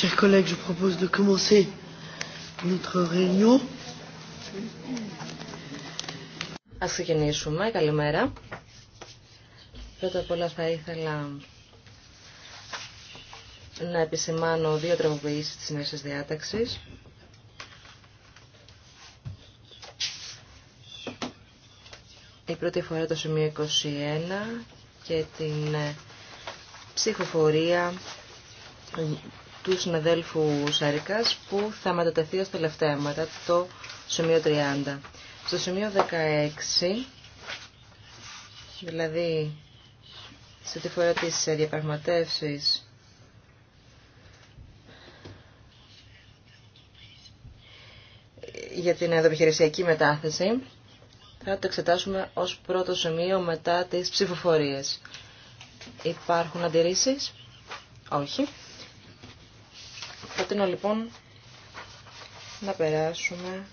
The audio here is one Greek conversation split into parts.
Chers collègues, je propose de commencer notre réunion. Ας ξεκινήσουμε. Καλημέρα. Πρώτα απ' όλα θα ήθελα να επισημάνω δύο τραγουδίσεις της ημέρας διάταξης. Η πρώτη φορά το σημείο 21 και την ψηφοφορία του συναδέλφου Σαρικάς που θα μετατεθεί ως τελευταία μετά το σημείο 30. Στο σημείο 16, δηλαδή σε τη φορά της ε, διαπραγματεύση. για την ενδοπιχειρησιακή μετάθεση, θα το εξετάσουμε ως πρώτο σημείο μετά τις ψηφοφορίες. Υπάρχουν αντιρρήσεις? Όχι προτείνω λοιπόν να περάσουμε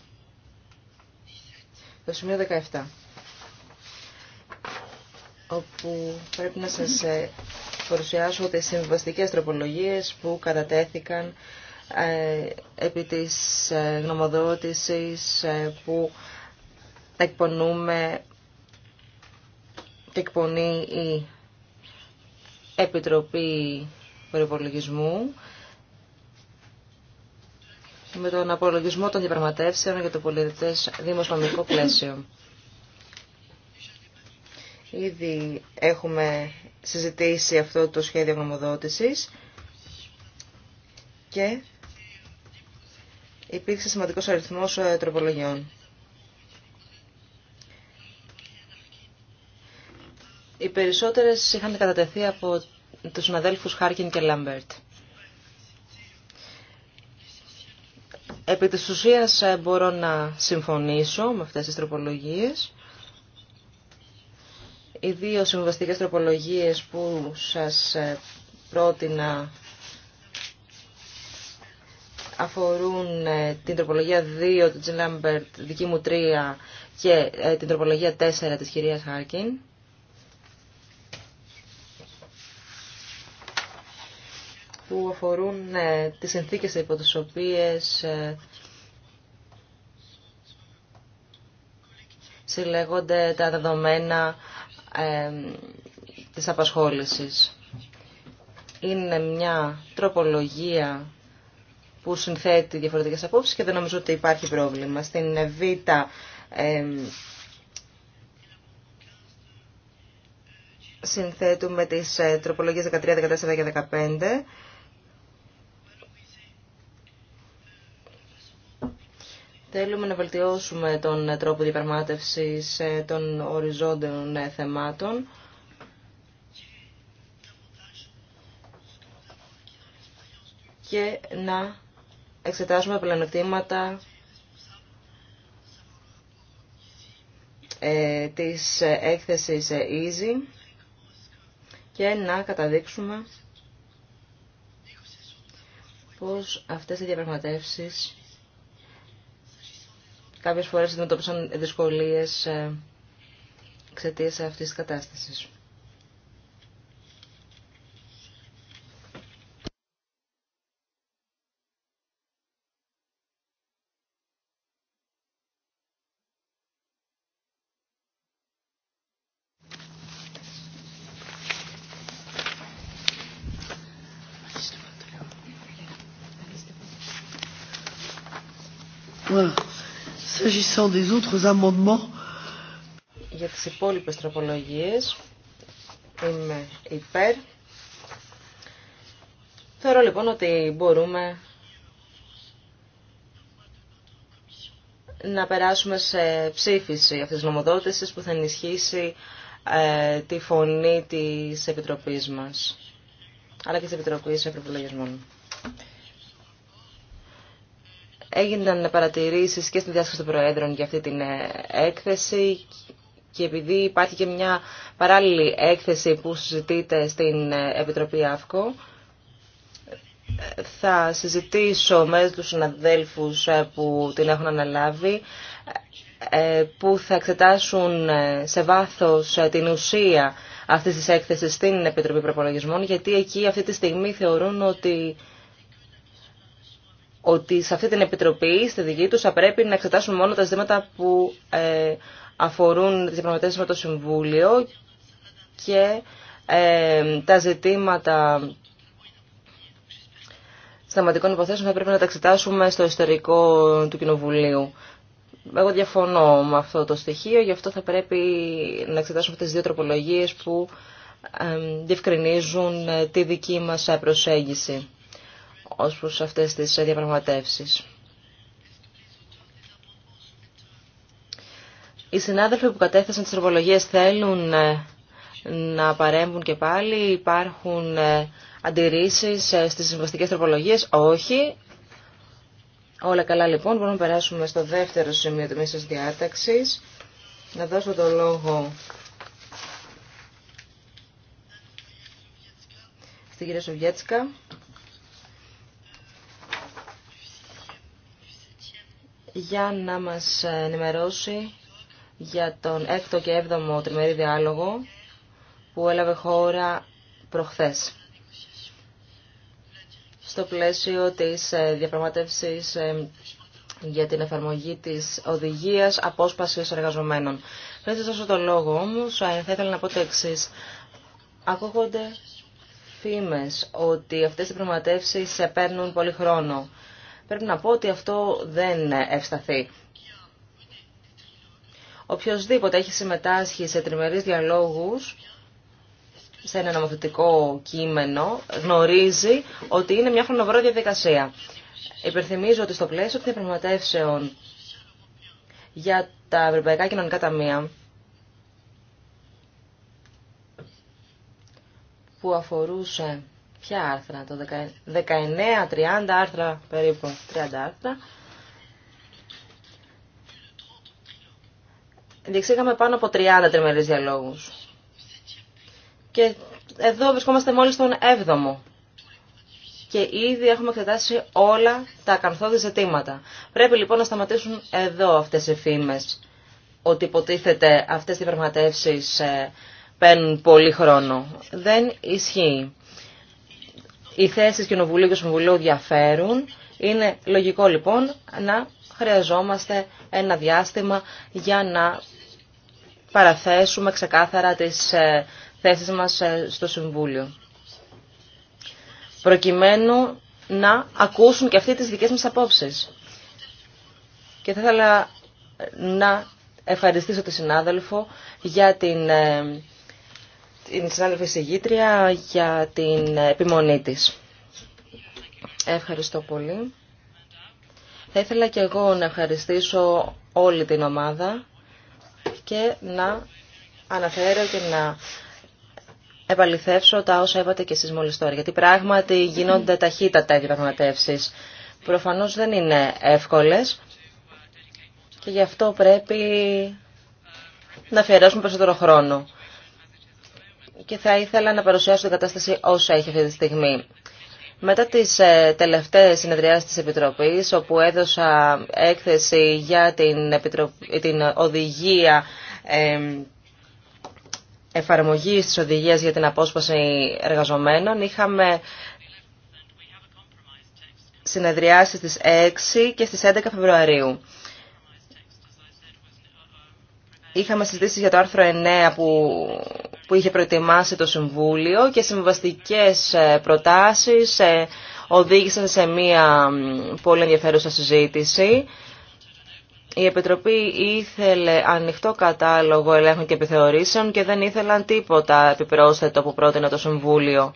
το σημείο 17 όπου πρέπει να σας ε, παρουσιάσω τις συμβαστικές τροπολογίες που κατατέθηκαν ε, επί της ε, γνωμοδότησης που εκπονούμε και εκπονεί η Επιτροπή Προπολογισμού με τον απολογισμό των διαπραγματεύσεων για το πολιτές δημοσιονομικό πλαίσιο. Ήδη έχουμε συζητήσει αυτό το σχέδιο γνωμοδότησης και υπήρξε σημαντικός αριθμός ε, τροπολογιών. Οι περισσότερες είχαν κατατεθεί από τους συναδέλφους Χάρκιν και Λάμπερτ. Επί της ουσίας ε, μπορώ να συμφωνήσω με αυτές τις τροπολογίες. Οι δύο συμβαστικές τροπολογίες που σας ε, πρότεινα αφορούν ε, την τροπολογία 2 του Τζιν Λάμπερτ, δική μου 3 και την τροπολογία 4 της κυρίας Χάρκιν. που αφορούν ε, τις συνθήκες υπό τις οποίες ε, συλλέγονται τα δεδομένα ε, της απασχόλησης. Είναι μια τροπολογία που συνθέτει διαφορετικές απόψεις και δεν νομίζω ότι υπάρχει πρόβλημα. Στην Β συνθέτουμε τις τροπολογίες 13, 14 και 15 Θέλουμε να βελτιώσουμε τον τρόπο διαπραγμάτευσης ε, των οριζόντων ε, θεμάτων. και να εξετάσουμε πλανεκτήματα ε, της έκθεσης ε, EASY και να καταδείξουμε πως αυτές οι διαπραγματεύσεις κάποιες φορές αντιμετώπισαν δυσκολίες ε, εξαιτία αυτής της κατάστασης. des autres amendements. Για τις υπόλοιπες τροπολογίες είμαι υπέρ. Θεωρώ λοιπόν ότι μπορούμε να περάσουμε σε ψήφιση αυτής της νομοδότησης που θα ενισχύσει ε, τη φωνή της Επιτροπής μας, αλλά και της Επιτροπής Ευρωπολογισμών. Έγιναν παρατηρήσεις και στη διάσκεψη των Προέδρων για αυτή την ε, έκθεση και επειδή υπάρχει και μια παράλληλη έκθεση που συζητείται στην ε, Επιτροπή ΑΦΚΟ, θα συζητήσω με του συναδέλφους ε, που την έχουν αναλάβει που θα εξετάσουν σε βάθος την ουσία αυτής της έκθεσης στην Επιτροπή Προπολογισμών γιατί εκεί αυτή τη στιγμή θεωρούν ότι ότι σε αυτή την επιτροπή, στη δική τους, θα πρέπει να εξετάσουν μόνο τα ζητήματα που ε, αφορούν τις διαπραγματεύσει με το Συμβούλιο και ε, τα ζητήματα σταματικών υποθέσεων θα πρέπει να τα εξετάσουμε στο ιστορικό του Κοινοβουλίου. Εγώ διαφωνώ με αυτό το στοιχείο, γι' αυτό θα πρέπει να εξετάσουμε αυτές τις δύο τροπολογίες που ε, διευκρινίζουν τη δική μας προσέγγιση ως προς αυτές τις διαπραγματεύσεις. Οι συνάδελφοι που κατέθεσαν τις τροπολογίες θέλουν ε, να παρέμβουν και πάλι. Υπάρχουν ε, αντιρρήσεις ε, στις συμβαστικές τροπολογίες. Όχι. Όλα καλά λοιπόν. Μπορούμε να περάσουμε στο δεύτερο σημείο της μέσης διάταξης. Να δώσω το λόγο στην κυρία Σοβιέτσκα. για να μας ενημερώσει για τον έκτο και 7ο τριμερή διάλογο που έλαβε χώρα προχθές στο πλαίσιο της ε, διαπραγματεύσης ε, για την εφαρμογή της οδηγίας απόσπασης εργαζομένων. Πριν σας δώσω το λόγο όμως, θα ήθελα να πω το εξή. Ακούγονται φήμες ότι αυτές οι διαπραγματεύσεις παίρνουν πολύ χρόνο. Πρέπει να πω ότι αυτό δεν ευσταθεί. Οποιοςδήποτε έχει συμμετάσχει σε τριμερείς διαλόγους, σε ένα νομοθετικό κείμενο, γνωρίζει ότι είναι μια χρονοβρό διαδικασία. Υπερθυμίζω ότι στο πλαίσιο των διαπραγματεύσεων για τα Ευρωπαϊκά Κοινωνικά Ταμεία, που αφορούσε ποια άρθρα, το 19, 30 άρθρα περίπου, 30 άρθρα. Διεξήγαμε πάνω από 30 τριμερείς διαλόγους. Και εδώ βρισκόμαστε μόλις στον 7ο. Και ήδη έχουμε εξετάσει όλα τα ακαθόδη ζητήματα. Πρέπει λοιπόν να σταματήσουν εδώ αυτές οι φήμες ότι υποτίθεται αυτές οι πραγματεύσεις ε, παίρνουν πολύ χρόνο. Δεν ισχύει οι θέσει Κοινοβουλίου και Συμβουλίου διαφέρουν. Είναι λογικό λοιπόν να χρειαζόμαστε ένα διάστημα για να παραθέσουμε ξεκάθαρα τις ε, θέσεις μας ε, στο Συμβούλιο. Προκειμένου να ακούσουν και αυτοί τις δικές μας απόψεις. Και θα ήθελα να ευχαριστήσω τη συνάδελφο για την ε, την συνάδελφη συγγήτρια για την επιμονή της. Ευχαριστώ πολύ. Θα ήθελα και εγώ να ευχαριστήσω όλη την ομάδα και να αναφέρω και να επαληθεύσω τα όσα είπατε και εσείς μόλις τώρα. Γιατί πράγματι γίνονται ταχύτατα οι διαπραγματεύσεις. Προφανώς δεν είναι εύκολες και γι' αυτό πρέπει να αφιερώσουμε περισσότερο χρόνο και θα ήθελα να παρουσιάσω την κατάσταση όσα έχει αυτή τη στιγμή. Μετά τις ε, τελευταίες συνεδριάσεις της Επιτροπής, όπου έδωσα έκθεση για την, Επιτροπή, την οδηγία ε, εφαρμογής της οδηγίας για την απόσπαση εργαζομένων, είχαμε συνεδριάσεις στις 6 και στις 11 Φεβρουαρίου. Είχαμε συζητήσει για το άρθρο 9 που που είχε προετοιμάσει το Συμβούλιο και συμβαστικές ε, προτάσεις ε, οδήγησαν σε μία πολύ ενδιαφέρουσα συζήτηση. Η Επιτροπή ήθελε ανοιχτό κατάλογο ελέγχων και επιθεωρήσεων και δεν ήθελαν τίποτα επιπρόσθετο που πρότεινε το Συμβούλιο.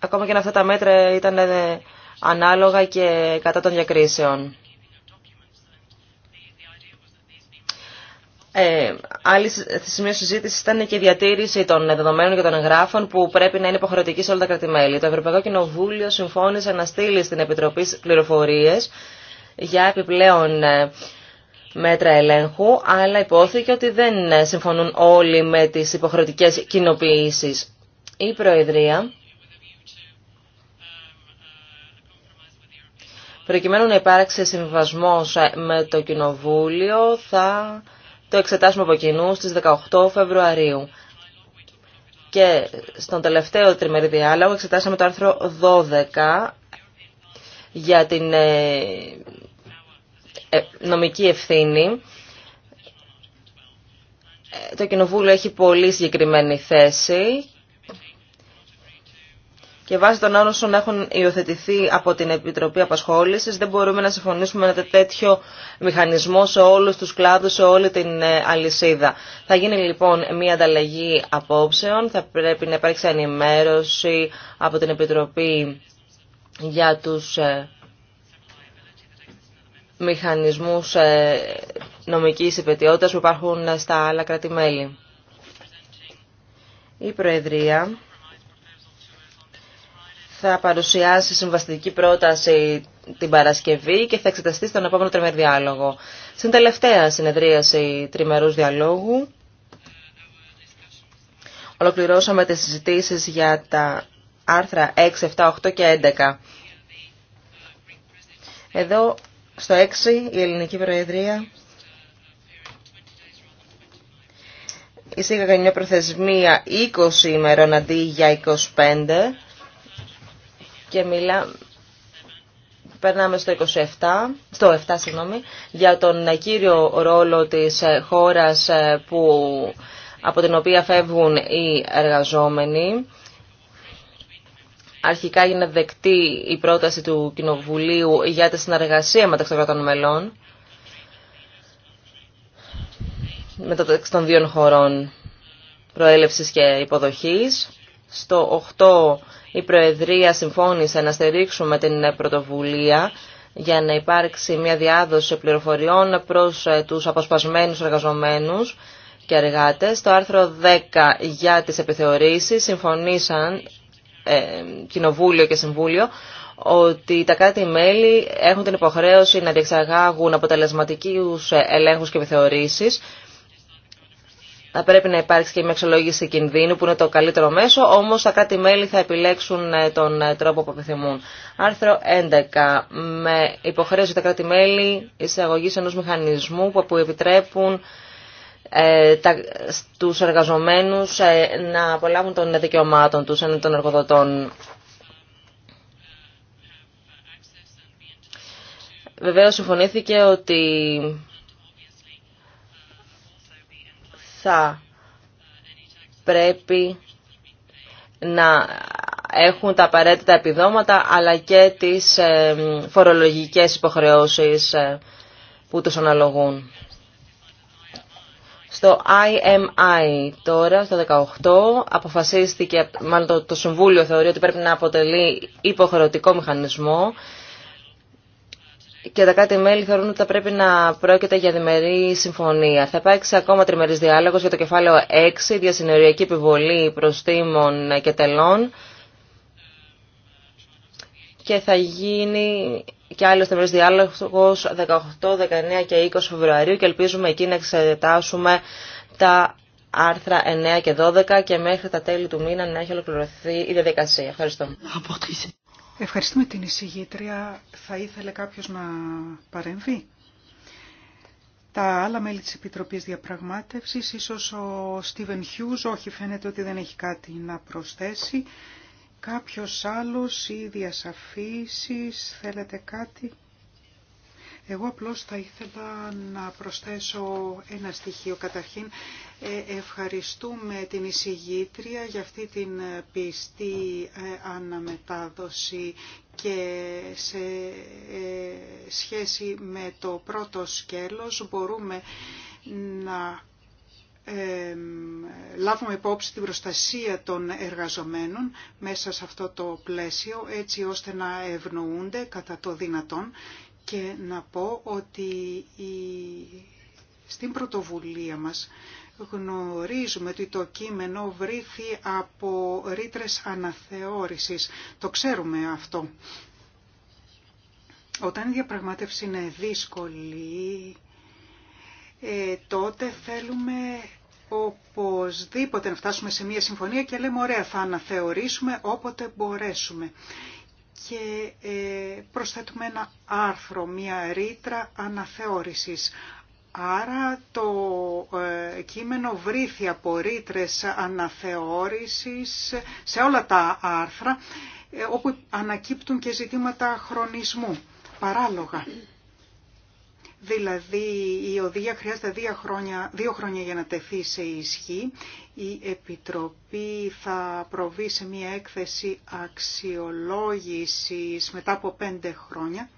Ακόμα και αν αυτά τα μέτρα ήταν ε, ανάλογα και κατά των διακρίσεων. Ε, άλλη σημεία συζήτηση ήταν και η διατήρηση των δεδομένων και των εγγράφων που πρέπει να είναι υποχρεωτική σε όλα τα κρατημέλη. Το Ευρωπαϊκό Κοινοβούλιο συμφώνησε να στείλει στην Επιτροπή πληροφορίε για επιπλέον ε, μέτρα ελέγχου, αλλά υπόθηκε ότι δεν συμφωνούν όλοι με τις υποχρεωτικέ κοινοποιήσει. Η Προεδρία, προκειμένου να υπάρξει συμβασμός ε, με το Κοινοβούλιο, θα το εξετάσουμε από κοινού στις 18 Φεβρουαρίου. Και στον τελευταίο τριμερή διάλογο εξετάσαμε το άρθρο 12 για την ε, ε, νομική ευθύνη. Ε, το Κοινοβούλιο έχει πολύ συγκεκριμένη θέση και βάσει των όσων έχουν υιοθετηθεί από την Επιτροπή Απασχόλησης δεν μπορούμε να συμφωνήσουμε με τέτοιο μηχανισμό σε όλους τους κλάδους, σε όλη την ε, αλυσίδα. Θα γίνει λοιπόν μια ανταλλαγή απόψεων, θα πρέπει να υπάρξει ενημέρωση από την Επιτροπή για τους ε, μηχανισμούς ε, νομικής υπετιότητα που υπάρχουν στα άλλα κράτη-μέλη. Η Προεδρία θα παρουσιάσει συμβαστική πρόταση την Παρασκευή και θα εξεταστεί στον επόμενο τριμερ διάλογο. Στην τελευταία συνεδρίαση τριμερούς διαλόγου ολοκληρώσαμε τις συζητήσεις για τα άρθρα 6, 7, 8 και 11. Εδώ στο 6 η Ελληνική Προεδρία εισήγαγε μια προθεσμία 20 ημερών αντί για 25 και μιλά... Περνάμε στο 27, στο 7, συγγνώμη, για τον κύριο ρόλο της ε, χώρας ε, που, από την οποία φεύγουν οι εργαζόμενοι. Αρχικά έγινε δεκτή η πρόταση του Κοινοβουλίου για τη συνεργασία μεταξύ των μελών μεταξύ των δύο χωρών προέλευσης και υποδοχής. Στο 8 η Προεδρία συμφώνησε να στηρίξουμε την πρωτοβουλία για να υπάρξει μια διάδοση πληροφοριών προς ε, τους αποσπασμένους εργαζομένους και εργάτες. Το άρθρο 10 για τις επιθεωρήσεις συμφωνήσαν ε, Κοινοβούλιο και Συμβούλιο ότι τα κράτη-μέλη έχουν την υποχρέωση να διεξαγάγουν αποτελεσματικούς ελέγχους και επιθεωρήσεις θα πρέπει να υπάρξει και η μεξολόγηση κινδύνου που είναι το καλύτερο μέσο, όμως τα κράτη-μέλη θα επιλέξουν ε, τον ε, τρόπο που επιθυμούν. Άρθρο 11. Με υποχρέωση τα κράτη-μέλη εισαγωγή ενός μηχανισμού που επιτρέπουν ε, τα, εργαζομένους ε, να απολάβουν των δικαιωμάτων τους, των εργοδοτών. Βεβαίως συμφωνήθηκε ότι θα πρέπει να έχουν τα απαραίτητα επιδόματα αλλά και τις ε, φορολογικές υποχρεώσεις ε, που τους αναλογούν. Στο IMI τώρα, στο 18, αποφασίστηκε, μάλλον το, το Συμβούλιο θεωρεί ότι πρέπει να αποτελεί υποχρεωτικό μηχανισμό και τα κάτι μελη θεωρούν ότι θα πρέπει να πρόκειται για διμερή συμφωνία. Θα υπάρξει ακόμα τριμερή διάλογο για το κεφάλαιο 6, διασυνοριακή επιβολή προστήμων και τελών. Και θα γίνει και άλλο τριμερή διάλογο 18, 19 και 20 Φεβρουαρίου και ελπίζουμε εκεί να εξετάσουμε τα άρθρα 9 και 12 και μέχρι τα τέλη του μήνα να έχει ολοκληρωθεί η διαδικασία. Ευχαριστώ. Ευχαριστούμε την εισηγήτρια. Θα ήθελε κάποιος να παρεμβεί. Τα άλλα μέλη της Επιτροπής Διαπραγμάτευσης, ίσως ο Στίβεν Χιούζ, όχι φαίνεται ότι δεν έχει κάτι να προσθέσει. Κάποιος άλλος ή διασαφήσεις, θέλετε κάτι. Εγώ απλώς θα ήθελα να προσθέσω ένα στοιχείο. Καταρχήν ε, ευχαριστούμε την εισηγήτρια για αυτή την πιστή ε, αναμετάδοση και σε ε, σχέση με το πρώτο σκέλος μπορούμε να λάβουμε υπόψη την προστασία των εργαζομένων μέσα σε αυτό το πλαίσιο έτσι ώστε να ευνοούνται κατά το δυνατόν και να πω ότι στην πρωτοβουλία μας γνωρίζουμε ότι το κείμενο βρήθη από ρήτρες αναθεώρησης. Το ξέρουμε αυτό. Όταν η διαπραγμάτευση είναι δύσκολη, ε, τότε θέλουμε οπωσδήποτε να φτάσουμε σε μια συμφωνία και λέμε ωραία θα αναθεωρήσουμε όποτε μπορέσουμε και ε, προσθέτουμε ένα άρθρο, μια ρήτρα αναθεώρησης. Άρα το ε, κείμενο βρίθει από ρήτρες αναθεώρησης σε όλα τα άρθρα ε, όπου ανακύπτουν και ζητήματα χρονισμού παράλογα. Δηλαδή η οδηγία χρειάζεται δύο χρόνια, χρόνια για να τεθεί σε ισχύ. Η Επιτροπή θα προβεί σε μια έκθεση αξιολόγησης μετά από πέντε χρόνια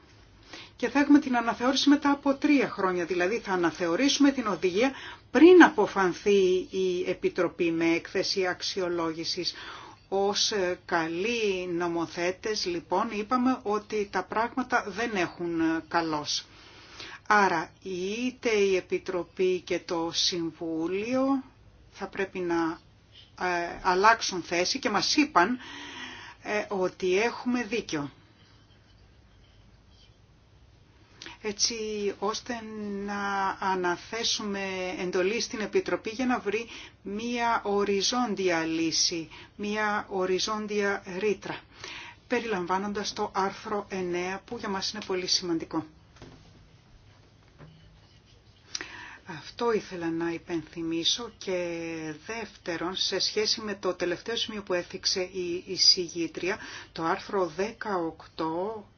και θα έχουμε την αναθεώρηση μετά από τρία χρόνια. Δηλαδή θα αναθεωρήσουμε την οδηγία πριν αποφανθεί η Επιτροπή με έκθεση αξιολόγησης. Ως καλοί νομοθέτες λοιπόν είπαμε ότι τα πράγματα δεν έχουν καλώς. Άρα είτε η Επιτροπή και το Συμβούλιο θα πρέπει να ε, αλλάξουν θέση και μας είπαν ε, ότι έχουμε δίκιο. έτσι ώστε να αναθέσουμε εντολή στην Επιτροπή για να βρει μία οριζόντια λύση, μία οριζόντια ρήτρα, περιλαμβάνοντας το άρθρο 9 που για μας είναι πολύ σημαντικό. Αυτό ήθελα να υπενθυμίσω και δεύτερον, σε σχέση με το τελευταίο σημείο που έθιξε η εισηγήτρια, το άρθρο 18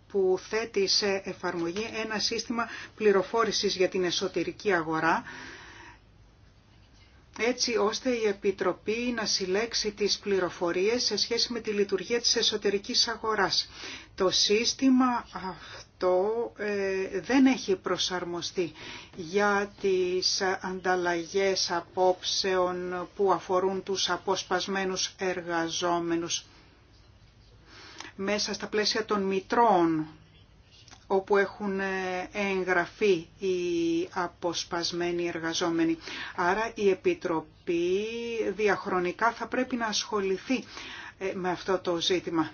που θέτει σε εφαρμογή ένα σύστημα πληροφόρησης για την εσωτερική αγορά έτσι ώστε η Επιτροπή να συλλέξει τις πληροφορίες σε σχέση με τη λειτουργία της εσωτερικής αγοράς. Το σύστημα αυτό ε, δεν έχει προσαρμοστεί για τις ανταλλαγές απόψεων που αφορούν τους αποσπασμένους εργαζόμενους μέσα στα πλαίσια των μητρών όπου έχουν ε, εγγραφεί οι αποσπασμένοι εργαζόμενοι. Άρα η Επιτροπή διαχρονικά θα πρέπει να ασχοληθεί ε, με αυτό το ζήτημα.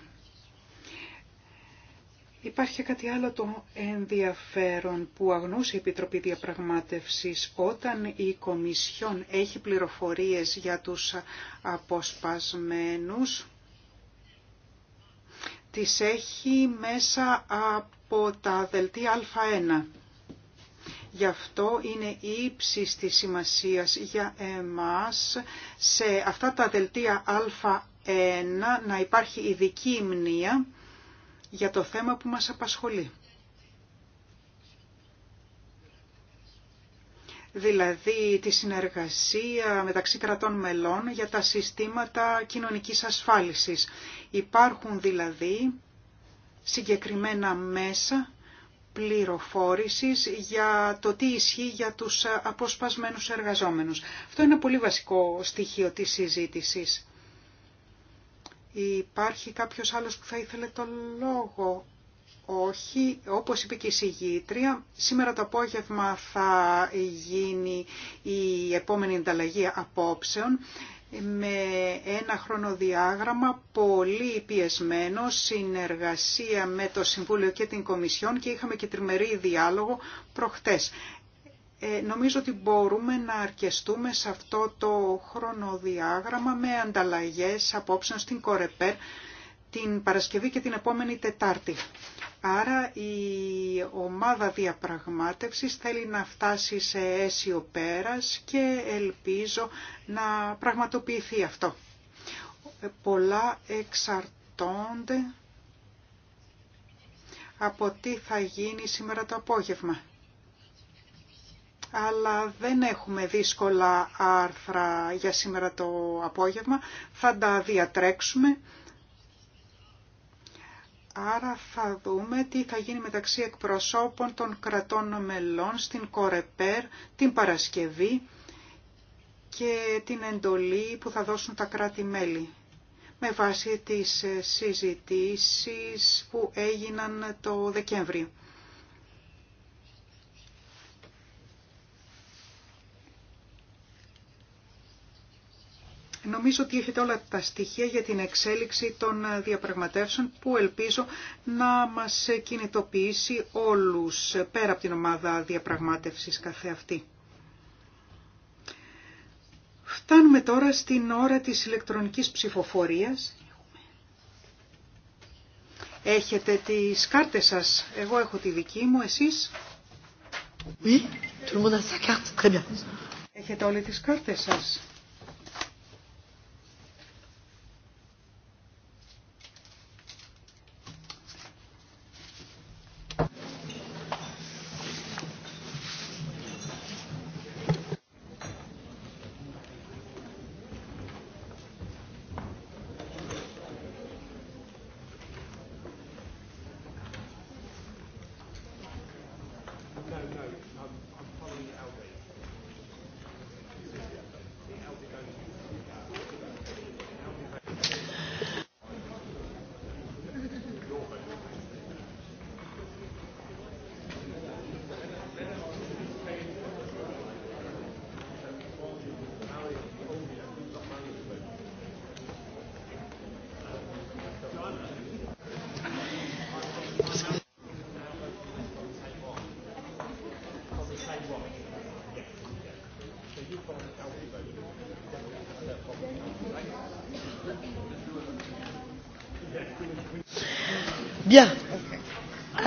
Υπάρχει κάτι άλλο το ενδιαφέρον που αγνούσε η Επιτροπή Διαπραγμάτευσης όταν η Κομισιόν έχει πληροφορίες για τους αποσπασμένους τις έχει μέσα από τα δελτία Α1. Γι' αυτό είναι ύψη της σημασίας για εμάς σε αυτά τα δελτία Α1 να υπάρχει ειδική μνήμα για το θέμα που μας απασχολεί. δηλαδή τη συνεργασία μεταξύ κρατών μελών για τα συστήματα κοινωνικής ασφάλισης. Υπάρχουν δηλαδή συγκεκριμένα μέσα πληροφόρησης για το τι ισχύει για τους αποσπασμένους εργαζόμενους. Αυτό είναι ένα πολύ βασικό στοιχείο της συζήτησης. Υπάρχει κάποιος άλλος που θα ήθελε το λόγο όχι, όπως είπε και η συγγήτρια, σήμερα το απόγευμα θα γίνει η επόμενη ανταλλαγή απόψεων με ένα χρονοδιάγραμμα πολύ πιεσμένο, συνεργασία με το Συμβούλιο και την Κομισιόν και είχαμε και τριμερή διάλογο προχτές. Ε, νομίζω ότι μπορούμε να αρκεστούμε σε αυτό το χρονοδιάγραμμα με ανταλλαγές απόψεων στην Κορεπέρ την Παρασκευή και την επόμενη Τετάρτη. Άρα η ομάδα διαπραγμάτευσης θέλει να φτάσει σε αίσιο πέρας και ελπίζω να πραγματοποιηθεί αυτό. Πολλά εξαρτώνται από τι θα γίνει σήμερα το απόγευμα. Αλλά δεν έχουμε δύσκολα άρθρα για σήμερα το απόγευμα. Θα τα διατρέξουμε Άρα θα δούμε τι θα γίνει μεταξύ εκπροσώπων των κρατών μελών στην Κορεπέρ την Παρασκευή και την εντολή που θα δώσουν τα κράτη-μέλη με βάση τις συζητήσεις που έγιναν το Δεκέμβριο. Νομίζω ότι έχετε όλα τα στοιχεία για την εξέλιξη των διαπραγματεύσεων που ελπίζω να μας κινητοποιήσει όλους πέρα από την ομάδα διαπραγμάτευσης καθεαυτή. Φτάνουμε τώρα στην ώρα της ηλεκτρονικής ψηφοφορίας. Έχετε τις κάρτες σας. Εγώ έχω τη δική μου, εσείς. Oui, tout le monde a sa Έχετε όλες τις κάρτες σας.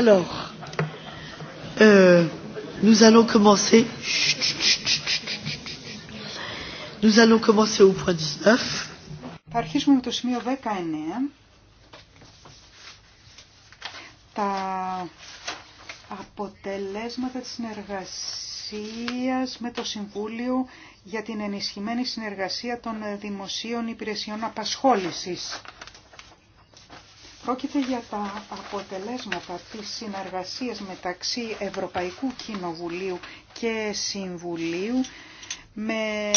Alors, euh, nous allons commencer. nous allons commencer au point 19. Θα αρχίσουμε με το σημείο 19. Τα αποτελέσματα της συνεργασίας με το Συμβούλιο για την ενισχυμένη συνεργασία των δημοσίων υπηρεσιών απασχόλησης. Πρόκειται για τα αποτελέσματα της συνεργασίας μεταξύ Ευρωπαϊκού Κοινοβουλίου και Συμβουλίου με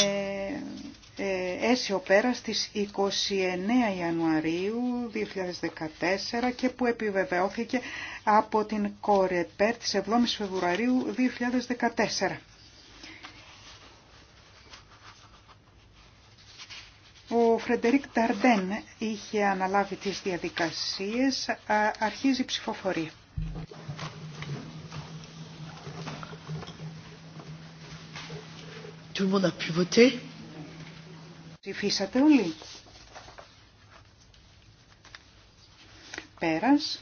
ε, αίσιο πέρα στις 29 Ιανουαρίου 2014 και που επιβεβαιώθηκε από την Κορεπέρ της 7 Φεβρουαρίου 2014. Φρεντερίκ Ταρντέν είχε αναλάβει τις διαδικασίες. Αρχίζει η ψηφοφορία. Tout le monde a pu voter. Ψηφίσατε όλοι. Πέρας.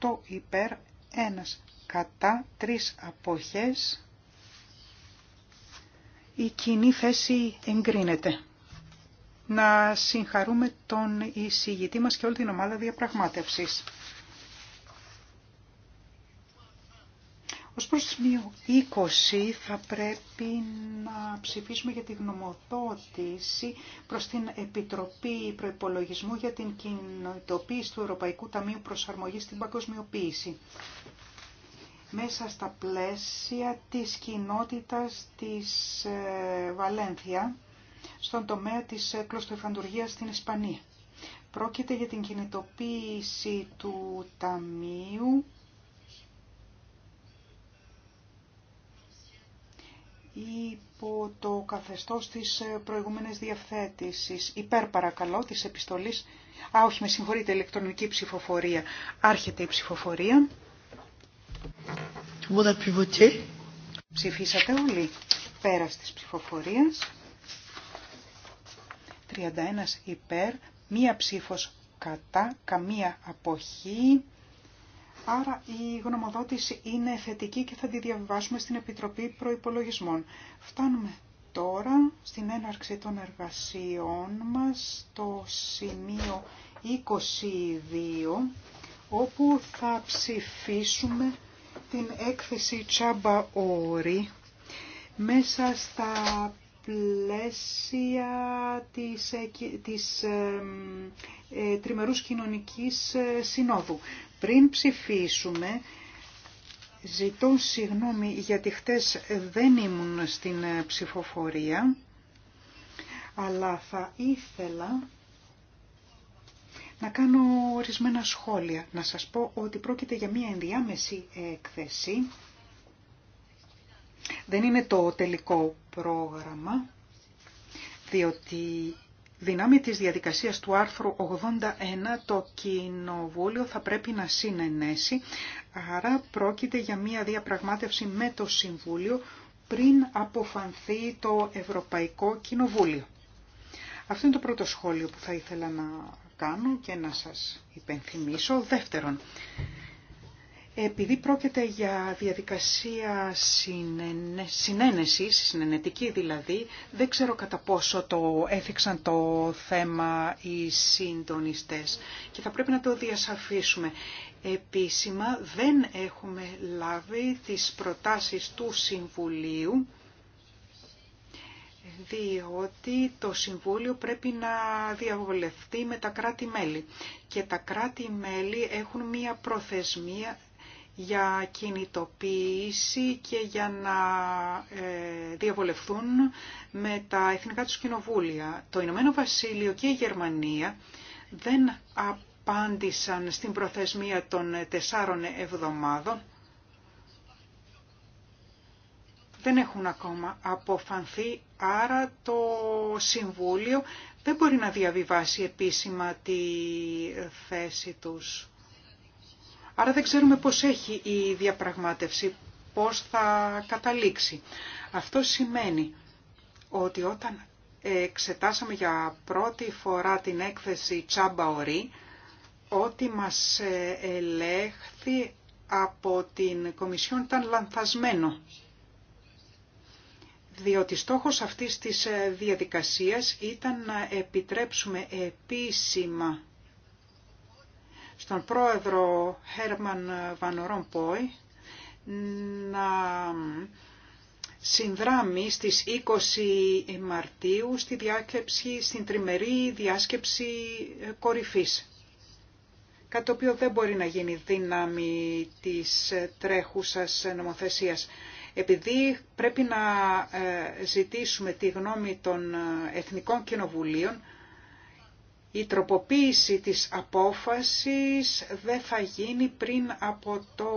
28 υπέρ, 1 κατά, 3 αποχές η κοινή θέση εγκρίνεται. Να συγχαρούμε τον εισηγητή μας και όλη την ομάδα διαπραγμάτευσης. Ως προς σημείο 20 θα πρέπει να ψηφίσουμε για τη γνωμοδότηση προς την Επιτροπή Προϋπολογισμού για την Κοινοτοποίηση του Ευρωπαϊκού Ταμείου Προσαρμογής στην Παγκοσμιοποίηση μέσα στα πλαίσια της κοινότητας της ε, Βαλένθια στον τομέα της ε, κλωστοεφαντουργίας στην Ισπανία. Πρόκειται για την κινητοποίηση του Ταμείου υπό το καθεστώς της ε, προηγούμενης διαφθέτησης. Υπέρ παρακαλώ της επιστολής. Α, όχι, με συγχωρείτε, ηλεκτρονική ψηφοφορία. Άρχεται η ψηφοφορία. Ψηφίσατε όλοι πέρα τη ψηφοφορία 31 υπέρ, μία ψήφο κατά, καμία αποχή. Άρα η γνωμοδότηση είναι θετική και θα τη διαβιβάσουμε στην Επιτροπή Προϋπολογισμών. Φτάνουμε τώρα στην έναρξη των εργασιών μας, στο σημείο 22, όπου θα ψηφίσουμε την έκθεση Τσάμπα Όρη μέσα στα πλαίσια της, ε, της ε, τριμερούς κοινωνικής ε, συνόδου. Πριν ψηφίσουμε, ζητώ συγγνώμη γιατί χτες δεν ήμουν στην ψηφοφορία, αλλά θα ήθελα να κάνω ορισμένα σχόλια. Να σας πω ότι πρόκειται για μια ενδιάμεση έκθεση. Δεν είναι το τελικό πρόγραμμα, διότι δυνάμει της διαδικασίας του άρθρου 81 το Κοινοβούλιο θα πρέπει να συνενέσει, άρα πρόκειται για μια διαπραγμάτευση με το Συμβούλιο πριν αποφανθεί το Ευρωπαϊκό Κοινοβούλιο. Αυτό είναι το πρώτο σχόλιο που θα ήθελα να και να σας υπενθυμίσω. Δεύτερον, επειδή πρόκειται για διαδικασία συνένεσης, συνενετική δηλαδή, δεν ξέρω κατά πόσο το έθιξαν το θέμα οι συντονιστές και θα πρέπει να το διασαφίσουμε. Επίσημα δεν έχουμε λάβει τις προτάσεις του Συμβουλίου διότι το Συμβούλιο πρέπει να διαβολευτεί με τα κράτη-μέλη και τα κράτη-μέλη έχουν μία προθεσμία για κινητοποίηση και για να ε, με τα εθνικά τους κοινοβούλια. Το Ηνωμένο Βασίλειο και η Γερμανία δεν απάντησαν στην προθεσμία των τεσσάρων εβδομάδων δεν έχουν ακόμα αποφανθεί, άρα το Συμβούλιο δεν μπορεί να διαβιβάσει επίσημα τη θέση τους. Άρα δεν ξέρουμε πώς έχει η διαπραγμάτευση, πώς θα καταλήξει. Αυτό σημαίνει ότι όταν εξετάσαμε για πρώτη φορά την έκθεση Τσάμπα Ορί, ότι μας ελέγχθη από την Κομισιόν ήταν λανθασμένο διότι στόχος αυτής της ε, διαδικασίας ήταν να επιτρέψουμε επίσημα στον πρόεδρο Χέρμαν Rompuy να συνδράμει στις 20 Μαρτίου στη διάσκεψη, στην τριμερή διάσκεψη ε, κορυφής. Κάτι το οποίο δεν μπορεί να γίνει δύναμη της ε, τρέχουσας νομοθεσίας. Επειδή πρέπει να ε, ζητήσουμε τη γνώμη των ε, Εθνικών Κοινοβουλίων, η τροποποίηση της απόφασης δεν θα γίνει πριν από το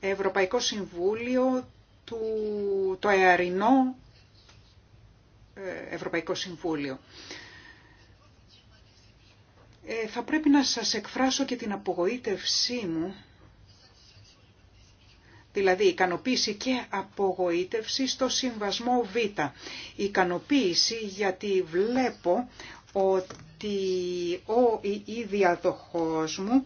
Ευρωπαϊκό Συμβούλιο, του, το αιαρινό ε, Ευρωπαϊκό Συμβούλιο. θα πρέπει να σας εκφράσω και την απογοήτευσή μου δηλαδή ικανοποίηση και απογοήτευση στο συμβασμό Β. Ικανοποίηση γιατί βλέπω ότι ο ή διαδοχός μου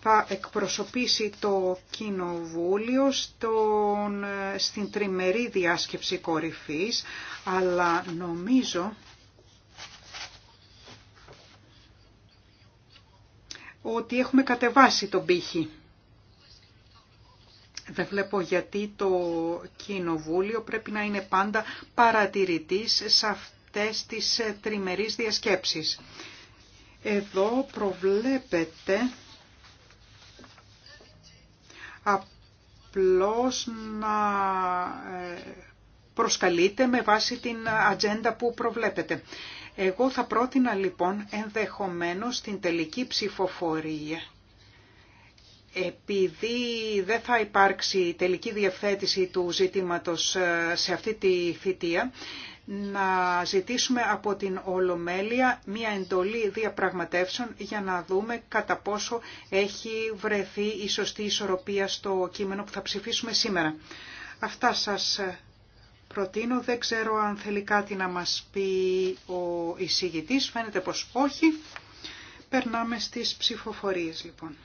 θα εκπροσωπήσει το Κοινοβούλιο στον, στην τριμερή διάσκεψη κορυφής, αλλά νομίζω ότι έχουμε κατεβάσει τον πύχη. Δεν βλέπω γιατί το Κοινοβούλιο πρέπει να είναι πάντα παρατηρητής σε αυτές τις ε, τριμερείς διασκέψεις. Εδώ προβλέπετε απλώς να ε, προσκαλείτε με βάση την ατζέντα που προβλέπετε. Εγώ θα πρότεινα λοιπόν ενδεχομένως την τελική ψηφοφορία επειδή δεν θα υπάρξει τελική διευθέτηση του ζητήματος ε, σε αυτή τη θητεία, να ζητήσουμε από την Ολομέλεια μία εντολή διαπραγματεύσεων για να δούμε κατά πόσο έχει βρεθεί η σωστή ισορροπία στο κείμενο που θα ψηφίσουμε σήμερα. Αυτά σας ε, προτείνω. Δεν ξέρω αν θέλει κάτι να μας πει ο εισηγητής. Φαίνεται πως όχι. Περνάμε στις ψηφοφορίες λοιπόν.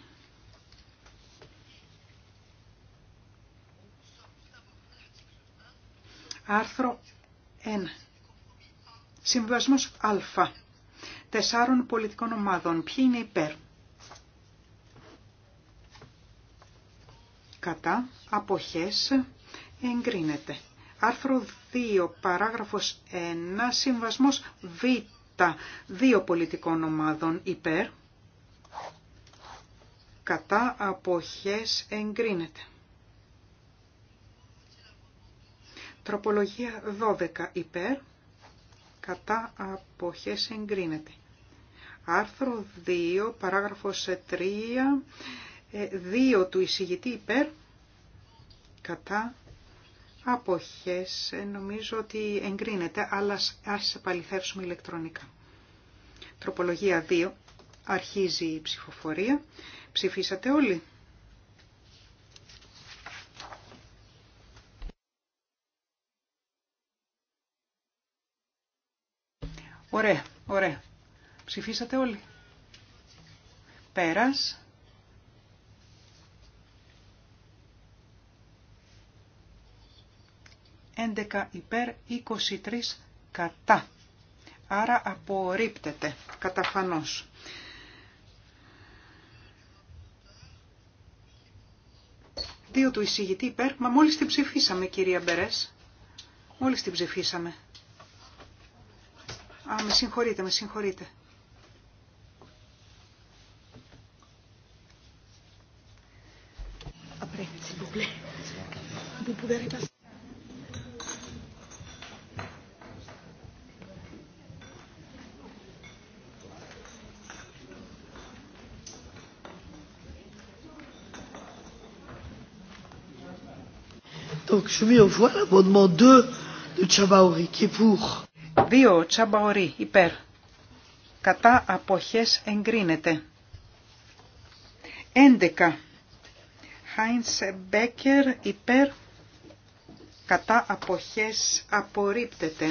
Άρθρο 1. Συμβασμός Α. Τεσσάρων πολιτικών ομάδων. Ποιοι είναι υπέρ. Κατά. Αποχές. Εγκρίνεται. Άρθρο 2. Παράγραφος 1. Συμβασμός Β. Δύο πολιτικών ομάδων υπέρ. Κατά αποχές εγκρίνεται. Τροπολογία 12 υπέρ, κατά αποχές εγκρίνεται. Άρθρο 2, παράγραφος 3, 2 ε, του εισηγητή υπέρ, κατά αποχές ε, νομίζω ότι εγκρίνεται, αλλά ας επαληθεύσουμε ηλεκτρονικά. Τροπολογία 2, αρχίζει η ψηφοφορία. Ψηφίσατε όλοι. Ωραία, ωραία. Ψηφίσατε όλοι. Πέρας. Έντεκα υπέρ, 23 κατά. Άρα απορρίπτεται, καταφανώς. Δύο του εισηγητή υπέρ, μα μόλις την ψηφίσαμε κυρία Μπερές. Μόλις την ψηφίσαμε. Α, με συγχωρείτε, με συγχωρείτε. Donc je mets au voile l'abonnement 2 de Chabaori qui est pour. 2. Τσαμπαωρή. Υπέρ. Κατά αποχές εγκρίνεται. 11. Χάιντ Μπέκερ υπέρ κατά αποχές απορρίπτεται.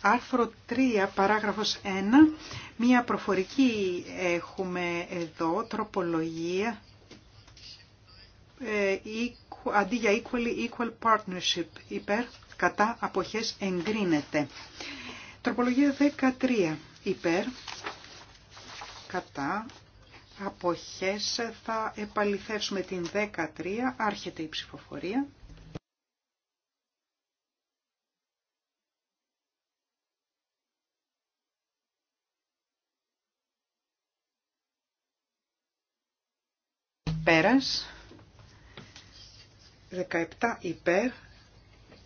Άρθρο 3, παράγραφος 1, μία προφορική έχουμε εδώ, τροπολογία, ε, αντί για equally, equal partnership, υπέρ, κατά αποχές εγκρίνεται. Τροπολογία 13 υπέρ, κατά αποχές θα επαληθεύσουμε την 13, άρχεται η ψηφοφορία. Πέρας, 17 υπέρ,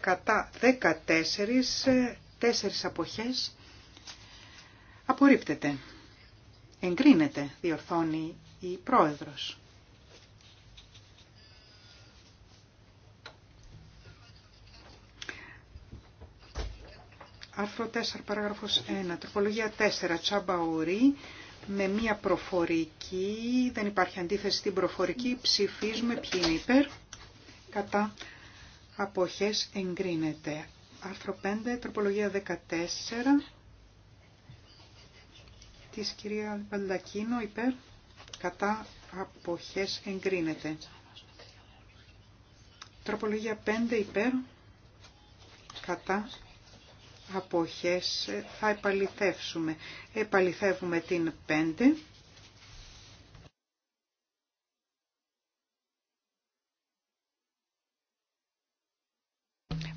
κατά 14, τέσσερις αποχές, απορρίπτεται. Εγκρίνεται, διορθώνει η πρόεδρος. Άρθρο 4, παράγραφος 1, τροπολογία 4, Τσάμπα ουρί με μία προφορική, δεν υπάρχει αντίθεση στην προφορική, ψηφίζουμε ποιοι είναι υπέρ, κατά αποχές εγκρίνεται. Άρθρο 5, τροπολογία 14 της κυρία Βαλτακίνο υπέρ κατά αποχές εγκρίνεται. Τροπολογία 5 υπέρ κατά αποχές θα επαληθεύσουμε. Επαληθεύουμε την 5.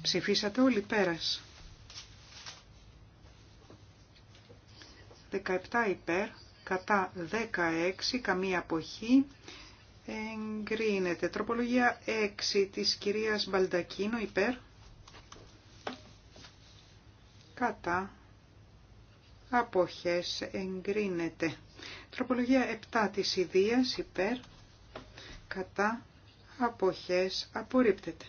Ψηφίσατε όλοι πέρας. 17 υπέρ, κατά 16, καμία αποχή, εγκρίνεται. Τροπολογία 6 της κυρίας Μπαλτακίνο υπέρ, κατά αποχές εγκρίνεται. Τροπολογία 7 της ιδίας υπέρ, κατά αποχές απορρίπτεται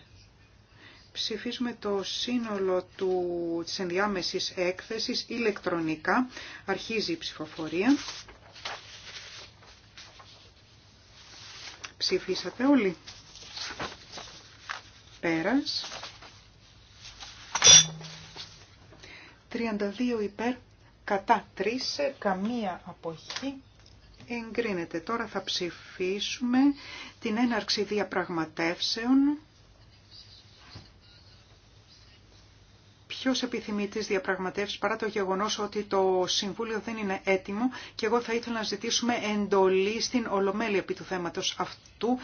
ψηφίσουμε το σύνολο του, της ενδιάμεσης έκθεσης ηλεκτρονικά. Αρχίζει η ψηφοφορία. Ψηφίσατε όλοι. Πέρας. 32 υπέρ, κατά 3, ε, καμία αποχή. Εγκρίνεται. Τώρα θα ψηφίσουμε την έναρξη διαπραγματεύσεων Ποιο επιθυμεί τι διαπραγματεύσει παρά το γεγονός ότι το Συμβούλιο δεν είναι έτοιμο και εγώ θα ήθελα να ζητήσουμε εντολή στην Ολομέλη επί του θέματος αυτού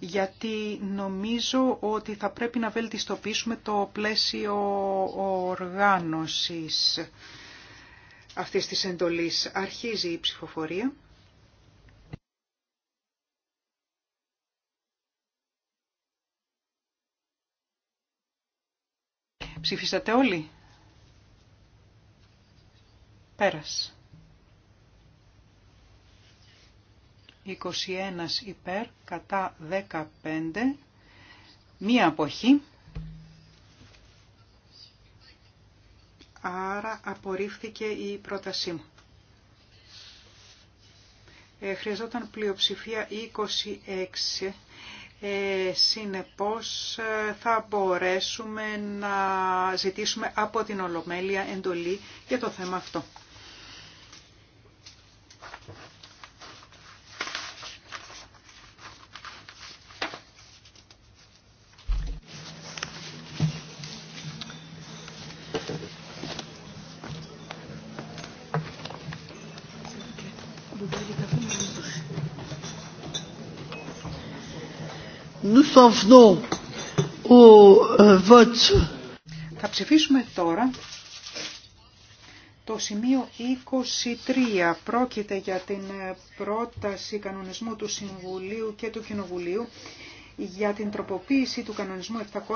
γιατί νομίζω ότι θα πρέπει να βελτιστοποιήσουμε το πλαίσιο οργάνωσης αυτής της εντολής. Αρχίζει η ψηφοφορία. Ψηφίσατε όλοι. Πέρας. 21 υπέρ κατά 15. Μία αποχή. Άρα απορρίφθηκε η πρότασή μου. Ε, χρειαζόταν πλειοψηφία 26 ε, συνεπώς ε, θα μπορέσουμε να ζητήσουμε από την Ολομέλεια εντολή για το θέμα αυτό. Euh, Θα ψηφίσουμε τώρα το σημείο 23 πρόκειται για την ε, πρόταση κανονισμού του Συμβουλίου και του Κοινοβουλίου για την τροποποίηση του κανονισμού 718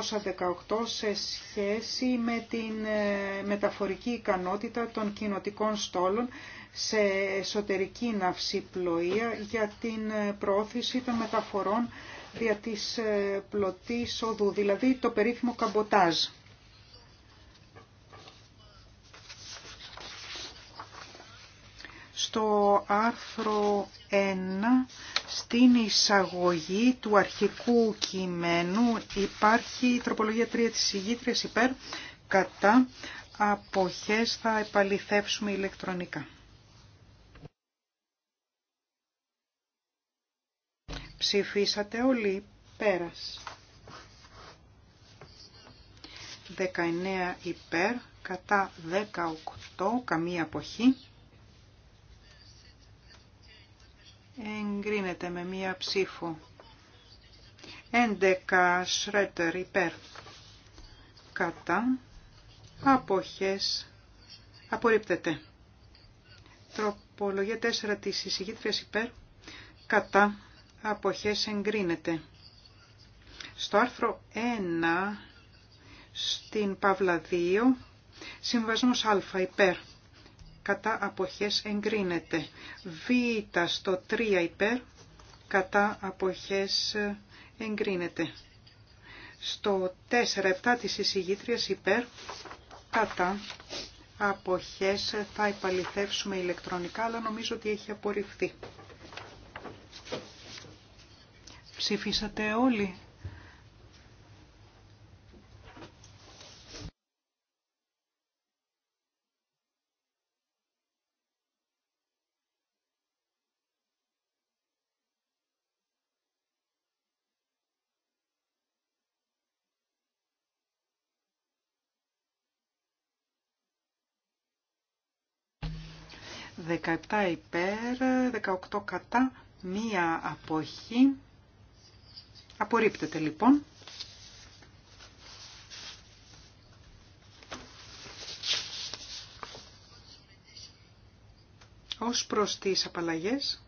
σε σχέση με την ε, μεταφορική ικανότητα των κοινοτικών στόλων σε εσωτερική ναυσιπλοεία για την ε, πρόθεση των μεταφορών Δια της ε, πλωτής οδού, δηλαδή το περίφημο καμποτάζ. Στο άρθρο 1, στην εισαγωγή του αρχικού κειμένου υπάρχει η τροπολογία 3 της ηγήτριας υπέρ κατά αποχές θα επαληθεύσουμε ηλεκτρονικά. Ψηφίσατε όλοι πέρας. 19 υπέρ, κατά 18, καμία αποχή. Εγκρίνεται με μία ψήφο. 11 Σρέτερ υπέρ. Κατά. Αποχές. Απορρίπτεται. Τροπολογία 4 της εισηγήτριας υπέρ. Κατά αποχές εγκρίνεται. Στο άρθρο 1, στην Παύλα 2, συμβασμός α υπέρ. Κατά αποχές εγκρίνεται. Β στο 3 υπέρ. Κατά αποχές εγκρίνεται. Στο 4-7 της εισηγήτριας υπέρ. Κατά αποχές θα υπαλληθεύσουμε ηλεκτρονικά, αλλά νομίζω ότι έχει απορριφθεί. Ψηφίσατε όλοι. Δεκαεπτά υπέρ, δεκαοκτώ κατά, μία αποχή. Απορρίπτεται λοιπόν. Ως προς τις απαλλαγές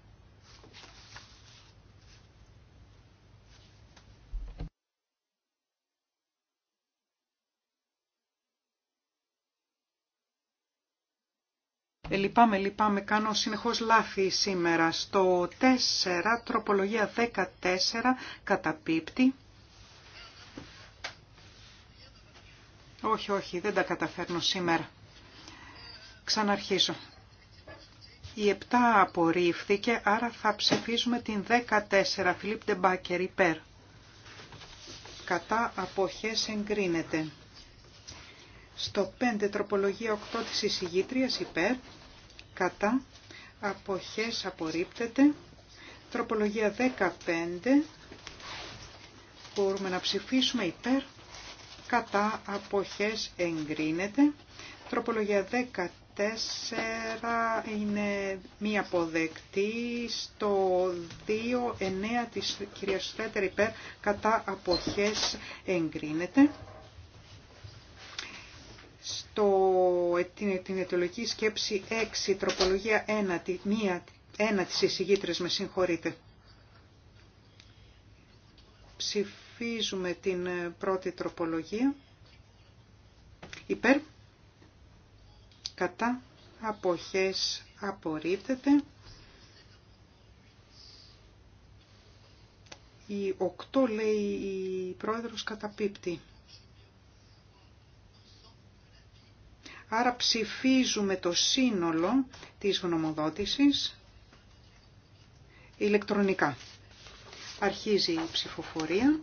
Λυπάμαι, λυπάμαι, κάνω συνεχώς λάθη σήμερα. Στο 4, τροπολογία 14, καταπίπτει. Όχι, όχι, δεν τα καταφέρνω σήμερα. Ξαναρχίζω. Η 7 απορρίφθηκε, άρα θα ψηφίσουμε την 14, Φιλίπ Ντεμπάκερ, υπέρ. Κατά αποχές εγκρίνεται. Στο 5 τροπολογία 8 της εισηγήτριας υπέρ, κατά αποχές απορρίπτεται. Τροπολογία 15 μπορούμε να ψηφίσουμε υπέρ κατά αποχές εγκρίνεται. Τροπολογία 14 είναι μη αποδεκτή στο 2-9 της κυρίας υπέρ κατά αποχές εγκρίνεται το, την, την αιτιολογική σκέψη 6, τροπολογία 1, τη, μία, της εισηγήτρες, με συγχωρείτε. Ψηφίζουμε την ε, πρώτη τροπολογία. Υπέρ, κατά, αποχές, απορρίπτεται. Η 8 λέει η πρόεδρος καταπίπτει. Άρα ψηφίζουμε το σύνολο της γνωμοδότησης ηλεκτρονικά. Αρχίζει η ψηφοφορία.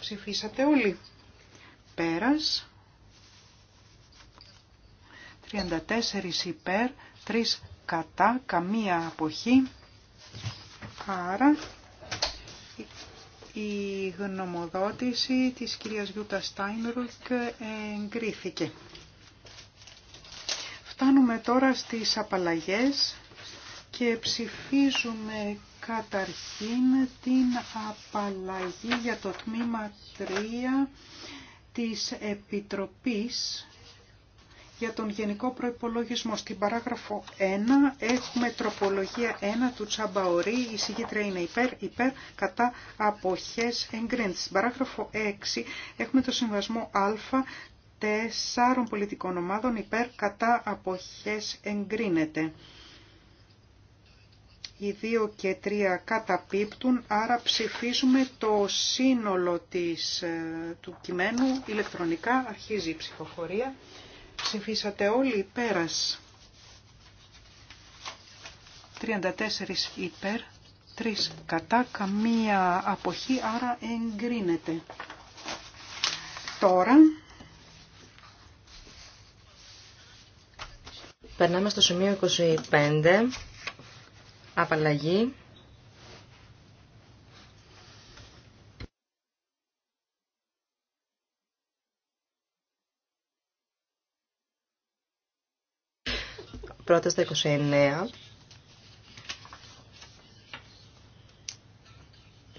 Ψηφίσατε όλοι. Πέρας. 34 υπέρ, 3 κατά, καμία αποχή. Άρα η γνωμοδότηση της κυρίας Γιούτα Στάινρουκ εγκρίθηκε. Φτάνουμε τώρα στις απαλλαγές και ψηφίζουμε καταρχήν την απαλλαγή για το τμήμα 3 της Επιτροπής για τον γενικό προϋπολογισμό. Στην παράγραφο 1 έχουμε τροπολογία 1 του Τσαμπαωρή, η συγκήτρια είναι υπέρ, υπέρ, κατά, αποχές, εγκρίνεται. Στην παράγραφο 6 έχουμε το συμβασμό α τεσσάρων πολιτικών ομάδων υπέρ, κατά, αποχές, εγκρίνεται. Οι 2 και 3 καταπίπτουν, άρα ψηφίζουμε το σύνολο της, ε, του κειμένου ηλεκτρονικά, αρχίζει η ψηφοφορία. Ψηφίσατε όλοι πέρας. 34 υπέρ, 3 κατά, καμία αποχή, άρα εγκρίνεται. Τώρα... Περνάμε στο σημείο 25, απαλλαγή Πρώτα στα 29.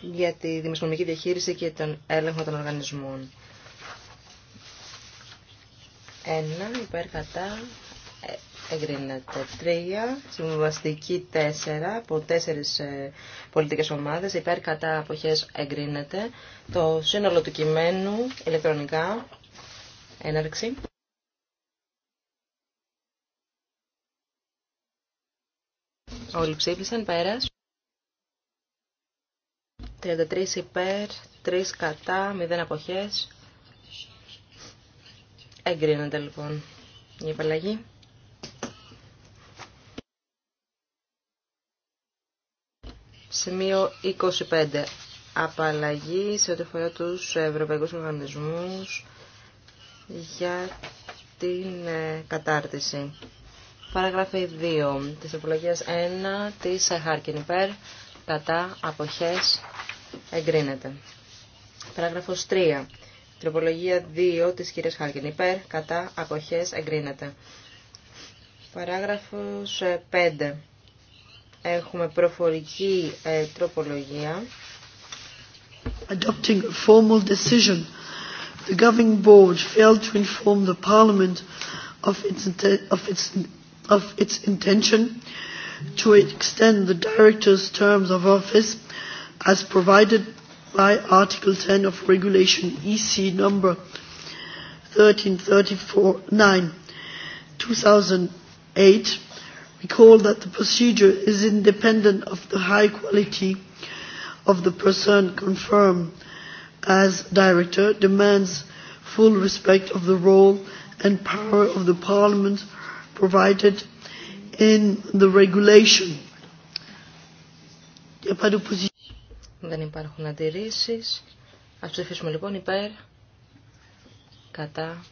για τη δημοσιονομική διαχείριση και τον έλεγχο των οργανισμών. Ένα, υπέρ κατά, ε, εγκρίνεται. Τρία, συμβαστική τέσσερα, από τέσσερις ε, πολιτικές ομάδες, υπέρ κατά αποχές εγκρίνεται. Το σύνολο του κειμένου ηλεκτρονικά, έναρξη. Όλοι ψήφισαν πέρας. 33 υπέρ, 3 κατά, 0 αποχές. Εγκρίνονται λοιπόν η απαλλαγή. Σημείο 25. Απαλλαγή σε ό,τι αφορά τους ευρωπαϊκούς οργανισμούς για την ε, κατάρτιση. Παραγράφη 2 της Επιλογίας 1 της Χάρκιν υπέρ κατά αποχές εγκρίνεται. Παράγραφος 3. Τροπολογία 2 της κυρίας Χάρκιν υπέρ κατά αποχές εγκρίνεται. Παράγραφος 5. Ε, Έχουμε προφορική ε, τροπολογία. Adopting a formal decision, the governing board failed to inform the parliament of its, of its of its intention to extend the Director's terms of office as provided by Article 10 of Regulation EC number 9 2008 Recall that the procedure is independent of the high quality of the person confirmed as Director, demands full respect of the role and power of the Parliament provided in the regulation. Δεν υπάρχουν αντιρρήσει. Ας ψηφίσουμε λοιπόν υπέρ, κατά,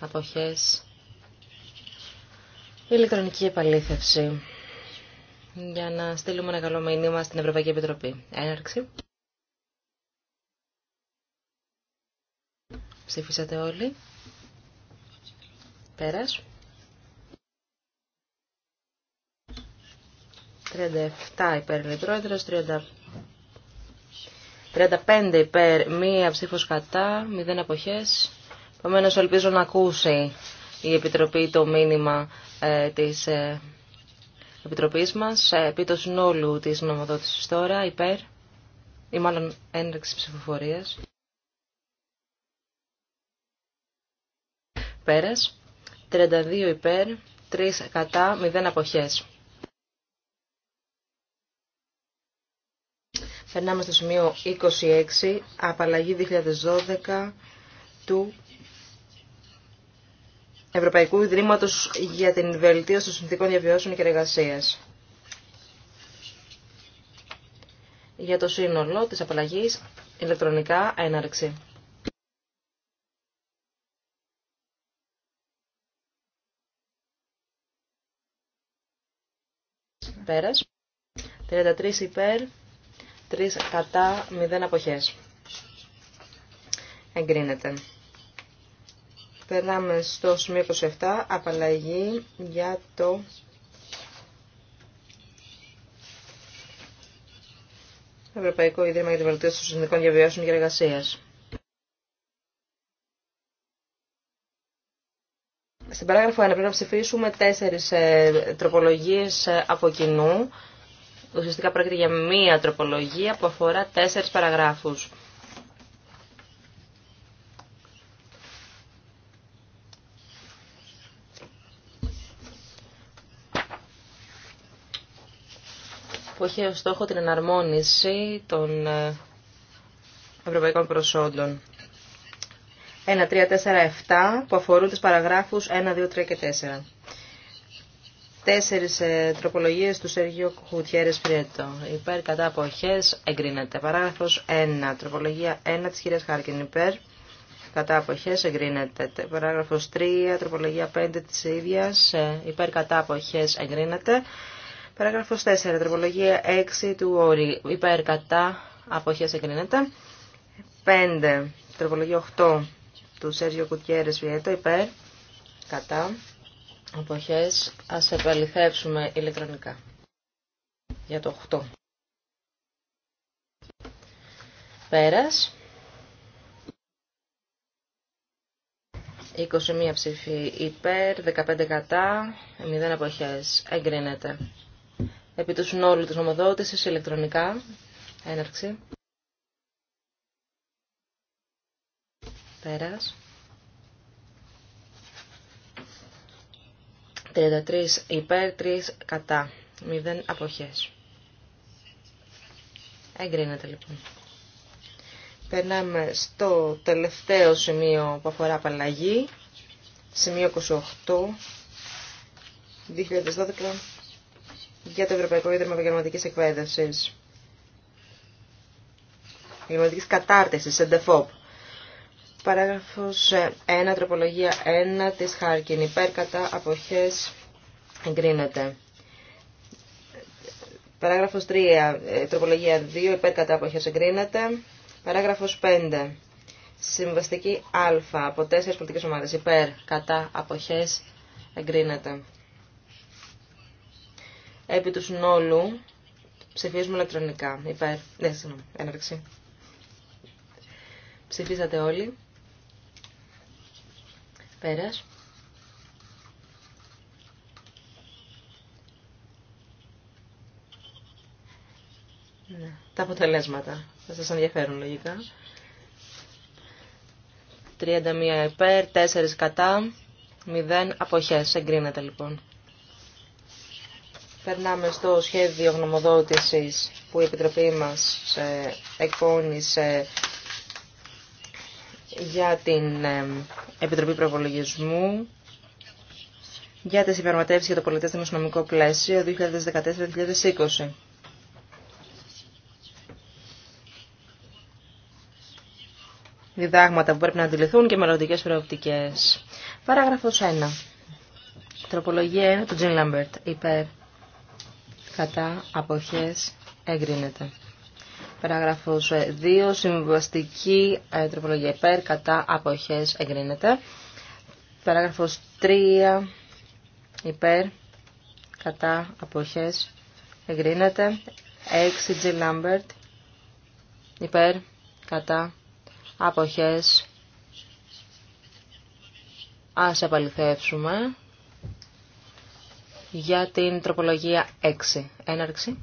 αποχές, ηλεκτρονική επαλήθευση για να στείλουμε ένα καλό μήνυμα στην Ευρωπαϊκή Επιτροπή. Έναρξη. Ψήφισατε όλοι. Πέρας. 37 υπέρ ηλεκτρόεδρος, 30... 35 υπέρ, μία ψήφος κατά, 0 αποχές. Επομένω ελπίζω να ακούσει η Επιτροπή το μήνυμα ε, της ε, Επιτροπής μας, ε, επί το συνόλου της νομοδότησης τώρα, υπέρ, ή μάλλον έναρξη ψηφοφορίας. Πέρας, 32 υπέρ, 3 κατά, 0 αποχές. Περνάμε στο σημείο 26, απαλλαγή 2012 του Ευρωπαϊκού Ιδρύματος για την Βελτίωση των Συνθήκων Διαβιώσεων και Εργασίας. Για το σύνολο της απαλλαγής ηλεκτρονικά έναρξη. Πέρας. 33 υπέρ, 3 κατά 0 αποχές. Εγκρίνεται. Περνάμε στο σημείο 27, απαλλαγή για το... Ευρωπαϊκό Ίδρυμα για τη Βελτίωση των Συνδικών Διαβιώσεων και Εργασία. Στην παράγραφο 1 πρέπει να ψηφίσουμε τέσσερι ε, τροπολογίε ε, από κοινού. Ουσιαστικά πρόκειται για μία τροπολογία που αφορά τέσσερις παραγράφους. που έχει ως στόχο την εναρμόνιση των ε, ευρωπαϊκών προσόντων. 1, 3, 4, 7 που αφορούν τις παραγράφους 1, 2, 3 και 4. Τέσσερις ε, τροπολογίες του Σεργίου κουτιερε Πριέτο. Υπέρ κατά αποχές εγκρίνεται. Παράγραφος 1. Τροπολογία 1 της κυρίας Χάρκιν. Υπέρ κατά αποχές εγκρίνεται. Παράγραφος 3. Τροπολογία 5 της ίδιας. Ε, υπέρ κατά αποχές εγκρίνεται. Παράγραφος 4. Τροπολογία 6 του όρη. Υπέρ κατά αποχέ εγκρίνεται. 5. Τροπολογία 8 του Σέργιο Κουτιέρε Βιέτο. Υπέρ κατά Αποχές. Ας επαληθεύσουμε ηλεκτρονικά. Για το 8. Πέρας. 21 ψηφί υπέρ, 15 κατά, 0 αποχές. Εγκρίνεται. Επί του συνόλου της νομοδότησης ηλεκτρονικά. Έναρξη. Πέρας. 33 υπέρ, 3 κατά, 0 αποχές. Εγκρίνεται λοιπόν. Περνάμε στο τελευταίο σημείο που αφορά απαλλαγή, σημείο 28, 2012, για το Ευρωπαϊκό Ίδρυμα Επαγγελματικής Εκπαίδευσης. Επαγγελματικής Κατάρτισης, ΕΝΤΕΦΟΠ. Παράγραφος 1, ε, τροπολογία 1 της Χάρκιν. Υπέρ κατά αποχές εγκρίνεται. Παράγραφος 3, ε, τροπολογία 2, υπέρ κατά αποχές εγκρίνεται. Παράγραφος 5, συμβαστική α από 4 πολιτικές ομάδες. Υπέρ κατά αποχές εγκρίνεται. Επί του συνόλου ψηφίζουμε ηλεκτρονικά. Υπέρ, ναι, συγγνώμη, έναρξη. Ψηφίσατε όλοι. Πέρας. Ναι. Τα αποτελέσματα. Θα σας ενδιαφέρουν λογικά. 31 υπέρ, 4 κατά, 0 αποχές. Εγκρίνεται λοιπόν. Περνάμε στο σχέδιο γνωμοδότησης που η Επιτροπή μας ε, εκπώνησε για την Επιτροπή Προπολογισμού για τις υπερματεύσεις για το πολιτές δημοσιονομικό πλαίσιο 2014-2020. Διδάγματα που πρέπει να αντιληφθούν και μελλοντικέ προοπτικές. Παράγραφος 1. Τροπολογία 1 του Τζιν Λάμπερτ. Υπέρ. Κατά. Αποχές. Εγκρίνεται. Παράγραφος 2. Ε, Συμβαστική ε, τροπολογία υπέρ κατά αποχές εγκρίνεται. Παράγραφος 3. Υπέρ κατά αποχές εγκρίνεται. 6. G. Lambert. Υπέρ κατά αποχές Ας επαληθεύσουμε για την τροπολογία 6. Έναρξη.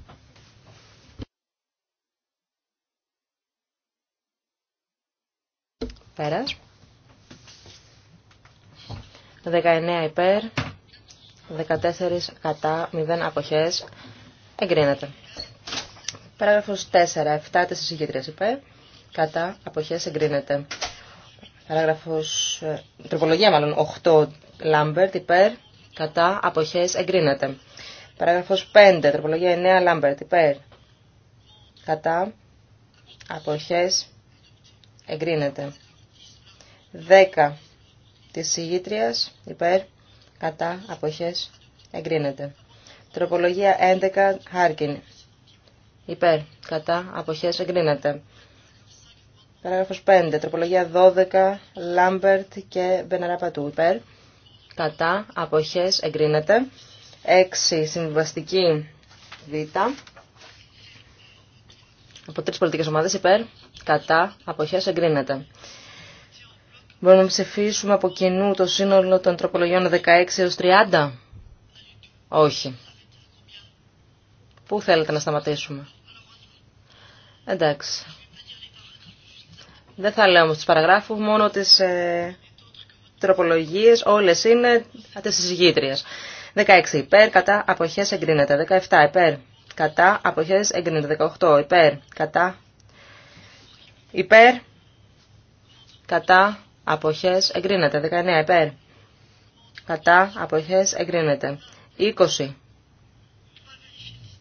Πέρα. 19 υπέρ, 14 κατά, 0 αποχές. Εγκρίνεται. Παράγραφο 4. 7 τη υπέρ. Κατά, αποχές εγκρίνεται. Παράγραφο ε, τροπολογία μάλλον, 8 Λάμπερτ υπέρ. Κατά, αποχές εγκρίνεται. Παράγραφο 5. Τροπολογία 9 Λάμπερτ υπέρ. Κατά, αποχές εγκρίνεται. 10 της ηγήτριας υπέρ κατά αποχές εγκρίνεται. Τροπολογία 11 Χάρκιν υπέρ κατά αποχές εγκρίνεται. Παράγραφος 5. Τροπολογία 12 Λάμπερτ και Μπεναραπατού υπέρ κατά αποχές εγκρίνεται. 6 συμβαστική Β από τρεις πολιτικές ομάδες υπέρ κατά αποχές εγκρίνεται. Μπορούμε να ψηφίσουμε από κοινού το σύνολο των τροπολογιών 16 έως 30. Όχι. Πού θέλετε να σταματήσουμε. Εντάξει. Δεν θα λέω όμως τις παραγράφους, μόνο τις ε, τροπολογίες, όλες είναι τις συζυγήτριες. 16 υπέρ, κατά, αποχές εγκρίνεται. 17 υπέρ, κατά, αποχές εγκρίνεται. 18 υπέρ, κατά, υπέρ, κατά, αποχές εγκρίνεται. 19 υπέρ. Κατά αποχές εγκρίνεται. 20.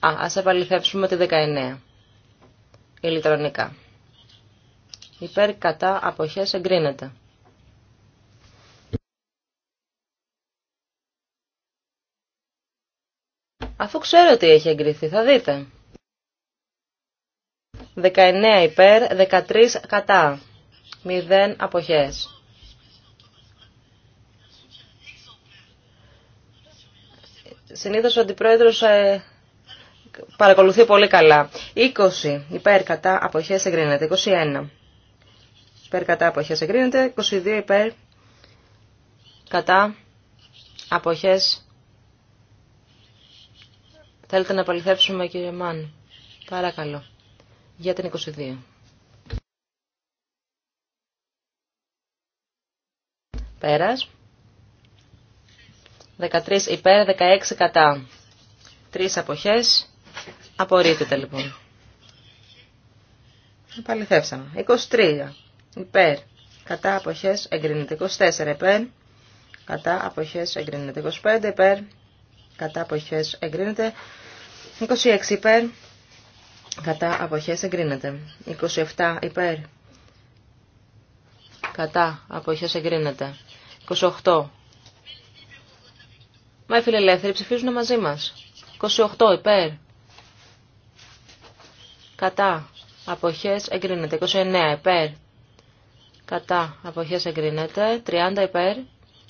Α, ας επαληθεύσουμε τη 19. Ηλεκτρονικά. Υπέρ κατά αποχές εγκρίνεται. Αφού ξέρω ότι έχει εγκριθεί, θα δείτε. 19 υπέρ, 13 κατά μηδέν αποχές. Συνήθως ο αντιπρόεδρος ε, παρακολουθεί πολύ καλά. 20 υπέρ κατά αποχές εγκρίνεται. 21 υπέρ κατά αποχές εγκρίνεται. 22 υπέρ κατά αποχές Θέλετε να παληθέψουμε κύριε Μάν. Παρακαλώ. Για την 22. Πέρας. 13 υπέρ, 16 κατά. 3 αποχές. Απορρίπτεται λοιπόν. Επαληθεύσαμε. 23 υπέρ. Κατά αποχές εγκρίνεται 24 υπέρ. Κατά αποχές εγκρίνεται 25 υπέρ. Κατά αποχές εγκρίνεται 26 υπέρ. Κατά αποχές εγκρίνεται. 27 υπέρ. Κατά. Αποχές εγκρίνεται. 28. Μα οι φιλελεύθεροι ψηφίζουν μαζί μας. 28. Υπέρ. Κατά. Αποχές εγκρίνεται. 29. Υπέρ. Κατά. Αποχές εγκρίνεται. 30. Υπέρ.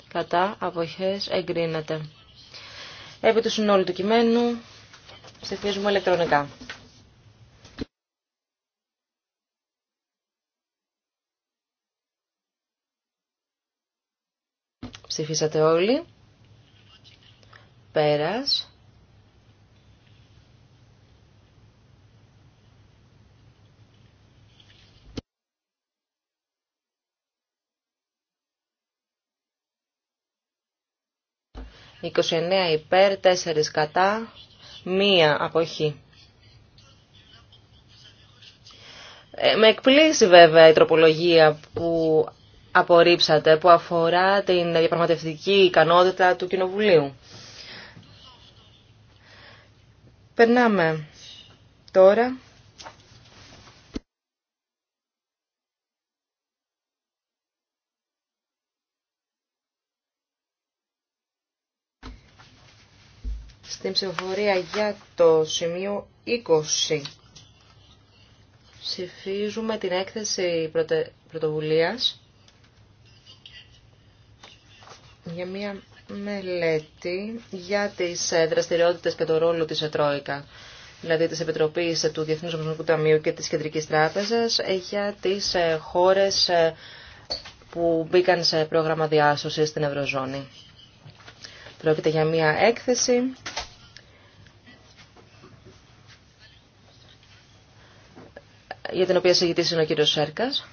Κατά. Αποχές εγκρίνεται. Έπειτα του συνόλου του κειμένου ψηφίζουμε ηλεκτρονικά. Ψηφίσατε όλοι. Πέρας. «29 υπέρ, 4 κατά, 1 αποχή». Ε, με εκπλήσει βέβαια η τροπολογία που απορρίψατε που αφορά την διαπραγματευτική ικανότητα του Κοινοβουλίου. Περνάμε τώρα στην ψηφοφορία για το σημείο 20. Ψηφίζουμε την έκθεση πρωτε... πρωτοβουλίας για μια μελέτη για τις ε, δραστηριότητες και το ρόλο της ΕΤΡΟΙΚΑ, δηλαδή της Επιτροπής του Διεθνούς Ομοσπονδιακού Ταμείου και της Κεντρικής Τράπεζας, ε, για τις ε, χώρες που μπήκαν σε πρόγραμμα διάσωσης στην Ευρωζώνη. Πρόκειται για μια έκθεση για την οποία συγητής είναι ο κύριος Σέρκας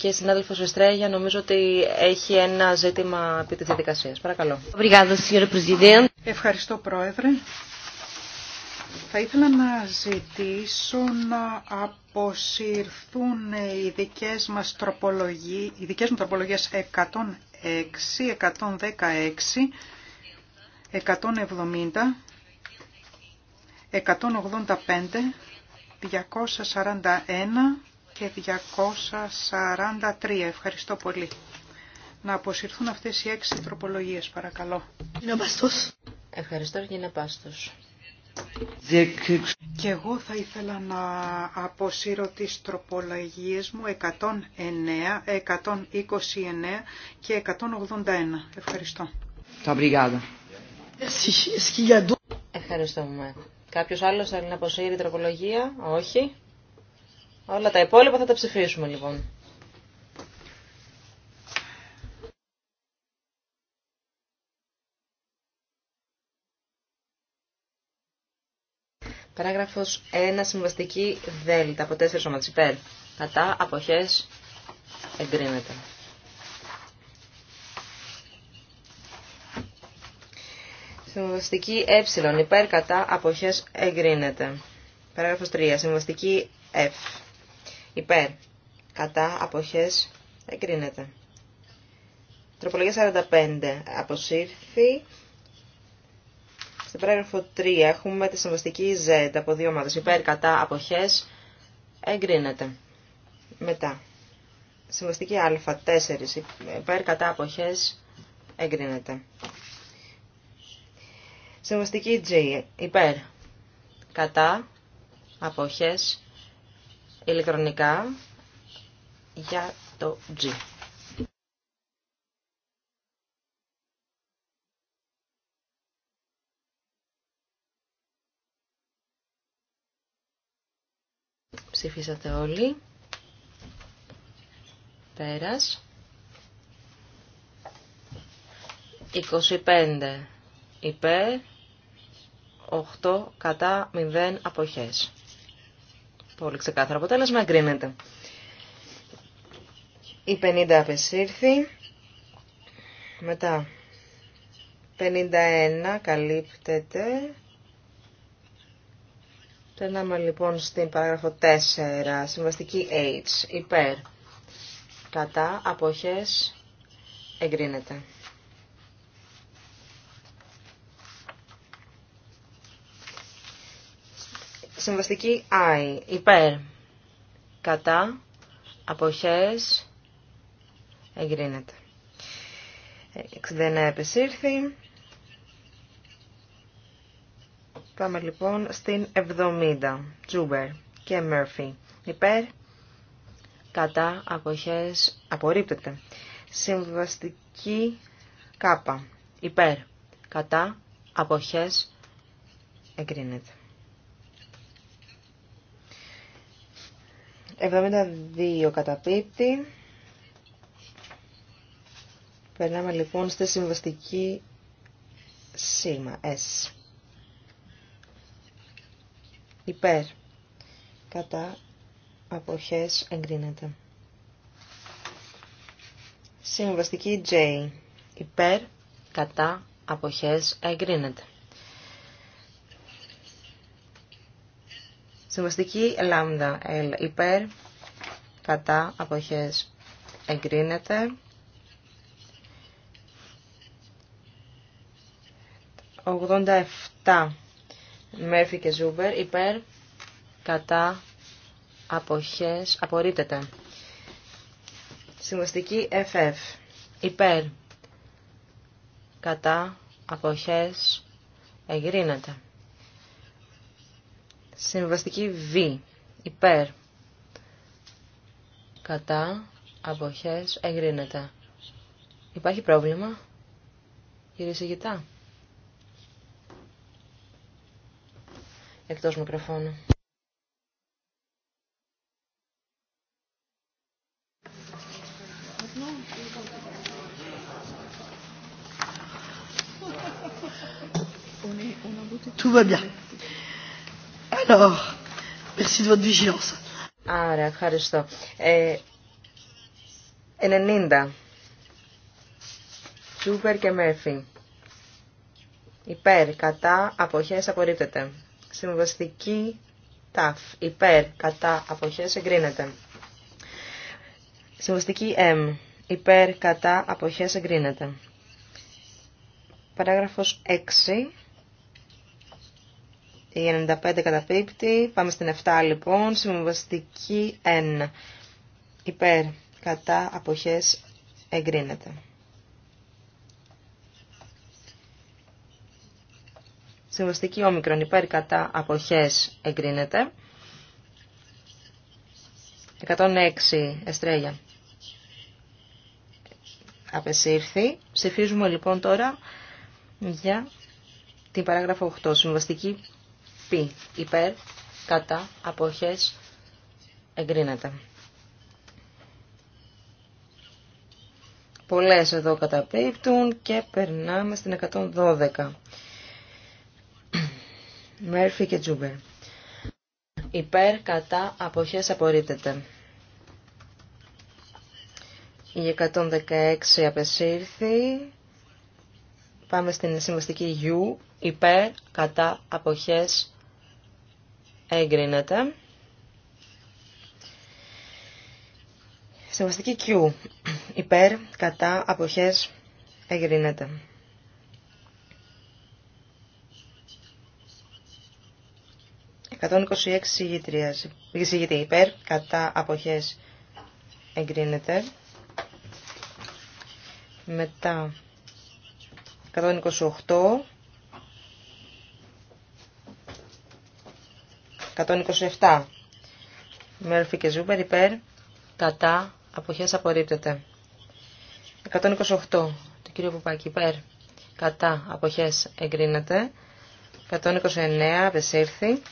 και συνάδελφος Βεστρέγια νομίζω ότι έχει ένα ζήτημα επί τη διαδικασία. Παρακαλώ. Ευχαριστώ Πρόεδρε. Θα ήθελα να ζητήσω να αποσυρθούν οι δικές, μας οι δικές μου τροπολογίες 106, 116, 170, 185, 241, και 243. Ευχαριστώ πολύ. Να αποσυρθούν αυτές οι έξι τροπολογίες, παρακαλώ. Ευχαριστώ, Είναι Πάστος. Και εγώ θα ήθελα να αποσύρω τις τροπολογίες μου 109, 129 και 181. Ευχαριστώ. Ευχαριστώ. Κάποιος άλλος θέλει να αποσύρει τροπολογία. Όχι. Όλα τα υπόλοιπα θα τα ψηφίσουμε λοιπόν. Παράγραφος 1. Συμβαστική δέλτα από 4 σώματες υπέρ. Κατά αποχές εγκρίνεται. Συμβαστική ε υπέρ κατά αποχές εγκρίνεται. Παράγραφος 3. Συμβαστική F ε. Υπέρ. Κατά αποχές εγκρίνεται. Τροπολογία 45. Αποσύρθη. Στην πράγραφο 3 έχουμε τη συμβαστική Z από δύο ομάδες. Υπέρ, κατά, αποχές. Εγκρίνεται. Μετά. Συμβαστική Α4. Υπέρ, κατά, αποχές. Εγκρίνεται. Συμβαστική G. Υπέρ, κατά, αποχές ηλεκτρονικά για το G. Ψηφίσατε όλοι. Πέρας. 25 υπέρ, 8 κατά 0 αποχές. Πολύ ξεκάθαρο αποτέλεσμα, εγκρίνεται. Η 50 απεσύρθη. Μετά 51 καλύπτεται. Περνάμε λοιπόν στην παράγραφο 4, συμβαστική H, υπέρ. Κατά, αποχές, εγκρίνεται. Συμβαστική I. Υπέρ. Κατά. Αποχές. Εγκρίνεται. 69 επεσήρθη. Πάμε λοιπόν στην 70. Τζούμπερ και Μέρφυ. Υπέρ. Κατά. Αποχές. Απορρίπτεται. Συμβαστική Κάπα. Υπέρ. Κατά. Αποχές. Εγκρίνεται. 72 καταπίπτει. Περνάμε λοιπόν στη συμβαστική σήμα S. Υπέρ. Κατά αποχές εγκρίνεται. Συμβαστική J. Υπέρ. Κατά αποχές εγκρίνεται. Συμβαστική λάμδα L υπέρ κατά αποχές εγκρίνεται. 87 Μέρφυ και Ζούμπερ υπέρ κατά αποχές απορρίπτεται. Συμβαστική FF υπέρ κατά αποχές εγκρίνεται. Συμβαστική Β. Υπέρ. Κατά. Αποχές. Εγκρίνεται. Υπάρχει πρόβλημα. Κύριε Σιγητά. Εκτός μικροφώνου. Tout va bien. Alors, merci de votre vigilance. Άρα, ευχαριστώ. Ε, 90. Τσούπερ και Μέφη. Υπέρ, κατά, αποχές, απορρίπτεται. Συμβαστική ταφ. Υπέρ, κατά, αποχές, εγκρίνεται. Συμβαστική εμ. Υπέρ, κατά, αποχές, εγκρίνεται. Παράγραφος 6. Η 95 καταπίπτει. Πάμε στην 7 λοιπόν. Συμβαστική 1. Υπέρ. Κατά αποχές εγκρίνεται. Συμβαστική όμικρον υπέρ κατά αποχές εγκρίνεται. 106 εστρέλια. Απεσύρθη. Ψηφίζουμε λοιπόν τώρα για την παράγραφο 8. Συμβαστική π. Υπέρ, κατά, αποχές, εγκρίνεται. Πολλές εδώ καταπίπτουν και περνάμε στην 112. Μέρφυ και Τζούμπερ. Υπέρ, κατά, αποχές, απορρίπτεται. Η 116 απεσύρθη. Πάμε στην συμβαστική U. Υπέρ, κατά, αποχές, Εγκρίνεται. Σεβαστική Q. Υπέρ, κατά, αποχές, εγκρίνεται. Εκατόν συγγητρίας υπέρ, κατά, αποχές, εγκρίνεται. Μετά, 128 127. Μέρφυ και Ζούμπερ υπέρ. Κατά. Αποχές απορρίπτεται. 128. Το κύριο Πουπάκη υπέρ. Κατά. Αποχές εγκρίνεται. 129. Απεσύρθη.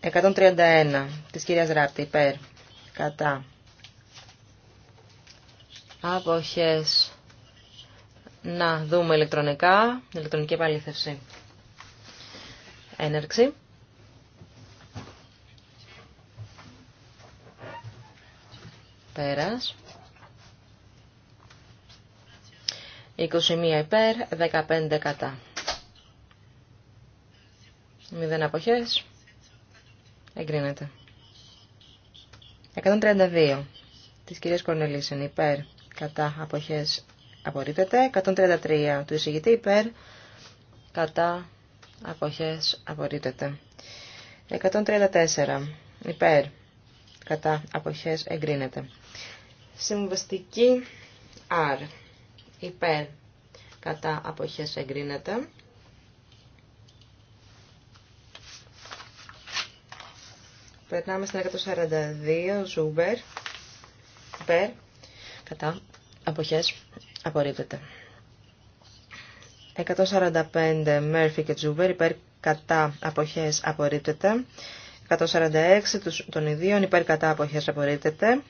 131. Της κυρίας Ράπτη υπέρ. Κατά. Αποχές. Να δούμε ηλεκτρονικά. Ηλεκτρονική επαλήθευση έναρξη. Πέρας. 21 υπέρ, 15 κατά. 0 αποχές. Εγκρίνεται. 132 της κυρίας Κορνελίσεν υπέρ, κατά, αποχές, απορρίπτεται. 133 του εισηγητή υπέρ, κατά, αποχές απορρίπτεται. 134 υπέρ κατά αποχές εγκρίνεται. Συμβαστική R υπέρ κατά αποχές εγκρίνεται. Περνάμε στην 142, Ζούμπερ, υπέρ, κατά, αποχές, απορρίπτεται. 145 Μέρφυ και Τζούβερ υπέρ κατά αποχές απορρίπτεται. 146 των ιδίων υπέρ κατά αποχές απορρίπτεται.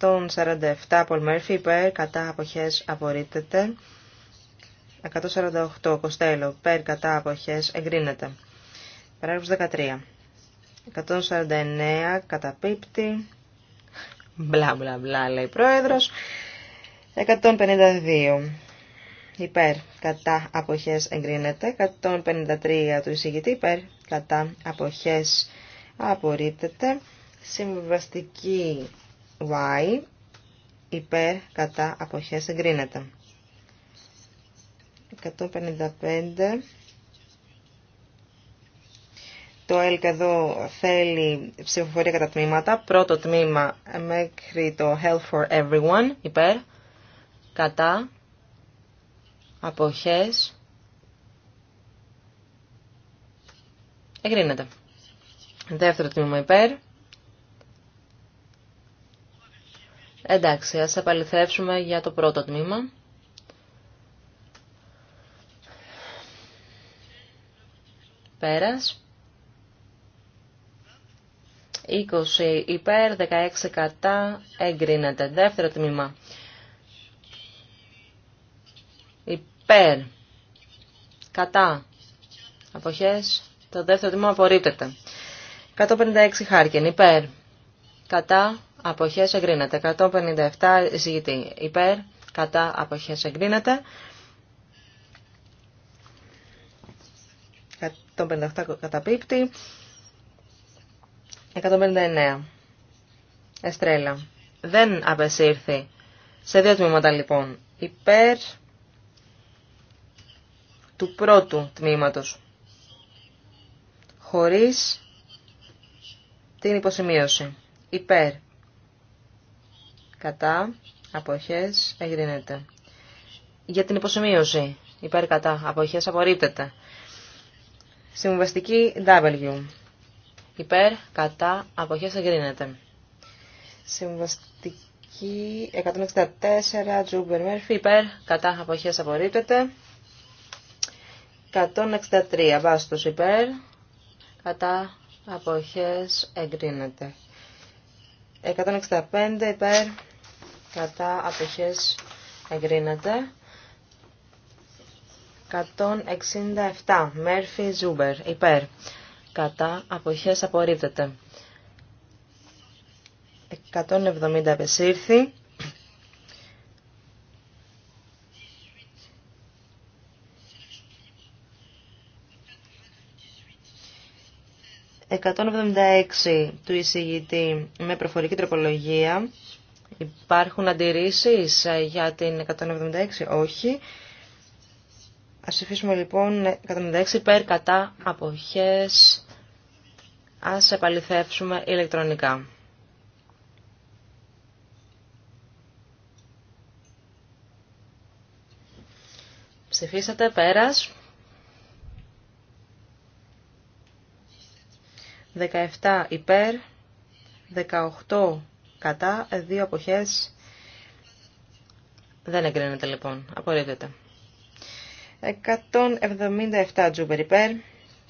147 Πολ Μέρφυ υπέρ κατά αποχές απορρίπτεται. 148 Κοστέλο υπέρ κατά αποχές εγκρίνεται. Παράγραφος 13. 149 καταπίπτει. Μπλα μπλα μπλα λέει πρόεδρος. 152 υπέρ κατά αποχές εγκρίνεται, 153 του εισηγητή υπέρ κατά αποχές απορρίπτεται, συμβιβαστική Y υπέρ κατά αποχές εγκρίνεται. 155 το ΕΛΚ εδώ θέλει ψηφοφορία κατά τμήματα. Πρώτο τμήμα μέχρι το Health for Everyone, υπέρ, κατά, αποχές, εγκρίνεται. Δεύτερο τμήμα υπέρ. Εντάξει, ας επαληθεύσουμε για το πρώτο τμήμα. Πέρας. 20 υπέρ, 16 κατά, εγκρίνεται. Δεύτερο τμήμα Περ. Κατά. Αποχές. Το δεύτερο τμήμα απορρίπτεται. 156 χάρκεν. Υπέρ. Κατά. Αποχές εγκρίνεται. 157 ζητή. Υπέρ. Κατά. Αποχές εγκρίνεται. 158 καταπίπτει. 159. Εστρέλα. Δεν απεσύρθη. Σε δύο τμήματα λοιπόν. Υπέρ του πρώτου τμήματος, χωρίς την υποσημείωση. Υπέρ. Κατά. Αποχές. Εγκρίνεται. Για την υποσημείωση. Υπέρ κατά. Αποχές απορρίπτεται. Συμβαστική W. Υπέρ κατά. Αποχές εγκρίνεται. Συμβαστική 164. Τζούμπερ Μέρφυ. Υπέρ κατά. Αποχές απορρίπτεται. 163 βάστος υπέρ, κατά αποχές εγκρίνεται. 165 υπέρ, κατά αποχές εγκρίνεται. 167 Μέρφυ Ζούμπερ υπέρ, κατά αποχές απορρίπτεται. 170 επεσήρθη. 176 του εισηγητή με προφορική τροπολογία. Υπάρχουν αντιρρήσεις για την 176, όχι. Ας ψηφίσουμε λοιπόν 176 υπέρ κατά αποχές. Ας επαληθεύσουμε ηλεκτρονικά. Ψηφίσατε πέρας. 17 υπέρ, 18 κατά, 2 αποχές. Δεν εγκρίνεται λοιπόν, απορρίπτεται. 177 τζούμπερ υπέρ,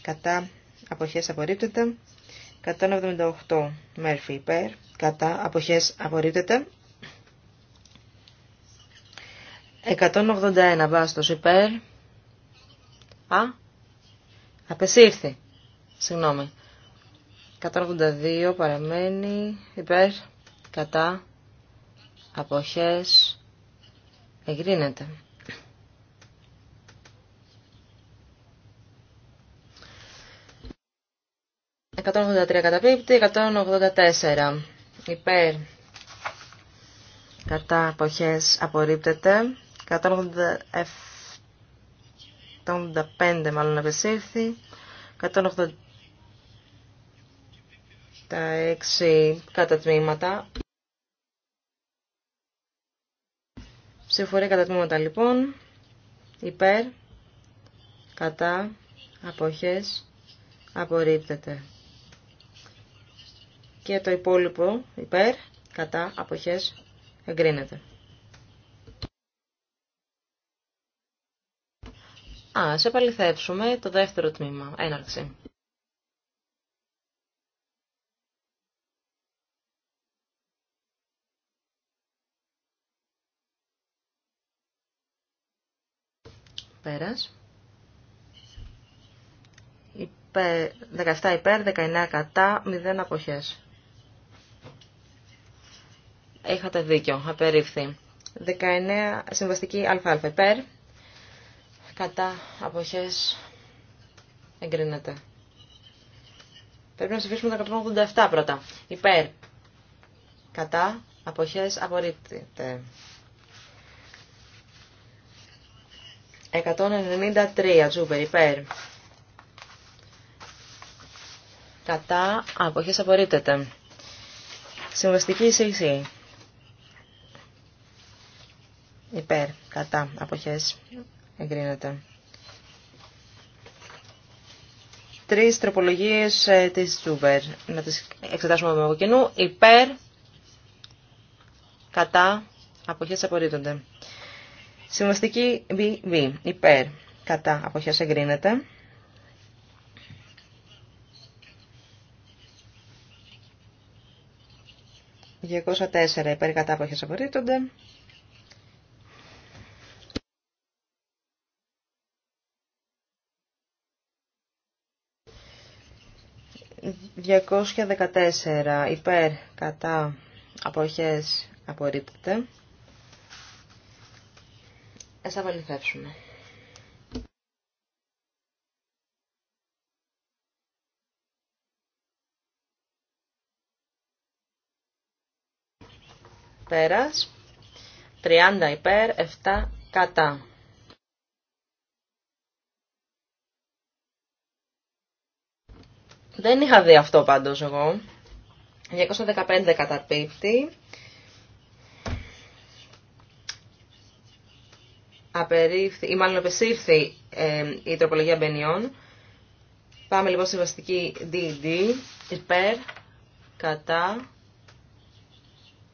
κατά, αποχές απορρίπτεται. 178 μέρφυ υπέρ, κατά, αποχές απορρίπτεται. 181 βάστος υπέρ. Α, απεσύρθη. Συγγνώμη. 182 παραμένει υπέρ, κατά, αποχές, εγκρίνεται. 183 καταπίπτει, 184 υπέρ, κατά, αποχές, απορρίπτεται. 185 μάλλον απεσύρθη τα έξι κατατμήματα. Ψηφορία κατατμήματα λοιπόν. Υπέρ, κατά, αποχές, απορρίπτεται. Και το υπόλοιπο υπέρ, κατά, αποχές, εγκρίνεται. Α, σε το δεύτερο τμήμα. Έναρξη. Πέρας. 17 υπέρ, 19 κατά, 0 απόχέ. Είχατε δίκιο, απερίφθη. 19 συμβαστική αλφα υπέρ, κατά απόχέ εγκρίνεται. Πρέπει να ψηφίσουμε τα 187 πρώτα. Υπέρ, κατά απόχέ απορρίπτεται. 193 Τζούπερ, υπέρ. Κατά αποχές απορρίπτεται. Συμβαστική εισήγηση. Υπέρ. Κατά αποχές εγκρίνεται. Τρεις τροπολογίες ε, της Τζούπερ. Να τις εξετάσουμε με από κοινού. Υπέρ. Κατά αποχές απορρίπτονται. Συμβαστική BB, υπέρ, κατά, αποχές εγκρίνεται. ...204 υπέρ κατά αποχές απορρίπτονται. 214 υπέρ κατά αποχές απορρίπτονται. Ας Πέρας. 30 υπέρ, 7 κατά. Δεν είχα δει αυτό πάντως εγώ. 215 καταπίπτει. απερίφθη, ή μάλλον επεσήρθη η τροπολογία Μπενιών. Πάμε λοιπόν στη βασική DD, υπέρ, κατά,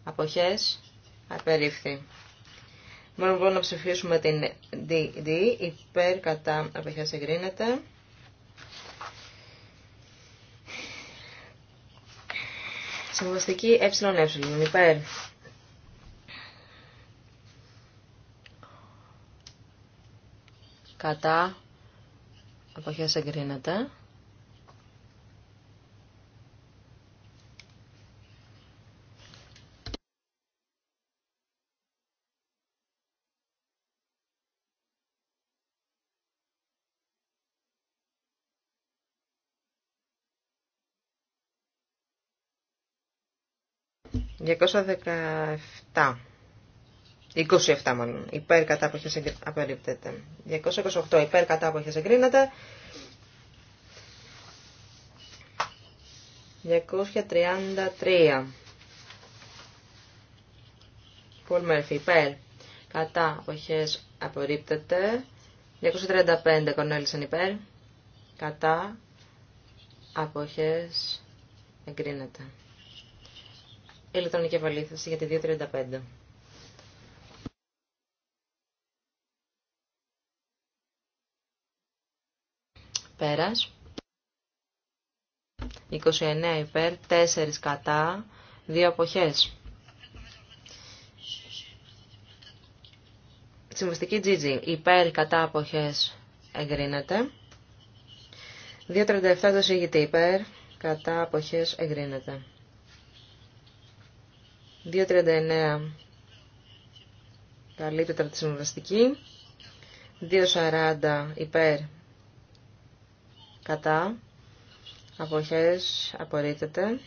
αποχές, απερίφθη. Μόνο μπορούμε λοιπόν να ψηφίσουμε την DD, υπέρ, κατά, αποχές, εγκρίνεται. Συμβαστική ε, ε, υπέρ, κατά αποχές εγκρίνεται. Διακόσια 27 μάλλον. Υπέρ κατά απορρίπτεται. 228 υπέρ κατά αποχές εγκρίνεται. 233. Πολ Μέρφυ υπέρ κατά αποχές απορρίπτεται. 235 Κονέλισεν υπέρ κατά αποχές εγκρίνεται. Ηλεκτρονική επαλήθευση για τη 235. Πέρας. 29 υπέρ, 4 κατά, 2 αποχές. Συμβαστική GG. Υπέρ, κατά, αποχές. Εγκρίνεται. 2.37 το σύγητη υπέρ. Κατά, αποχές. Εγκρίνεται. 2.39 καλύπτεται από τη συμβαστική. 2.40 υπέρ κατά, αποχές, απορρίτεται.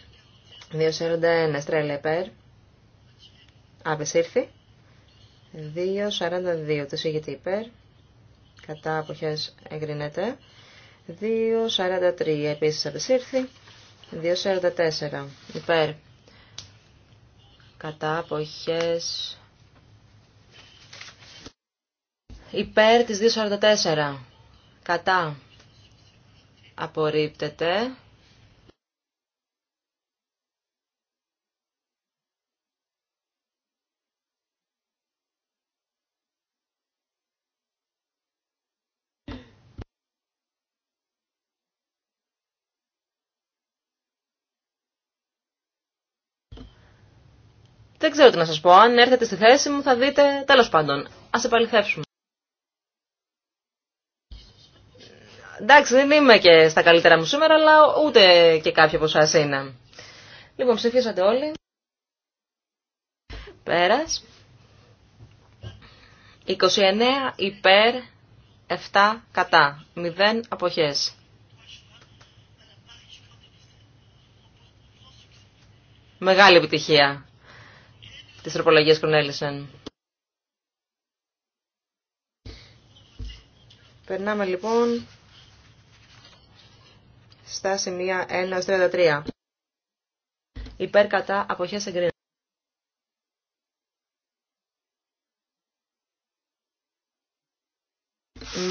2.41 στρέλα υπέρ, απεσύρθη. 2.42 το σύγγεται υπέρ, κατά, αποχές, εγκρινέται. 2.43 επίσης απεσύρθη. 2.44 υπέρ, κατά, αποχές, υπέρ της 2.44. Κατά. Απορρίπτεται. Δεν ξέρω τι να σας πω. Αν έρθετε στη θέση μου θα δείτε τέλος πάντων. Ας επαληθεύσουμε. εντάξει δεν είμαι και στα καλύτερα μου σήμερα, αλλά ούτε και κάποιο από εσάς είναι. Λοιπόν, ψηφίσατε όλοι. Πέρας. 29 υπέρ, 7 κατά, 0 αποχές. Μεγάλη επιτυχία της τροπολογίας έλυσαν. Περνάμε λοιπόν στα σημεία 1 33. Υπέρ κατά αποχές εγκρίνεται.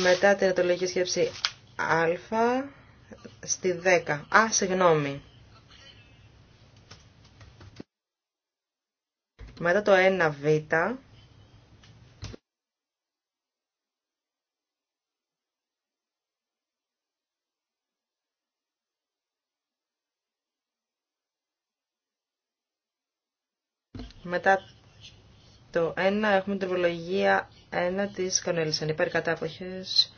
Μετά την ατολική σκέψη α στη 10. Α, συγγνώμη. Μετά το 1β Μετά το 1 έχουμε την τροπολογία 1 της Κονέλισεν. Υπέρ κατάποχες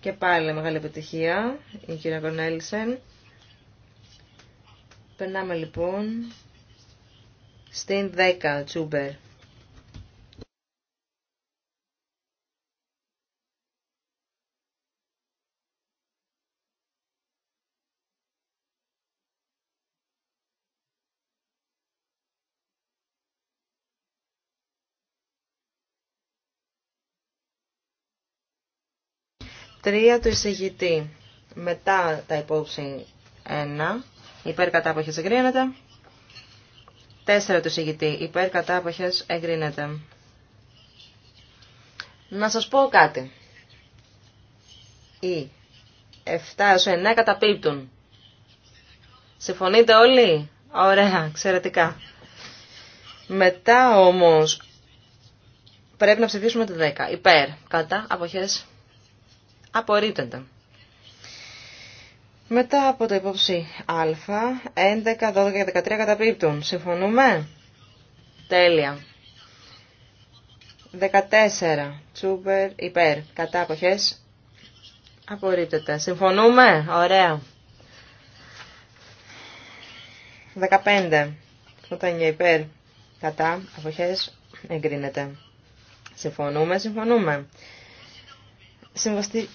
Και πάλι μεγάλη επιτυχία η κυρία Κορνέλησεν. Περνάμε λοιπόν στην 10 Τσούμπερ. Τρία του εισηγητή. Μετά τα υπόψη 1. Υπέρ κατά εγκρίνεται. Τέσσερα του εισηγητή. Υπέρ κατά εγκρίνεται. Να σας πω κάτι. Οι 7 έως 9 καταπίπτουν. Συμφωνείτε όλοι. Ωραία, εξαιρετικά. Μετά όμως πρέπει να ψηφίσουμε το 10. Υπέρ, κατά, αποχές, Απορρίπτεται. Μετά από το υπόψη α, 11, 12 και 13 καταπίπτουν. Συμφωνούμε. Τέλεια. 14. Τσούπερ υπέρ. Κατά αποχές. Απορρίπτεται. Συμφωνούμε. Ωραία. 15. Φωτανία υπέρ. Κατά αποχές. Εγκρίνεται. Συμφωνούμε. Συμφωνούμε. Συμβαστή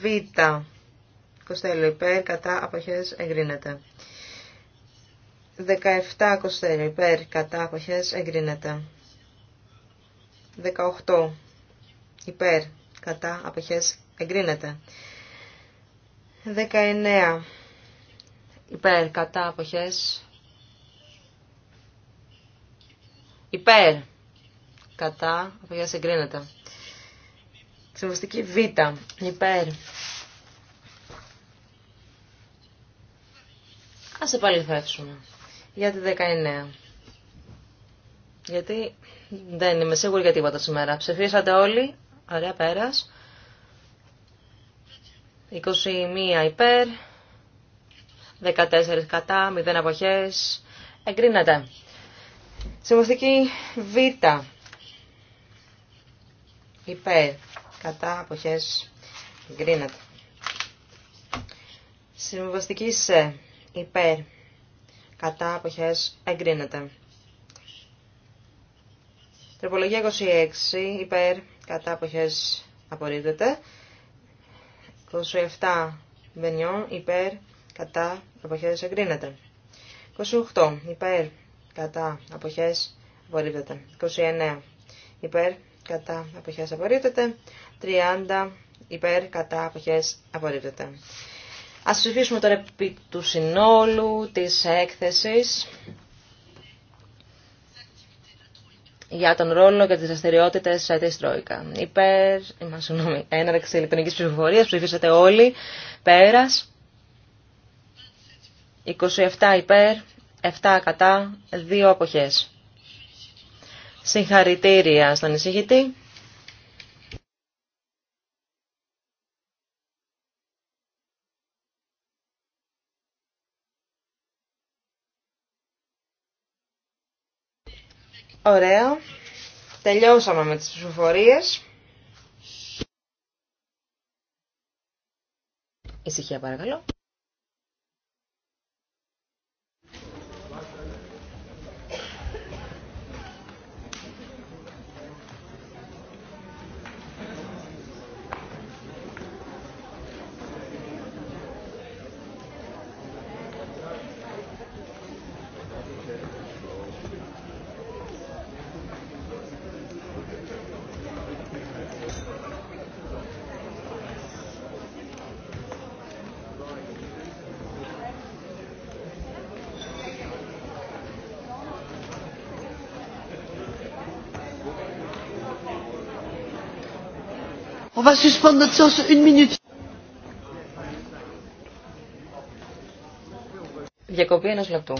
Β. Κοστέλιο υπέρ, κατά αποχές εγκρίνεται. 17 Κοστέλιο υπέρ, κατά αποχές εγκρίνεται. 18 υπέρ, κατά αποχές εγκρίνεται. 19 υπέρ, κατά αποχές υπέρ, κατά αποχές εγκρίνεται. Συμβαστική Β. Υπέρ. Ας επαληθεύσουμε. Για τη 19. Γιατί δεν είμαι σίγουρη για τίποτα σήμερα. Ψηφίσατε όλοι. Ωραία, πέρας. 21 υπέρ. 14 κατά. 0 αποχές. Εγκρίνεται. Συμβαστική Β. Υπέρ κατά αποχές γκρίνεται. Συμβαστική σε υπέρ κατά αποχές εγκρίνεται. Τροπολογία 26 υπέρ κατά αποχές απορρίπτεται. 27 βενιό υπέρ κατά αποχές εγκρίνεται. 28 υπέρ κατά αποχές απορρίπτεται. 29 υπέρ κατά αποχές απορρίπτεται. 30 υπέρ κατά αποχές απορρίπτεται. Ας ψηφίσουμε τώρα επί του συνόλου της έκθεσης για τον ρόλο και τις δραστηριότητε της Τρόικα. Υπέρ, συγγνώμη, έναρξη ηλεκτρονικής ψηφοφορίας, ψηφίσατε όλοι, πέρας. 27 υπέρ, 7 κατά, 2 αποχές. Συγχαρητήρια στον εισηγητή. Ωραία. Τελειώσαμε με τις ψηφοφορίες. Ησυχία παρακαλώ. On va suspendre notre séance une minute. Διακοπή ενός λεπτού.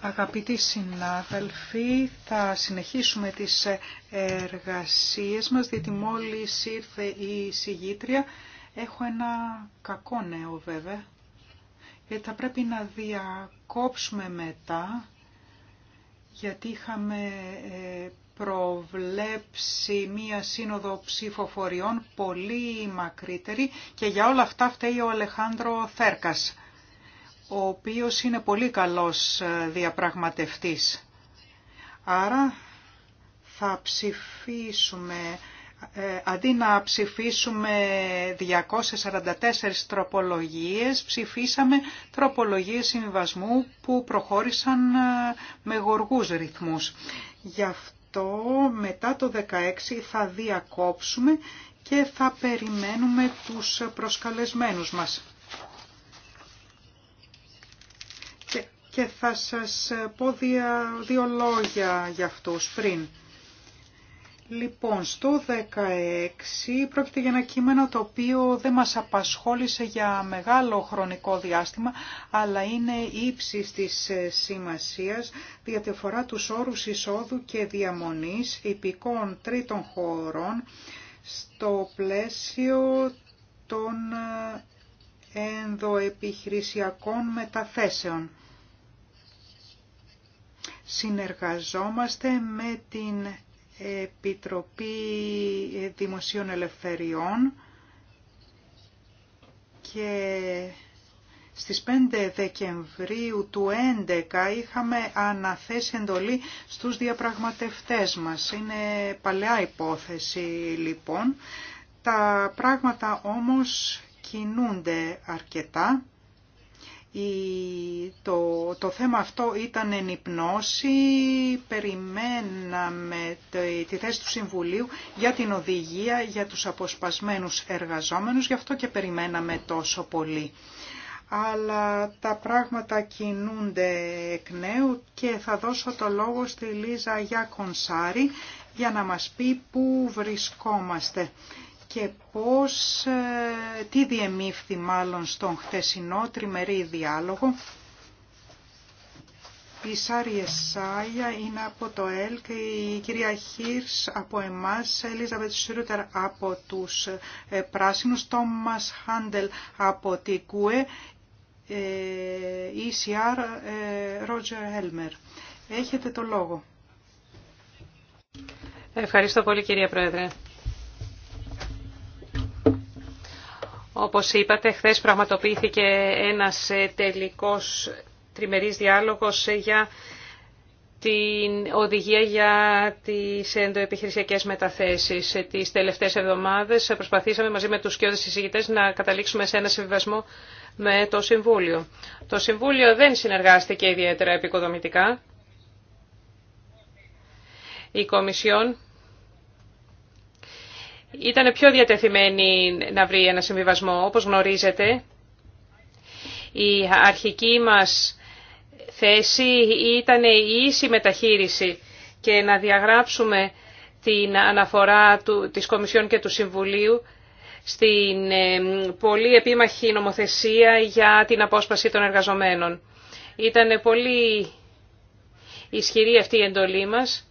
Αγαπητοί συνάδελφοι, θα συνεχίσουμε τις εργασίες μας, διότι μόλις ήρθε η συγγήτρια. Έχω ένα κακό νέο βέβαια, γιατί θα πρέπει να διακόψουμε μετά, γιατί είχαμε ε, προβλέψει μία σύνοδο ψηφοφοριών πολύ μακρύτερη και για όλα αυτά φταίει ο Αλεχάνδρο Θέρκας ο οποίος είναι πολύ καλός ε, διαπραγματευτής. Άρα θα ψηφίσουμε, ε, αντί να ψηφίσουμε 244 τροπολογίες, ψηφίσαμε τροπολογίες συμβιβασμού που προχώρησαν ε, με γοργούς ρυθμούς. Γι' αυτό μετά το 16 θα διακόψουμε και θα περιμένουμε τους προσκαλεσμένους μας. και θα σας πω δύο λόγια για αυτούς πριν. Λοιπόν, στο 16 πρόκειται για ένα κείμενο το οποίο δεν μας απασχόλησε για μεγάλο χρονικό διάστημα, αλλά είναι ύψη της ε, σημασίας, διατεφορά τους όρους εισόδου και διαμονής υπηκών τρίτων χωρών στο πλαίσιο των ε, ενδοεπιχειρησιακών μεταθέσεων. Συνεργαζόμαστε με την Επιτροπή Δημοσίων Ελευθεριών και στις 5 Δεκεμβρίου του 2011 είχαμε αναθέσει εντολή στους διαπραγματευτές μας. Είναι παλαιά υπόθεση λοιπόν. Τα πράγματα όμως κινούνται αρκετά το, θέμα αυτό ήταν εν περιμέναμε τη, θέση του Συμβουλίου για την οδηγία για τους αποσπασμένους εργαζόμενους, γι' αυτό και περιμέναμε τόσο πολύ. Αλλά τα πράγματα κινούνται εκ νέου και θα δώσω το λόγο στη Λίζα Γιάκονσάρη για να μας πει πού βρισκόμαστε και πώς, ε, τι διεμήφθη μάλλον στον χτεσινό τριμερή διάλογο. Η Σάρι είναι από το ΕΛ και η κυρία Χίρς από εμάς, Ελίζαβετ Σρούτερ από τους ε, Πράσινους, Τόμας Χάντελ από την ΚΟΕ, ECR, Ρότζερ Έλμερ. Έχετε το λόγο. Ευχαριστώ πολύ κυρία Πρόεδρε. Όπως είπατε, χθες πραγματοποιήθηκε ένας ε, τελικός τριμερής διάλογος ε, για την οδηγία για τις ενδοεπιχειρησιακές μεταθέσεις. Ε, τις τελευταίες εβδομάδες προσπαθήσαμε μαζί με τους κοιόδες συζητητές να καταλήξουμε σε ένα συμβιβασμό με το Συμβούλιο. Το Συμβούλιο δεν συνεργάστηκε ιδιαίτερα επικοδομητικά. Η Κομισιόν ήταν πιο διατεθειμένη να βρει ένα συμβιβασμό. Όπως γνωρίζετε, η αρχική μας θέση ήταν η ίση μεταχείριση και να διαγράψουμε την αναφορά του, της Κομισιόν και του Συμβουλίου στην ε, πολύ επίμαχη νομοθεσία για την απόσπαση των εργαζομένων. Ήταν πολύ ισχυρή αυτή η εντολή μας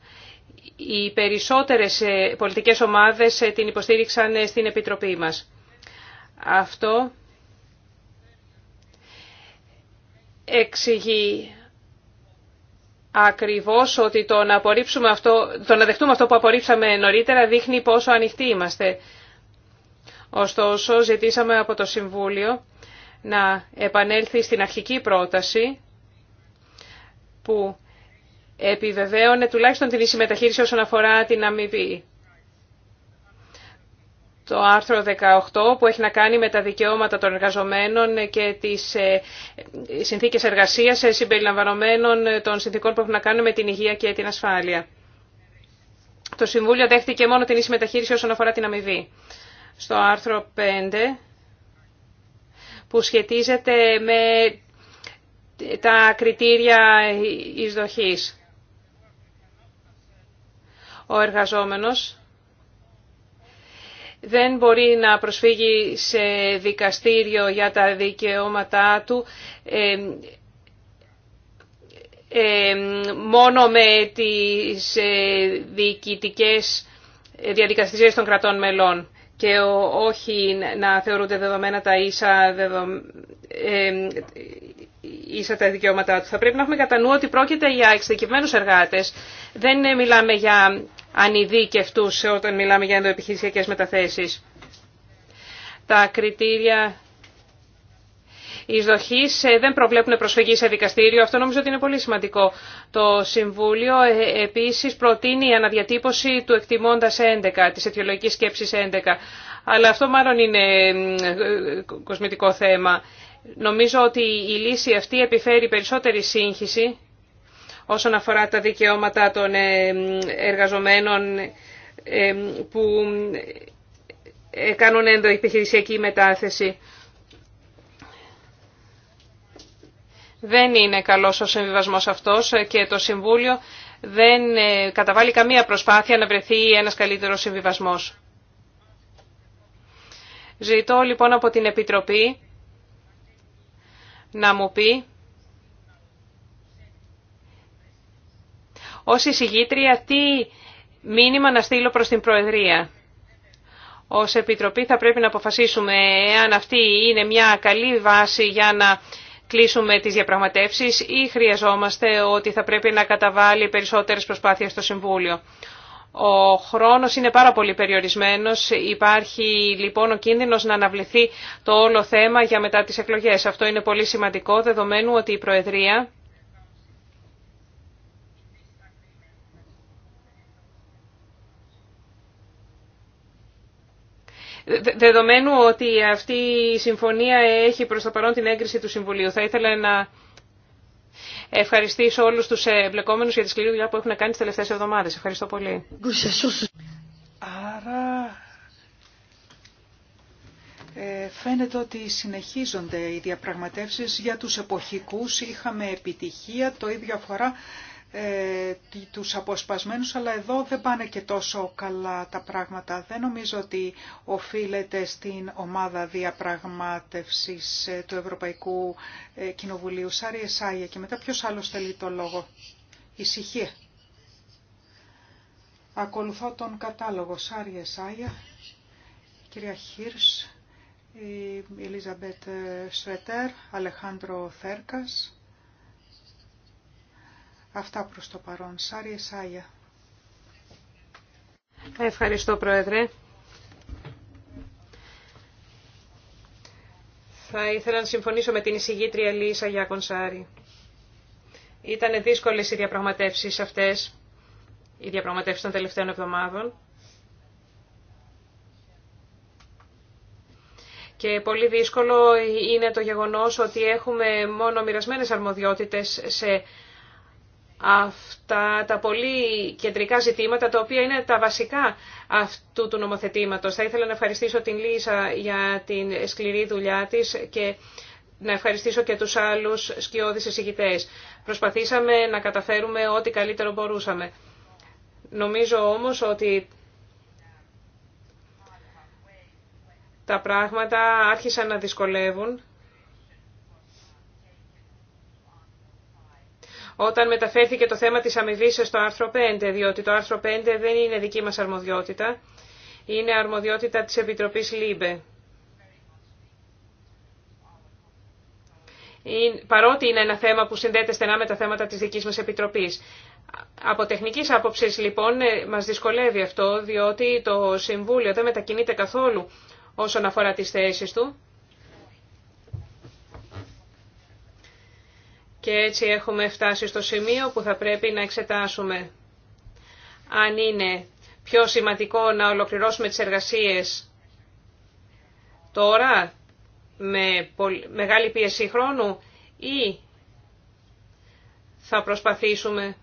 οι περισσότερες ε, πολιτικές ομάδες ε, την υποστήριξαν ε, στην Επιτροπή μας. Αυτό εξηγεί ακριβώς ότι το να, αυτό, το να δεχτούμε αυτό που απορρίψαμε νωρίτερα δείχνει πόσο ανοιχτοί είμαστε. Ωστόσο, ζητήσαμε από το Συμβούλιο να επανέλθει στην αρχική πρόταση που επιβεβαίωνε τουλάχιστον την ίση μεταχείριση όσον αφορά την αμοιβή. Το άρθρο 18 που έχει να κάνει με τα δικαιώματα των εργαζομένων και τις ε, συνθήκες εργασίας ε, συμπεριλαμβανομένων ε, των συνθήκων που έχουν να κάνουν με την υγεία και την ασφάλεια. Το Συμβούλιο δέχτηκε μόνο την ίση μεταχείριση όσον αφορά την αμοιβή. Στο άρθρο 5 που σχετίζεται με τα κριτήρια εισδοχής ο εργαζόμενος δεν μπορεί να προσφύγει σε δικαστήριο για τα δικαιώματά του ε, ε, μόνο με τις ε, διοικητικές διαδικασίες των κρατών μελών και όχι να θεωρούνται δεδομένα τα ίσα, δεδο... ε, ίσα τα δικαιώματά του. Θα πρέπει να έχουμε κατά νου ότι πρόκειται για εξειδικευμένους εργάτες. Δεν μιλάμε για ανειδίκευτούς όταν μιλάμε για ενδοεπιχειρησιακές μεταθέσεις. Τα κριτήρια εισδοχή ε, δεν προβλέπουν προσφυγή σε δικαστήριο. Αυτό νομίζω ότι είναι πολύ σημαντικό. Το Συμβούλιο ε, επίσης προτείνει η αναδιατύπωση του εκτιμώντα 11, τη αιτιολογική σκέψη 11. Αλλά αυτό μάλλον είναι κοσμητικό θέμα. Νομίζω ότι η λύση αυτή επιφέρει περισσότερη σύγχυση όσον αφορά τα δικαιώματα των ε, εργαζομένων ε, που ε, κάνουν ενδοεπιχειρησιακή μετάθεση. Δεν είναι καλός ο συμβιβασμός αυτός και το Συμβούλιο δεν καταβάλει καμία προσπάθεια να βρεθεί ένας καλύτερος συμβιβασμός. Ζητώ λοιπόν από την Επιτροπή να μου πει ως εισηγήτρια τι μήνυμα να στείλω προς την Προεδρία. Ως Επιτροπή θα πρέπει να αποφασίσουμε εάν αυτή είναι μια καλή βάση για να κλείσουμε τις διαπραγματεύσεις ή χρειαζόμαστε ότι θα πρέπει να καταβάλει περισσότερες προσπάθειες στο Συμβούλιο. Ο χρόνος είναι πάρα πολύ περιορισμένος. Υπάρχει λοιπόν ο κίνδυνος να αναβληθεί το όλο θέμα για μετά τις εκλογές. Αυτό είναι πολύ σημαντικό δεδομένου ότι η Προεδρία δεδομένου ότι αυτή η συμφωνία έχει προς το παρόν την έγκριση του Συμβουλίου. Θα ήθελα να ευχαριστήσω όλους τους εμπλεκόμενους για τη σκληρή δουλειά που έχουν κάνει τις τελευταίες εβδομάδες. Ευχαριστώ πολύ. Άρα ε, φαίνεται ότι συνεχίζονται οι διαπραγματεύσεις για τους εποχικούς. Είχαμε επιτυχία, το ίδιο αφορά ε, τους αποσπασμένους, αλλά εδώ δεν πάνε και τόσο καλά τα πράγματα. Δεν νομίζω ότι οφείλεται στην ομάδα διαπραγμάτευσης ε, του Ευρωπαϊκού ε, Κοινοβουλίου. Σάρι Εσάγια και μετά ποιος άλλος θέλει το λόγο. Ησυχία. Ακολουθώ τον κατάλογο. Σάρι Εσάγια, κυρία Χίρς, η Ελίζαμπετ ε, Σρετέρ, Αλεχάνδρο Θέρκας. Αυτά προς το παρόν. Σάρι Εσάγια. Ευχαριστώ Πρόεδρε. Θα ήθελα να συμφωνήσω με την εισηγήτρια Λίσα κονσάρι. Ήταν δύσκολε οι διαπραγματεύσει αυτές, οι διαπραγματεύσει των τελευταίων εβδομάδων. Και πολύ δύσκολο είναι το γεγονός ότι έχουμε μόνο μοιρασμένε αρμοδιότητες σε αυτά τα πολύ κεντρικά ζητήματα, τα οποία είναι τα βασικά αυτού του νομοθετήματος. Θα ήθελα να ευχαριστήσω την Λίζα για την σκληρή δουλειά της και να ευχαριστήσω και τους άλλους σκιώδεις εισηγητές. Προσπαθήσαμε να καταφέρουμε ό,τι καλύτερο μπορούσαμε. Νομίζω όμως ότι τα πράγματα άρχισαν να δυσκολεύουν όταν μεταφέρθηκε το θέμα της αμοιβή στο άρθρο 5, διότι το άρθρο 5 δεν είναι δική μας αρμοδιότητα, είναι αρμοδιότητα της Επιτροπής ΛΥΜΠΕ. παρότι είναι ένα θέμα που συνδέεται στενά με τα θέματα της δικής μας Επιτροπής. Από τεχνικής άποψης λοιπόν ε, μας δυσκολεύει αυτό, διότι το Συμβούλιο δεν μετακινείται καθόλου όσον αφορά τις θέσεις του. Και έτσι έχουμε φτάσει στο σημείο που θα πρέπει να εξετάσουμε αν είναι πιο σημαντικό να ολοκληρώσουμε τις εργασίες τώρα με μεγάλη πίεση χρόνου ή θα προσπαθήσουμε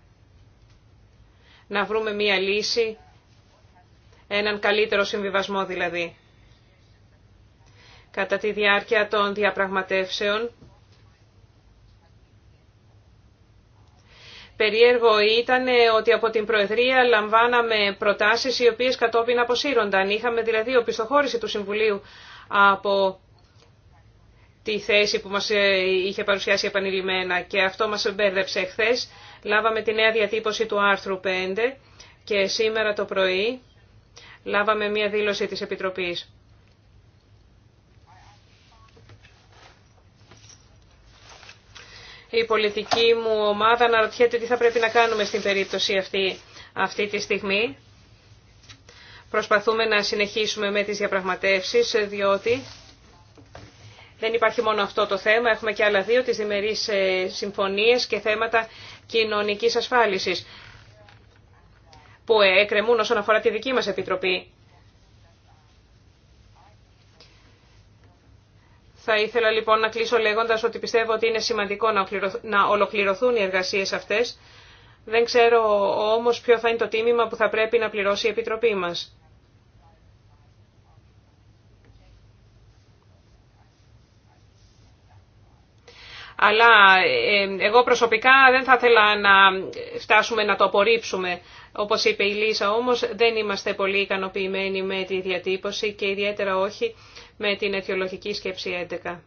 να βρούμε μία λύση, έναν καλύτερο συμβιβασμό δηλαδή. Κατά τη διάρκεια των διαπραγματεύσεων Περίεργο ήταν ότι από την Προεδρία λαμβάναμε προτάσεις οι οποίες κατόπιν αποσύρονταν. Είχαμε δηλαδή οπισθοχώρηση του Συμβουλίου από τη θέση που μας ε, είχε παρουσιάσει επανειλημμένα και αυτό μας μπέρδεψε χθε. Λάβαμε τη νέα διατύπωση του άρθρου 5 και σήμερα το πρωί λάβαμε μία δήλωση της Επιτροπής. η πολιτική μου ομάδα αναρωτιέται τι θα πρέπει να κάνουμε στην περίπτωση αυτή, αυτή τη στιγμή. Προσπαθούμε να συνεχίσουμε με τις διαπραγματεύσεις, διότι δεν υπάρχει μόνο αυτό το θέμα, έχουμε και άλλα δύο, τις διμερείς ε, συμφωνίες και θέματα κοινωνικής ασφάλισης που εκκρεμούν όσον αφορά τη δική μας Επιτροπή. Θα ήθελα λοιπόν να κλείσω λέγοντας ότι πιστεύω ότι είναι σημαντικό να ολοκληρωθούν οι εργασίες αυτές. Δεν ξέρω όμως ποιο θα είναι το τίμημα που θα πρέπει να πληρώσει η Επιτροπή μας. Αλλά ε, εγώ προσωπικά δεν θα ήθελα να φτάσουμε να το απορρίψουμε. Όπως είπε η Λίσα όμως δεν είμαστε πολύ ικανοποιημένοι με τη διατύπωση και ιδιαίτερα όχι με την αιτιολογική σκέψη 11.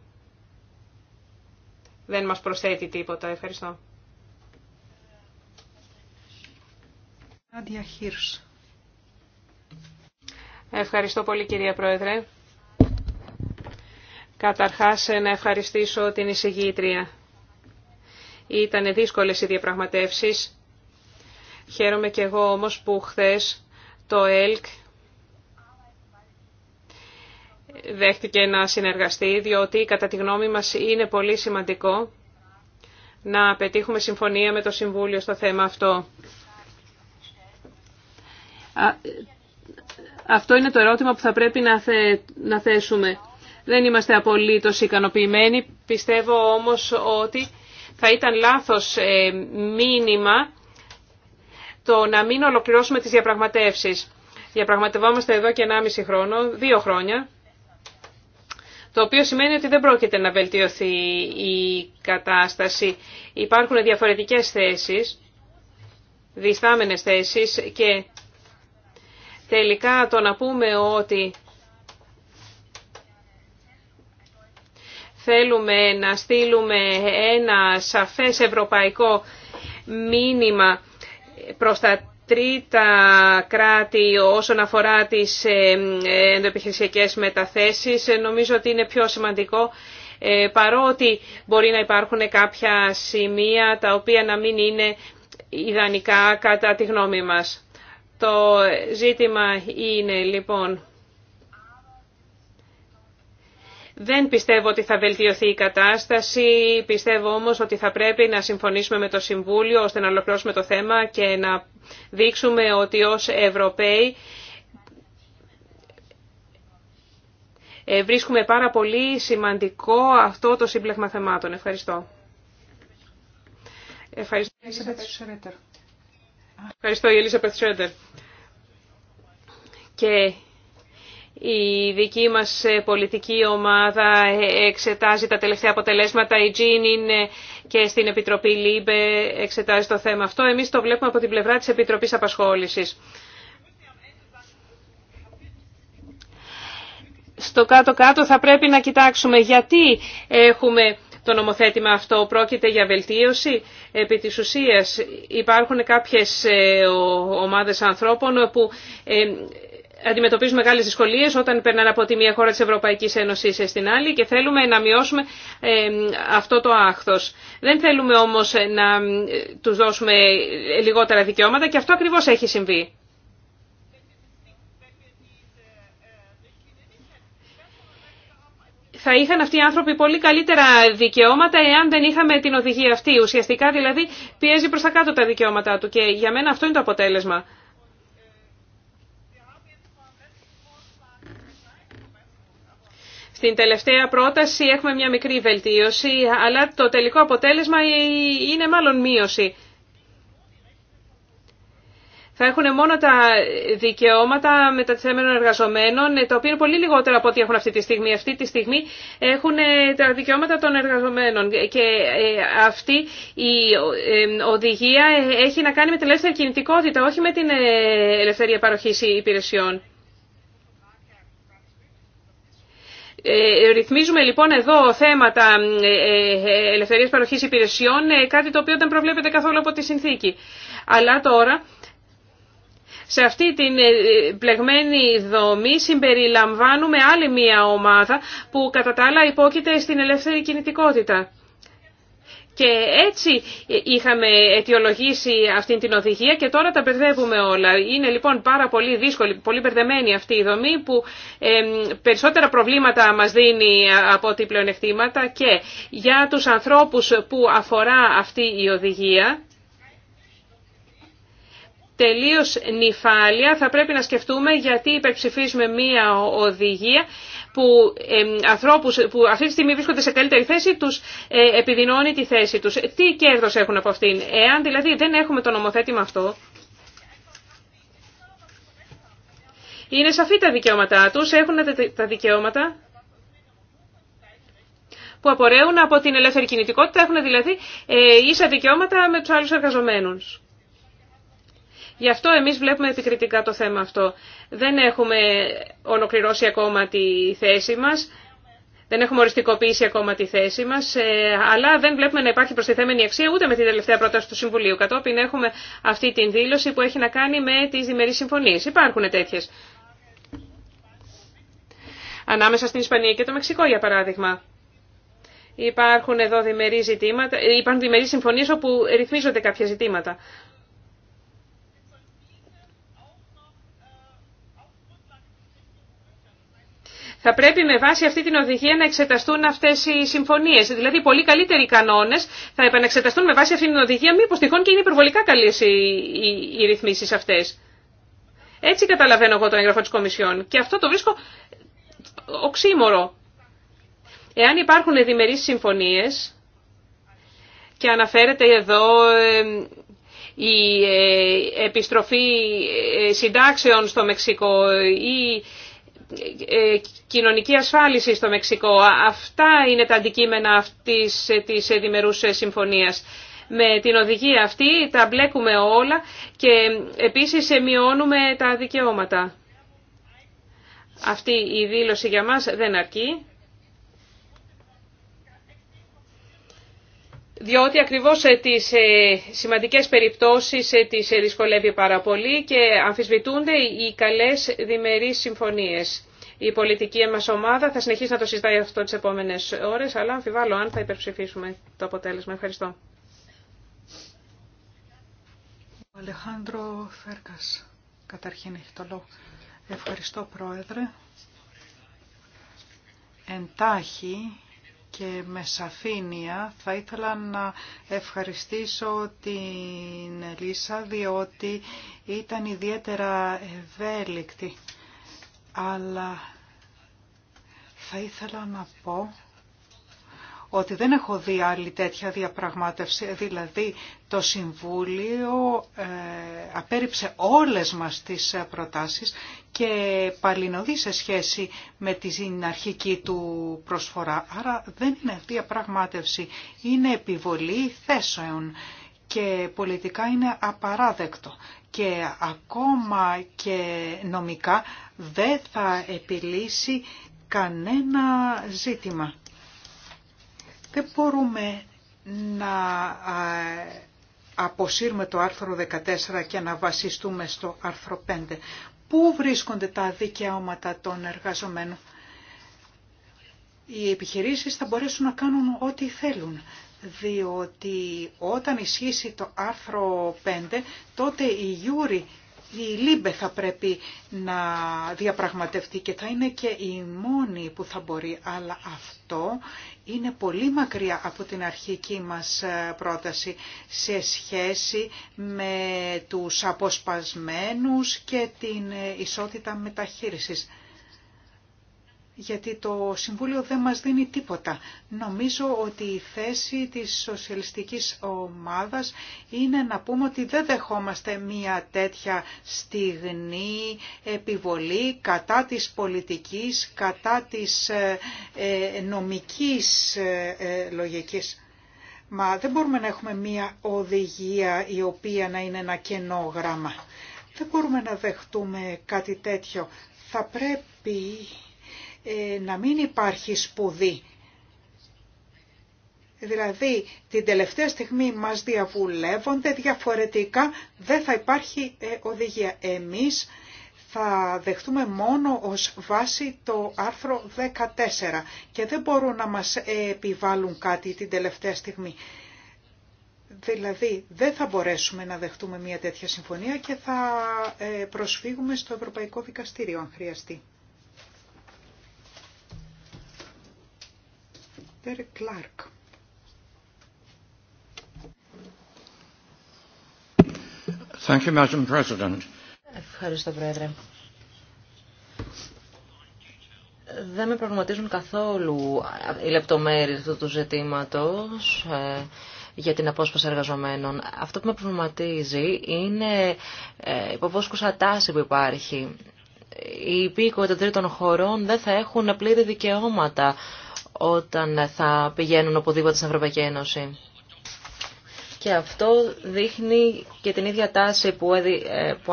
Δεν μας προσθέτει τίποτα. Ευχαριστώ. Ευχαριστώ πολύ κυρία Πρόεδρε. Καταρχάς να ευχαριστήσω την εισηγήτρια. Ήταν δύσκολες οι διαπραγματεύσεις. Χαίρομαι και εγώ όμως που χθες το ΕΛΚ δέχτηκε να συνεργαστεί, διότι κατά τη γνώμη μας είναι πολύ σημαντικό να πετύχουμε συμφωνία με το Συμβούλιο στο θέμα αυτό. Αυτό είναι το ερώτημα που θα πρέπει να θέσουμε. Δεν είμαστε απολύτως ικανοποιημένοι. Πιστεύω όμως ότι θα ήταν λάθος ε, μήνυμα το να μην ολοκληρώσουμε τις διαπραγματεύσεις. Διαπραγματευόμαστε εδώ και 1,5 χρόνο, δύο χρόνια το οποίο σημαίνει ότι δεν πρόκειται να βελτιωθεί η κατάσταση. Υπάρχουν διαφορετικές θέσεις, διστάμενες θέσεις και τελικά το να πούμε ότι θέλουμε να στείλουμε ένα σαφές ευρωπαϊκό μήνυμα προς τα τρίτα κράτη όσον αφορά τις ε, ε, ενδοεπιχειρησιακές μεταθέσεις. Ε, νομίζω ότι είναι πιο σημαντικό παρότι μπορεί να υπάρχουν κάποια σημεία τα οποία να μην είναι ιδανικά κατά τη γνώμη μας. Το ζήτημα είναι λοιπόν Δεν πιστεύω ότι θα βελτιωθεί η κατάσταση, πιστεύω όμως ότι θα πρέπει να συμφωνήσουμε με το Συμβούλιο ώστε να ολοκληρώσουμε το θέμα και να δείξουμε ότι ως Ευρωπαίοι ε, βρίσκουμε πάρα πολύ σημαντικό αυτό το σύμπλεγμα θεμάτων. Ευχαριστώ. Ευχαριστώ, Ευχαριστώ η Ελίζα Πεθσέντερ. Και η δική μας ε, πολιτική ομάδα ε, εξετάζει τα τελευταία αποτελέσματα. Η Τζιν είναι και στην Επιτροπή ΛΥΜΠΕ εξετάζει το θέμα αυτό. Εμείς το βλέπουμε από την πλευρά της Επιτροπής Απασχόλησης. Στο κάτω-κάτω θα πρέπει να κοιτάξουμε γιατί έχουμε το νομοθέτημα αυτό. Πρόκειται για βελτίωση. Επί της ουσίας υπάρχουν κάποιες ε, ομάδες ανθρώπων που Αντιμετωπίζουμε μεγάλες δυσκολίες όταν περνάνε από τη μία χώρα τη ευρωπαϊκή Ένωση στην άλλη και θέλουμε να μειώσουμε αυτό το άχθο. Δεν θέλουμε όμως ε, να ε, του δώσουμε ε, λιγότερα δικαιώματα και αυτό ακριβώς έχει συμβεί. θα είχαν αυτοί οι άνθρωποι πολύ καλύτερα δικαιώματα εάν δεν είχαμε την οδηγία αυτή. Ουσιαστικά δηλαδή πιέζει προς τα κάτω τα δικαιώματά του και για μένα αυτό είναι το αποτέλεσμα. Στην τελευταία πρόταση έχουμε μια μικρή βελτίωση, αλλά το τελικό αποτέλεσμα ε, είναι μάλλον μείωση. Θα έχουν μόνο τα δικαιώματα μετατιθέμενων εργαζομένων, ε, τα οποία είναι πολύ λιγότερα από ό,τι έχουν αυτή τη στιγμή. Αυτή τη στιγμή έχουν ε, τα δικαιώματα των εργαζομένων και αυτή η οδηγία έχει να κάνει με την κινητικότητα, όχι με την ελευθερία παροχή υπηρεσιών. Ε, ρυθμίζουμε λοιπόν εδώ θέματα ε, ε, ελευθερίας παροχής υπηρεσιών, κάτι το οποίο δεν προβλέπεται καθόλου από τη συνθήκη. Αλλά τώρα σε αυτή την πλεγμένη δομή συμπεριλαμβάνουμε άλλη μία ομάδα που κατά τα άλλα υπόκειται στην ελεύθερη κινητικότητα. Και έτσι είχαμε αιτιολογήσει αυτή την οδηγία και τώρα τα μπερδεύουμε όλα. Είναι λοιπόν πάρα πολύ δύσκολη, πολύ μπερδεμένη αυτή η δομή που περισσότερα προβλήματα μας δίνει από ό,τι πλεονεκτήματα και για τους ανθρώπους που αφορά αυτή η οδηγία τελείως νυφάλια θα πρέπει να σκεφτούμε γιατί υπερψηφίζουμε μία οδηγία που ε, που αυτή τη στιγμή βρίσκονται σε καλύτερη θέση τους ε, επιδεινώνει τη θέση τους. Τι κέρδος έχουν από αυτήν. Εάν δηλαδή δεν έχουμε το νομοθέτημα αυτό, είναι σαφή τα δικαιώματά τους, έχουν τα δικαιώματα που απορρέουν από την ελεύθερη κινητικότητα, έχουν δηλαδή ε, ίσα δικαιώματα με τους άλλους εργαζομένους. Γι' αυτό εμεί βλέπουμε επικριτικά το θέμα αυτό. Δεν έχουμε ολοκληρώσει ακόμα τη θέση μα. δεν έχουμε οριστικοποιήσει ακόμα τη θέση μας, ε, αλλά δεν βλέπουμε να υπάρχει προστιθέμενη αξία ούτε με την τελευταία πρόταση του Συμβουλίου. Κατόπιν έχουμε αυτή την δήλωση που έχει να κάνει με τι διμερείς συμφωνίε. Υπάρχουν τέτοιε. Ανάμεσα στην Ισπανία και το Μεξικό, για παράδειγμα. Υπάρχουν εδώ διμερεί ζητήματα, ε, υπάρχουν διμερεί συμφωνίε όπου ρυθμίζονται κάποια ζητήματα. Θα πρέπει με βάση αυτή την οδηγία να εξεταστούν αυτέ οι συμφωνίε. Δηλαδή, πολύ καλύτεροι κανόνε θα επαναξεταστούν με βάση αυτή την οδηγία, μήπω τυχόν και είναι υπερβολικά καλέ οι, οι, οι ρυθμίσει αυτέ. Έτσι καταλαβαίνω εγώ τον έγγραφο τη Κομισιόν. Και αυτό το βρίσκω οξύμορο. Εάν υπάρχουν διμερείς συμφωνίες και αναφέρεται εδώ η ε, επιστροφή ε, συντάξεων στο Μεξικό ή ε, κοινωνική ασφάλιση στο Μεξικό. Αυτά είναι τα αντικείμενα αυτής της διμερούς συμφωνίας. Με την οδηγία αυτή τα μπλέκουμε όλα και επίσης μειώνουμε τα δικαιώματα. Αυτή η δήλωση για μας δεν αρκεί. διότι ακριβώς ε, τις ε, σημαντικές περιπτώσεις ε, τις δυσκολεύει πάρα πολύ και αμφισβητούνται οι καλές διμερείς συμφωνίες. Η πολιτική μας ομάδα θα συνεχίσει να το συζητάει αυτό τις επόμενες ώρες, αλλά αμφιβάλλω αν θα υπερψηφίσουμε το αποτέλεσμα. Ευχαριστώ. Ο Αλεχάνδρο Φέρκας, καταρχήν έχει το λόγο. Ευχαριστώ Πρόεδρε. Εντάχει, και με σαφήνεια θα ήθελα να ευχαριστήσω την Ελίσσα διότι ήταν ιδιαίτερα ευέλικτη. Αλλά θα ήθελα να πω ότι δεν έχω δει άλλη τέτοια διαπραγμάτευση, δηλαδή το Συμβούλιο ε, απέριψε όλες μας τις ε, προτάσεις και παλινοδεί σε σχέση με την αρχική του προσφορά. Άρα δεν είναι αυτή η είναι επιβολή θέσεων και πολιτικά είναι απαράδεκτο και ακόμα και νομικά δεν θα επιλύσει κανένα ζήτημα. Δεν μπορούμε να αποσύρουμε το άρθρο 14 και να βασιστούμε στο άρθρο 5 πού βρίσκονται τα δικαιώματα των εργαζομένων. Οι επιχειρήσεις θα μπορέσουν να κάνουν ό,τι θέλουν, διότι όταν ισχύσει το άρθρο 5, τότε οι γιούροι η Λίμπε θα πρέπει να διαπραγματευτεί και θα είναι και η μόνη που θα μπορεί. Αλλά αυτό είναι πολύ μακριά από την αρχική μας ε, πρόταση σε σχέση με τους αποσπασμένους και την ε, ισότητα μεταχείρισης γιατί το Συμβούλιο δεν μας δίνει τίποτα. Νομίζω ότι η θέση της σοσιαλιστικής ομάδας είναι να πούμε ότι δεν δεχόμαστε μία τέτοια στιγνή επιβολή κατά της πολιτικής, κατά της ε, ε, νομικής ε, λογικής. Μα δεν μπορούμε να έχουμε μία οδηγία η οποία να είναι ένα κενό γράμμα. Δεν μπορούμε να δεχτούμε κάτι τέτοιο. Θα πρέπει ε, να μην υπάρχει σπουδή. Δηλαδή, την τελευταία στιγμή μας διαβουλεύονται διαφορετικά, δεν θα υπάρχει ε, οδηγία. Εμείς θα δεχτούμε μόνο ως βάση το άρθρο 14 και δεν μπορούν να μας επιβάλλουν κάτι την τελευταία στιγμή. Δηλαδή, δεν θα μπορέσουμε να δεχτούμε μια τέτοια συμφωνία και θα ε, προσφύγουμε στο Ευρωπαϊκό Δικαστήριο αν χρειαστεί. Thank you, Madam President. Ευχαριστώ, Πρόεδρε. Δεν με προβληματίζουν καθόλου οι λεπτομέρειες αυτού του ζητήματος ε, για την απόσπαση εργαζομένων. Αυτό που με προβληματίζει είναι η ε, υποβόσκουσα τάση που υπάρχει. Οι υπήκοοι των τρίτων χωρών δεν θα έχουν πλήρη δικαιώματα όταν θα πηγαίνουν οπουδήποτε στην Ευρωπαϊκή Ένωση. Και αυτό δείχνει και την ίδια τάση που, ε, που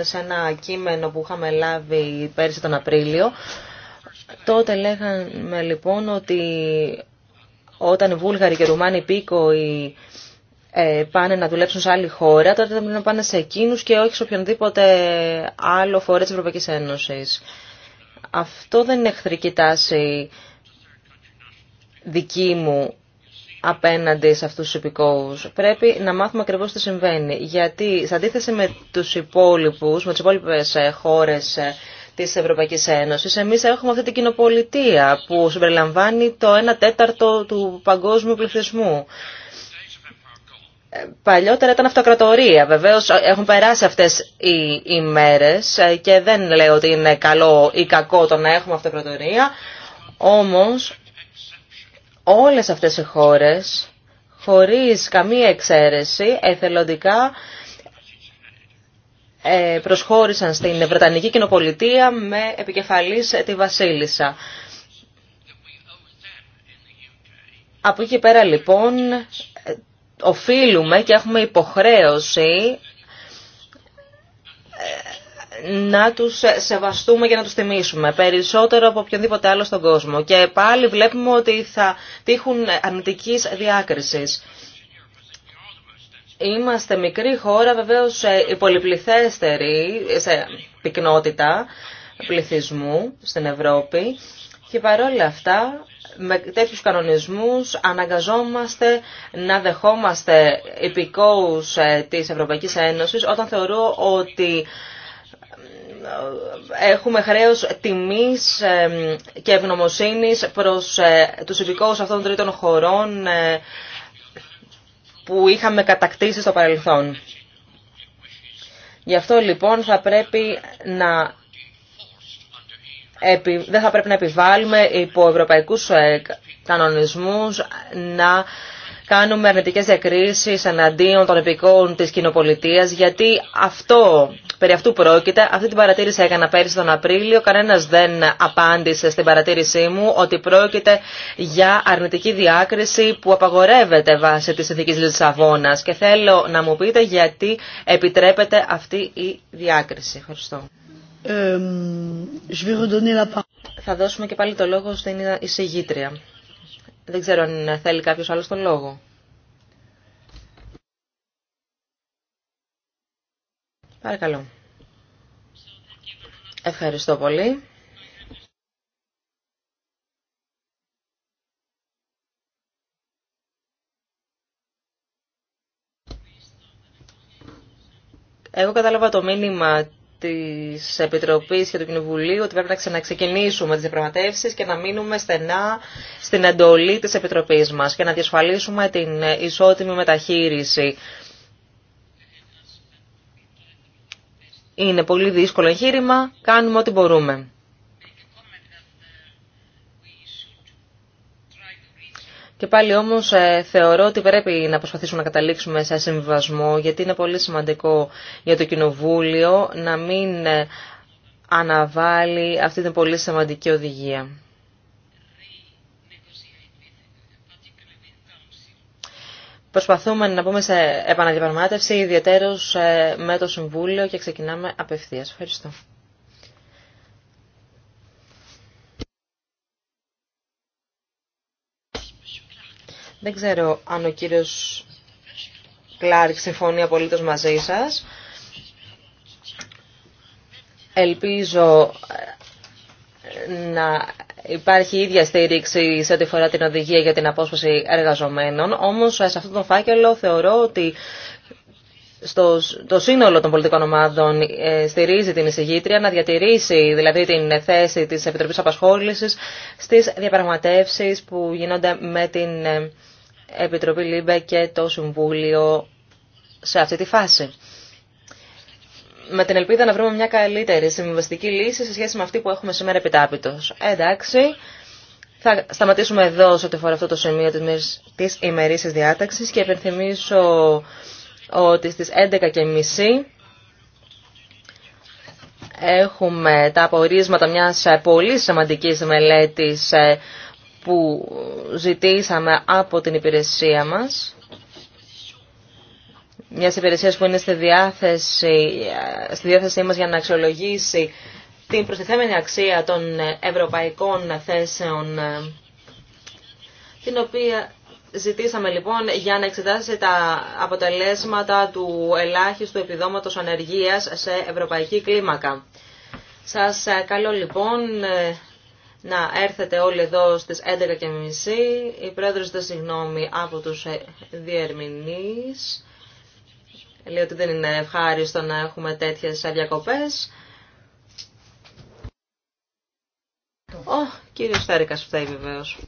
σε ένα κείμενο που είχαμε λάβει πέρσι τον Απρίλιο. Τότε λέγαμε λοιπόν ότι όταν οι Βούλγαροι και οι Ρουμάνοι πήκοοι ε, πάνε να δουλέψουν σε άλλη χώρα, τότε θα πρέπει να πάνε σε εκείνους και όχι σε οποιονδήποτε άλλο φορέ της Ευρωπαϊκής Ένωσης. Αυτό δεν είναι εχθρική τάση δική μου απέναντι σε αυτούς τους υπηκόους. Πρέπει να μάθουμε ακριβώς τι συμβαίνει. Γιατί, σε αντίθεση με τους υπόλοιπους, με τις υπόλοιπες ε, χώρες ε, της Ευρωπαϊκής Ένωσης, εμείς έχουμε αυτή την κοινοπολιτεία που συμπεριλαμβάνει το 1 τέταρτο του παγκόσμιου πληθυσμού. Ε, παλιότερα ήταν αυτοκρατορία. Βεβαίως ε, έχουν περάσει αυτές οι ημέρες ε, και δεν λέω ότι είναι καλό ή κακό το να έχουμε αυτοκρατορία. Όμως όλες αυτές οι χώρες χωρίς καμία εξαίρεση εθελοντικά προσχώρησαν στην Βρετανική Κοινοπολιτεία με επικεφαλής τη Βασίλισσα. Από εκεί πέρα λοιπόν οφείλουμε και έχουμε υποχρέωση ε, να τους σεβαστούμε και να τους τιμήσουμε περισσότερο από οποιονδήποτε άλλο στον κόσμο. Και πάλι βλέπουμε ότι θα τύχουν αρνητικής διάκρισης. Είμαστε μικρή χώρα, βεβαίως η πολυπληθέστερη σε πυκνότητα πληθυσμού στην Ευρώπη και παρόλα αυτά με τέτοιους κανονισμούς αναγκαζόμαστε να δεχόμαστε υπηκόους ε, της Ευρωπαϊκής Ένωσης όταν θεωρώ ότι ε, έχουμε χρέος τιμής ε, και ευγνωμοσύνης προς τους υπηκόους αυτών των τρίτων χωρών που είχαμε κατακτήσει στο παρελθόν. Γι' αυτό λοιπόν θα πρέπει να δεν θα πρέπει να επιβάλλουμε υπό ευρωπαϊκούς ε, κανονισμούς να κάνουμε αρνητικές διακρίσεις εναντίον των επικών της κοινοπολιτείας, γιατί αυτό, περί αυτού πρόκειται, αυτή την παρατήρηση έκανα πέρυσι τον Απρίλιο, κανένας δεν απάντησε στην παρατήρησή μου ότι πρόκειται για αρνητική διάκριση που απαγορεύεται βάσει της ηθικής Λισαβόνας και θέλω να μου πείτε γιατί επιτρέπεται αυτή η διάκριση. Ευχαριστώ. Θα δώσουμε και πάλι το λόγο στην εισηγήτρια. Δεν ξέρω αν θέλει κάποιο άλλο τον λόγο. Παρακαλώ. Ευχαριστώ πολύ. Εγώ κατάλαβα το μήνυμα της Επιτροπής και του Κοινοβουλίου ότι πρέπει να ξαναξεκινήσουμε τις διαπραγματεύσεις και να μείνουμε στενά στην εντολή της Επιτροπής μας και να διασφαλίσουμε την ισότιμη μεταχείριση. Είναι πολύ δύσκολο εγχείρημα, κάνουμε ό,τι μπορούμε. Και πάλι όμως ε, θεωρώ ότι πρέπει να προσπαθήσουμε να καταλήξουμε σε συμβιβασμό γιατί είναι πολύ σημαντικό για το Κοινοβούλιο να μην ε, αναβάλει αυτή την πολύ σημαντική οδηγία. Προσπαθούμε να πούμε σε επαναδιαπραγμάτευση ιδιαίτερως ε, με το Συμβούλιο και ξεκινάμε απευθείας. Ευχαριστώ. Δεν ξέρω αν ο κύριος Κλάρκ συμφωνεί απολύτως μαζί σας. Ελπίζω ε, να υπάρχει ίδια στήριξη σε ό,τι φορά την οδηγία για την απόσπαση εργαζομένων. Όμως ε, σε αυτό τον φάκελο θεωρώ ότι στο, το σύνολο των πολιτικών ομάδων ε, στηρίζει την εισηγήτρια να διατηρήσει δηλαδή την θέση της Επιτροπής Απασχόλησης στις διαπραγματεύσεις που γίνονται με την ε, Επιτροπή ΛΥΜΠΕ και το Συμβούλιο σε αυτή τη φάση. Με την ελπίδα να βρούμε μια καλύτερη συμβιβαστική λύση σε σχέση με αυτή που έχουμε σήμερα επιτάπητος. Ε, εντάξει, θα σταματήσουμε εδώ σε ό,τι αφορά αυτό το σημείο της ημερήσης διάταξης και επενθυμίσω ότι στις 11.30 έχουμε τα απορίσματα μιας πολύ σημαντικής μελέτης ε, που ζητήσαμε από την υπηρεσία μας. Μιας υπηρεσίας που είναι στη διάθεση, ε, στη διάθεσή μας για να αξιολογήσει την προστιθέμενη αξία των ευρωπαϊκών θέσεων ε, την οποία Ζητήσαμε λοιπόν για να εξετάσει τα αποτελέσματα του ελάχιστου επιδόματος ανεργίας σε ευρωπαϊκή κλίμακα. Σας ε, καλώ λοιπόν ε, να έρθετε όλοι εδώ στις 11.30. Η πρόεδρος δεν συγγνώμη από τους ε, διερμηνείς. Λέει ότι δεν είναι ευχάριστο να έχουμε τέτοιες διακοπές. Ο oh, κύριος Στέρικας φταίει βεβαίως.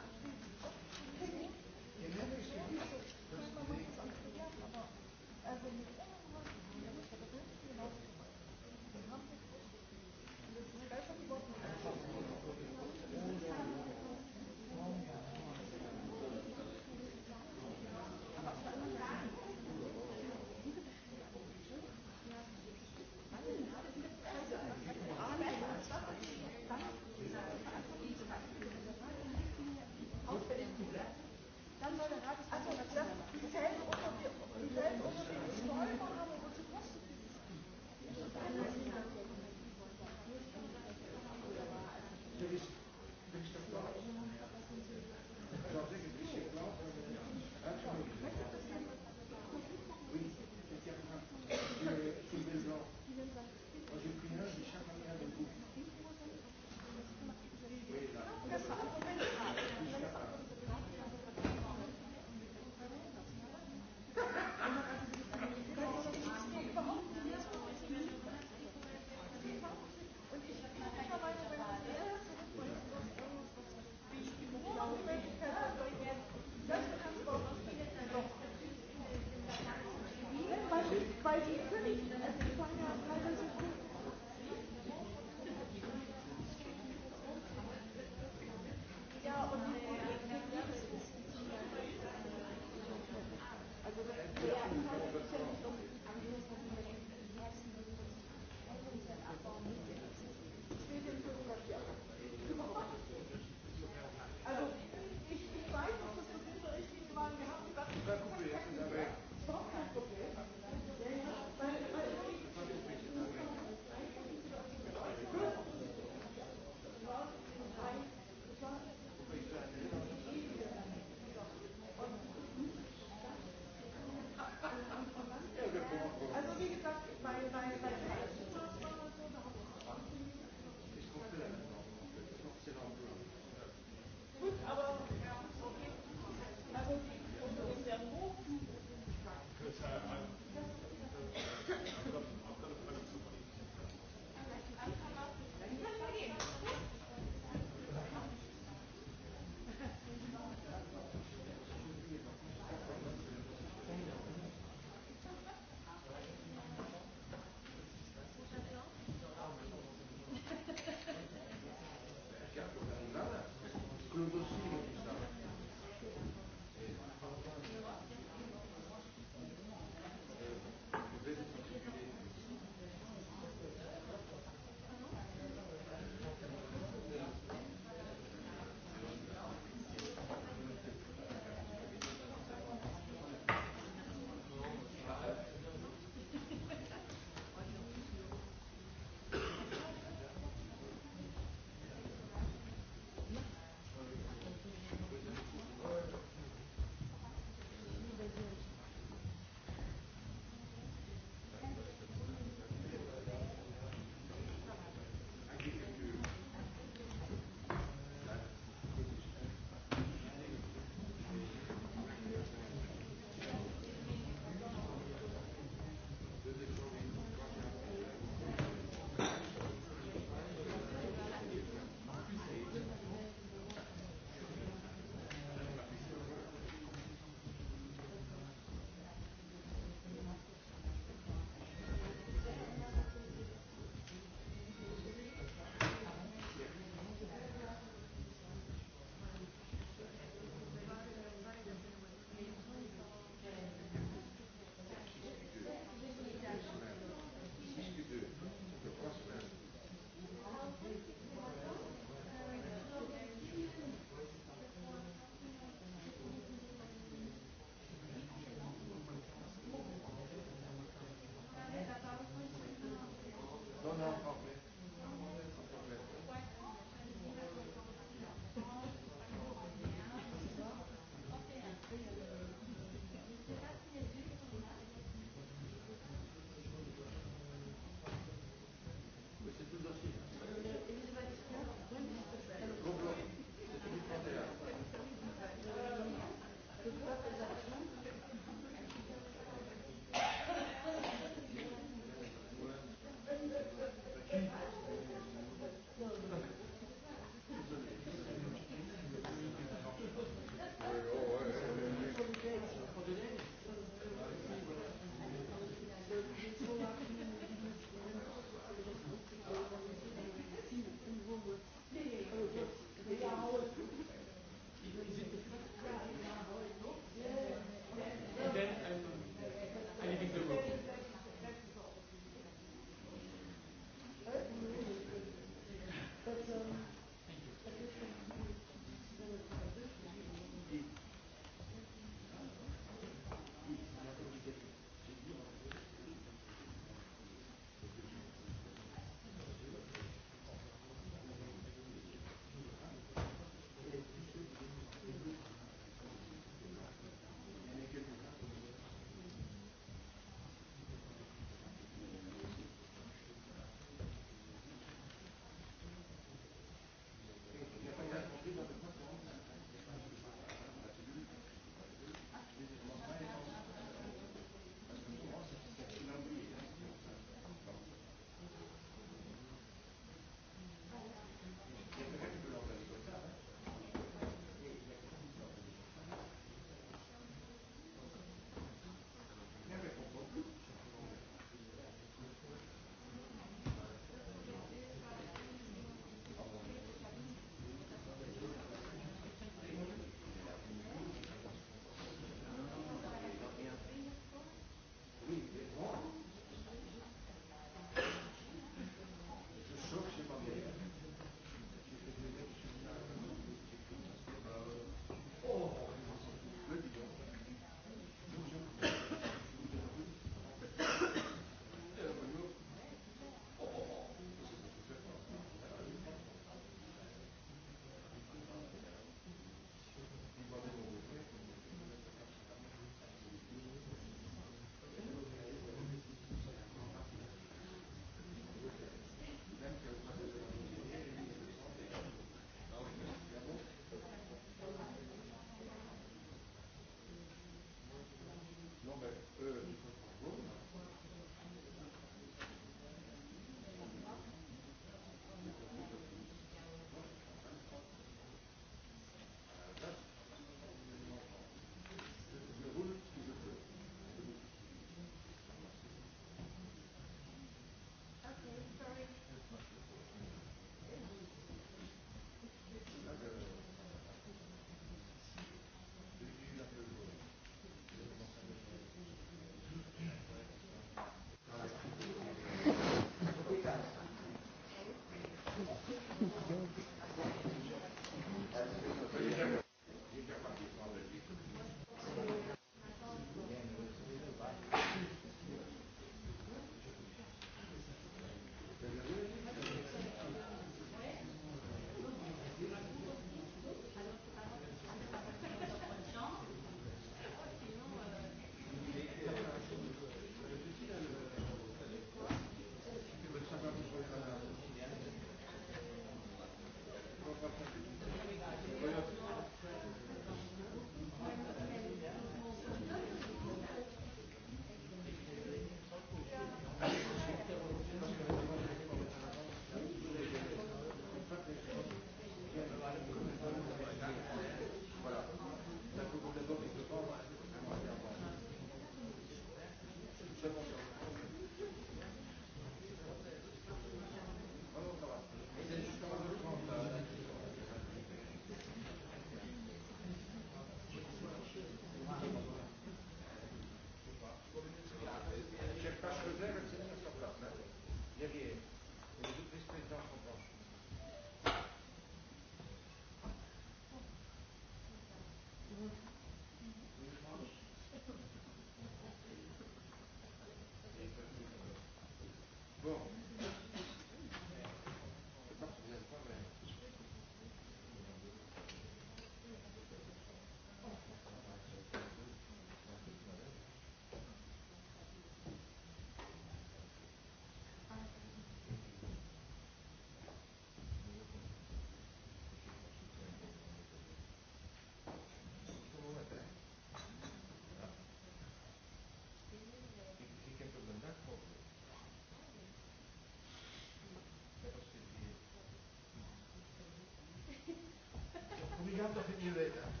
Obrigado, Avenida.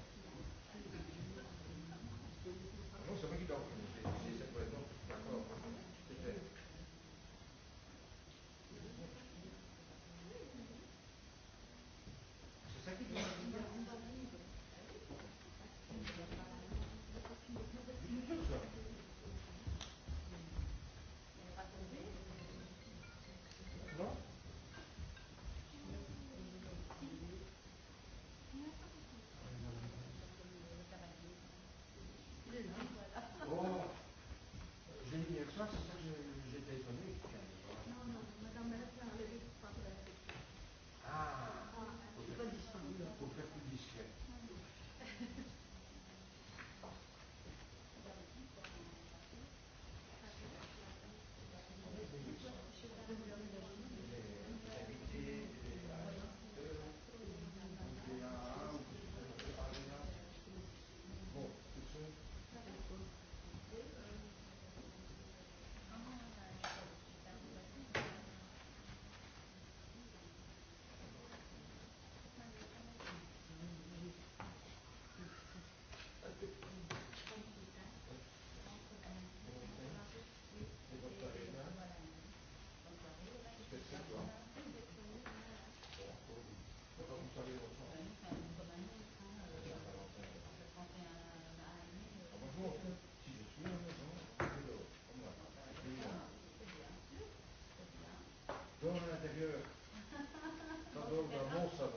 Υπότιτλοι AUTHORWAVE τα είναι τελείω. Θα το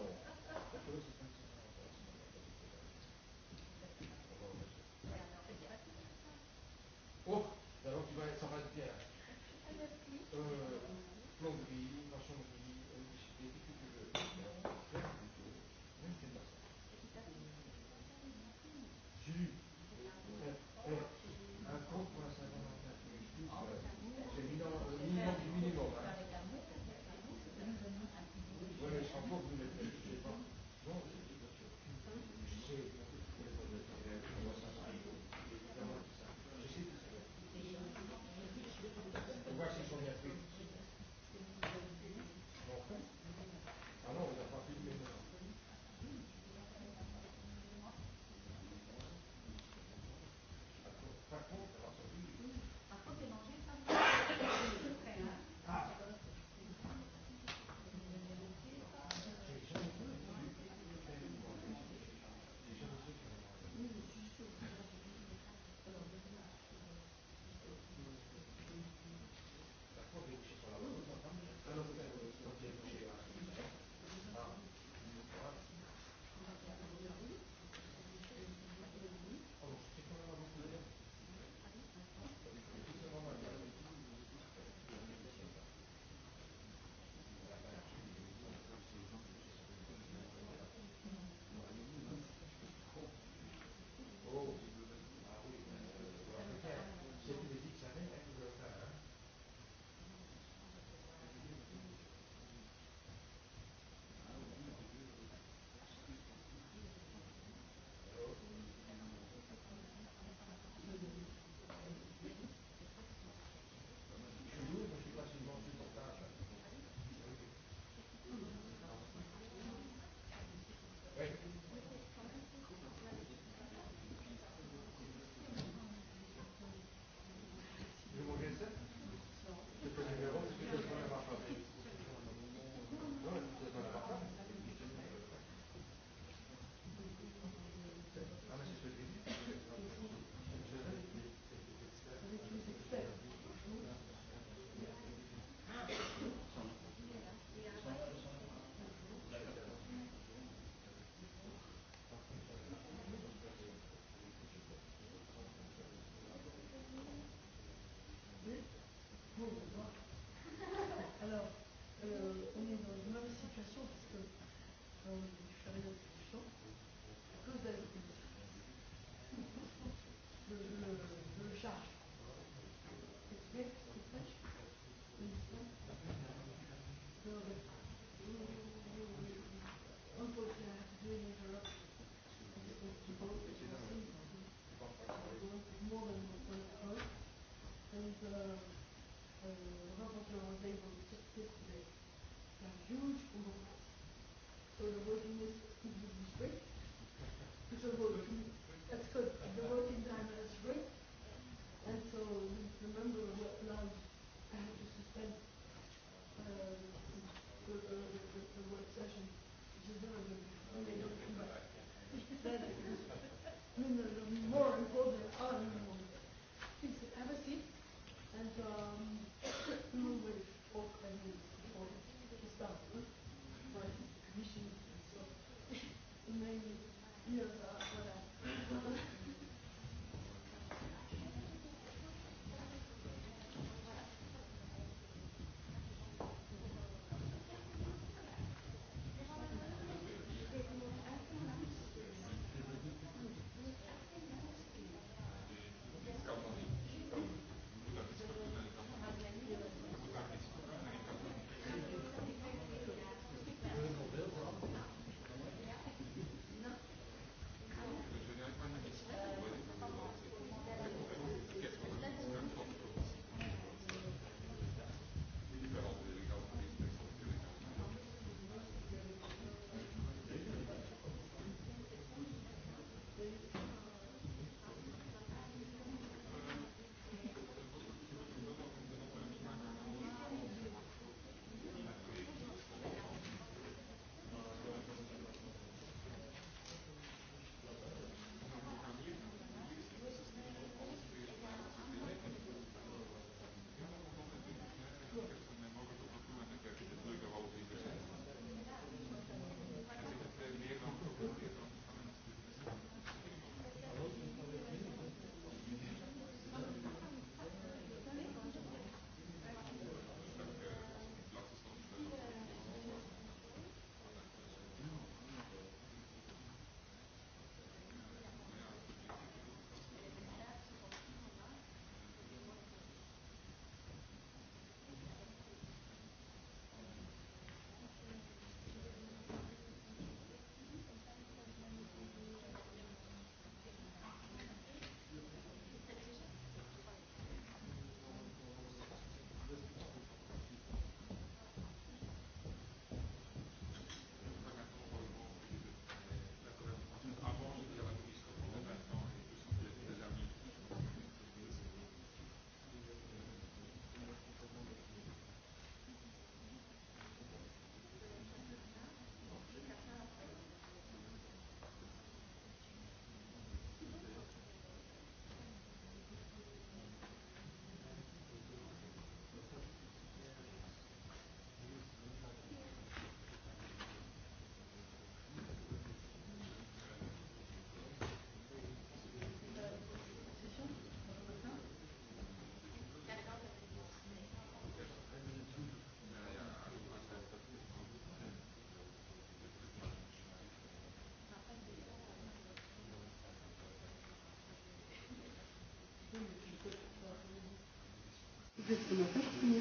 Vous êtes en fait,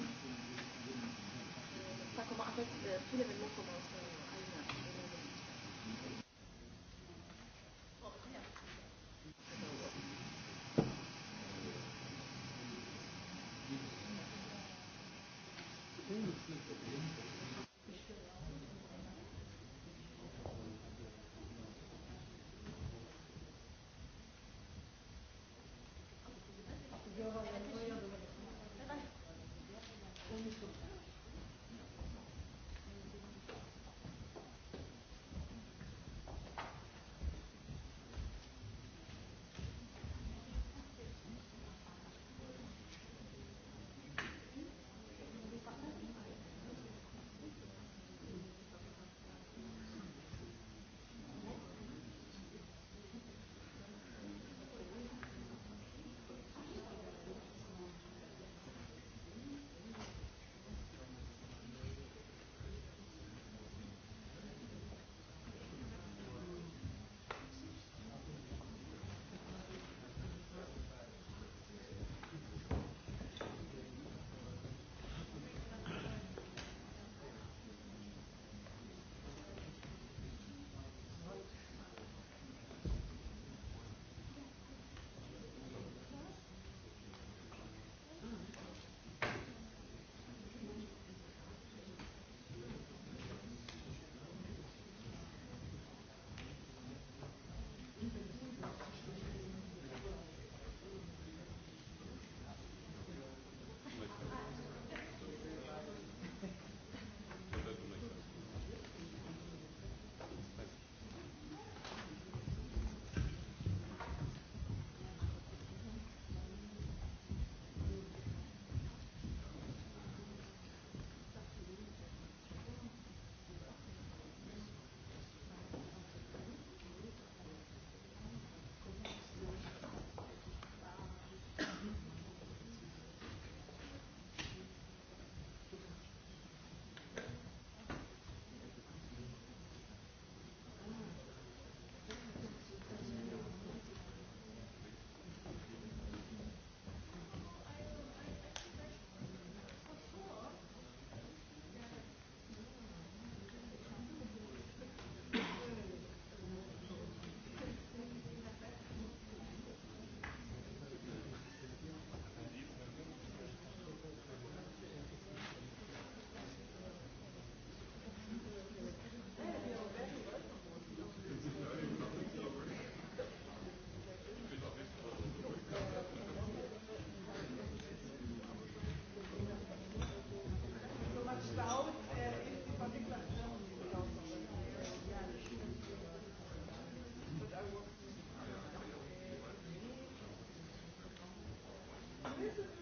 Υπότιτλοι AUTHORWAVE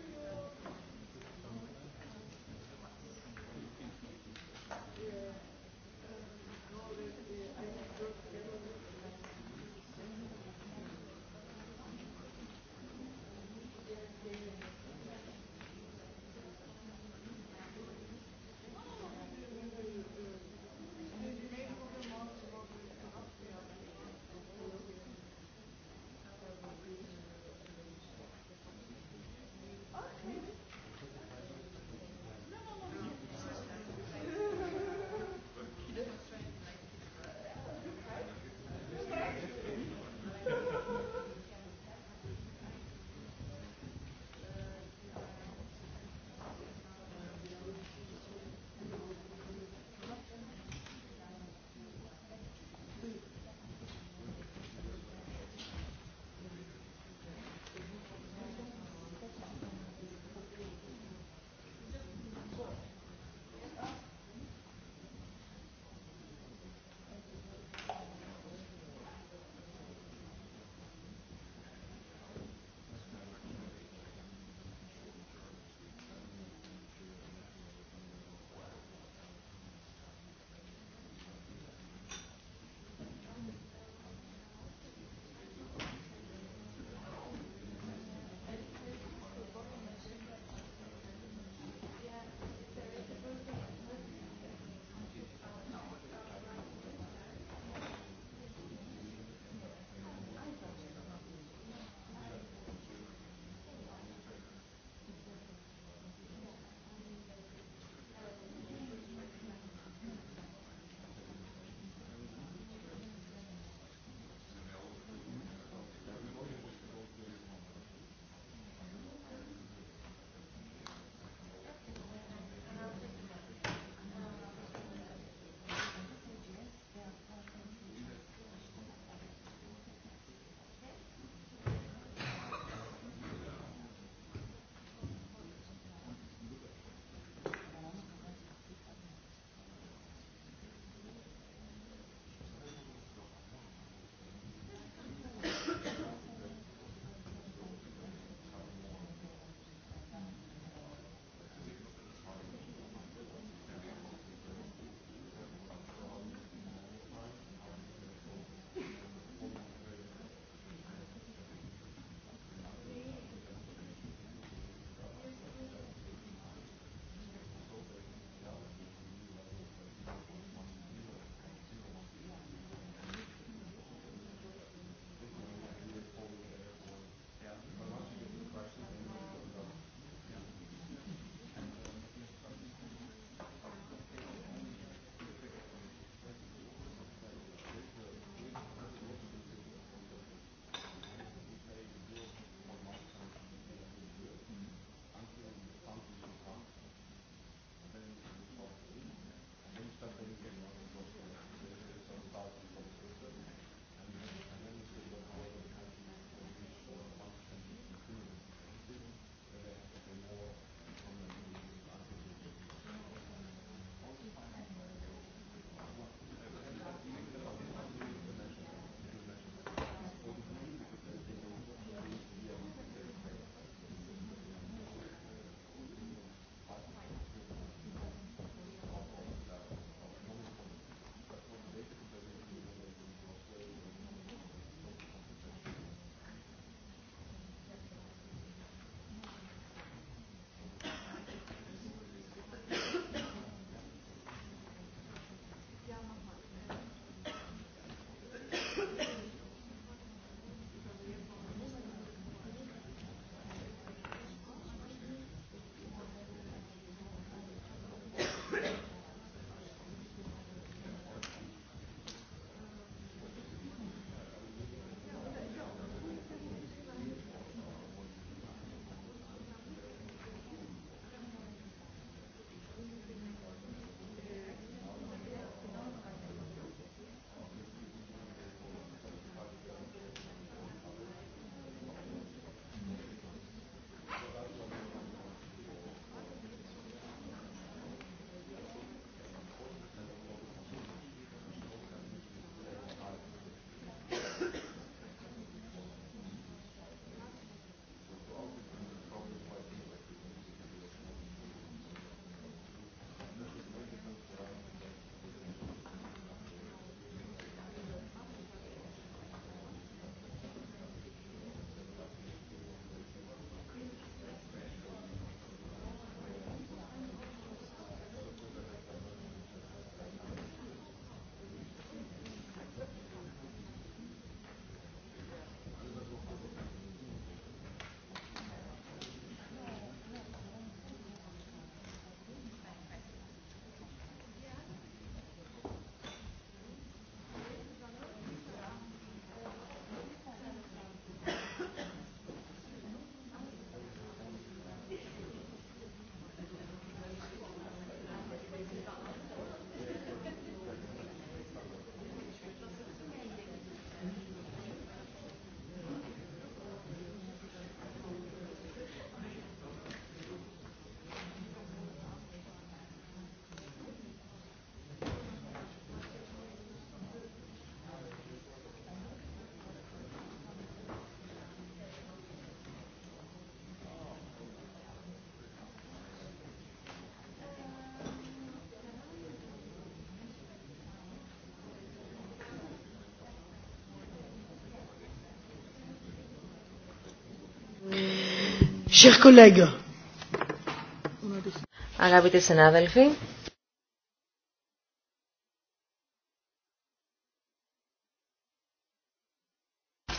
Αγαπητοί συνάδελφοι,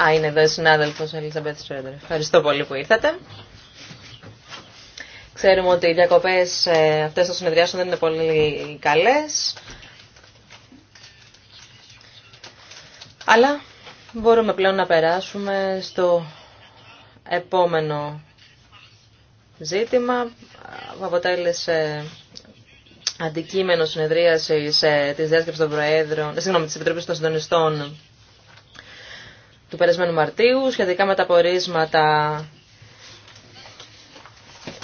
Α, είναι εδώ η συνάδελφο Ελίζαμπεθ Σρέντερ. Ευχαριστώ πολύ που ήρθατε. Ξέρουμε ότι οι διακοπέ ε, αυτέ των συνεδριάσεων δεν είναι πολύ καλέ. Αλλά μπορούμε πλέον να περάσουμε στο επόμενο ζήτημα που αποτέλεσε αντικείμενο συνεδρίαση ε, τη διάσκεψη των Προέδρων, ε, συγγνώμη, Επιτροπής των Συντονιστών του περασμένου Μαρτίου σχετικά με τα πορίσματα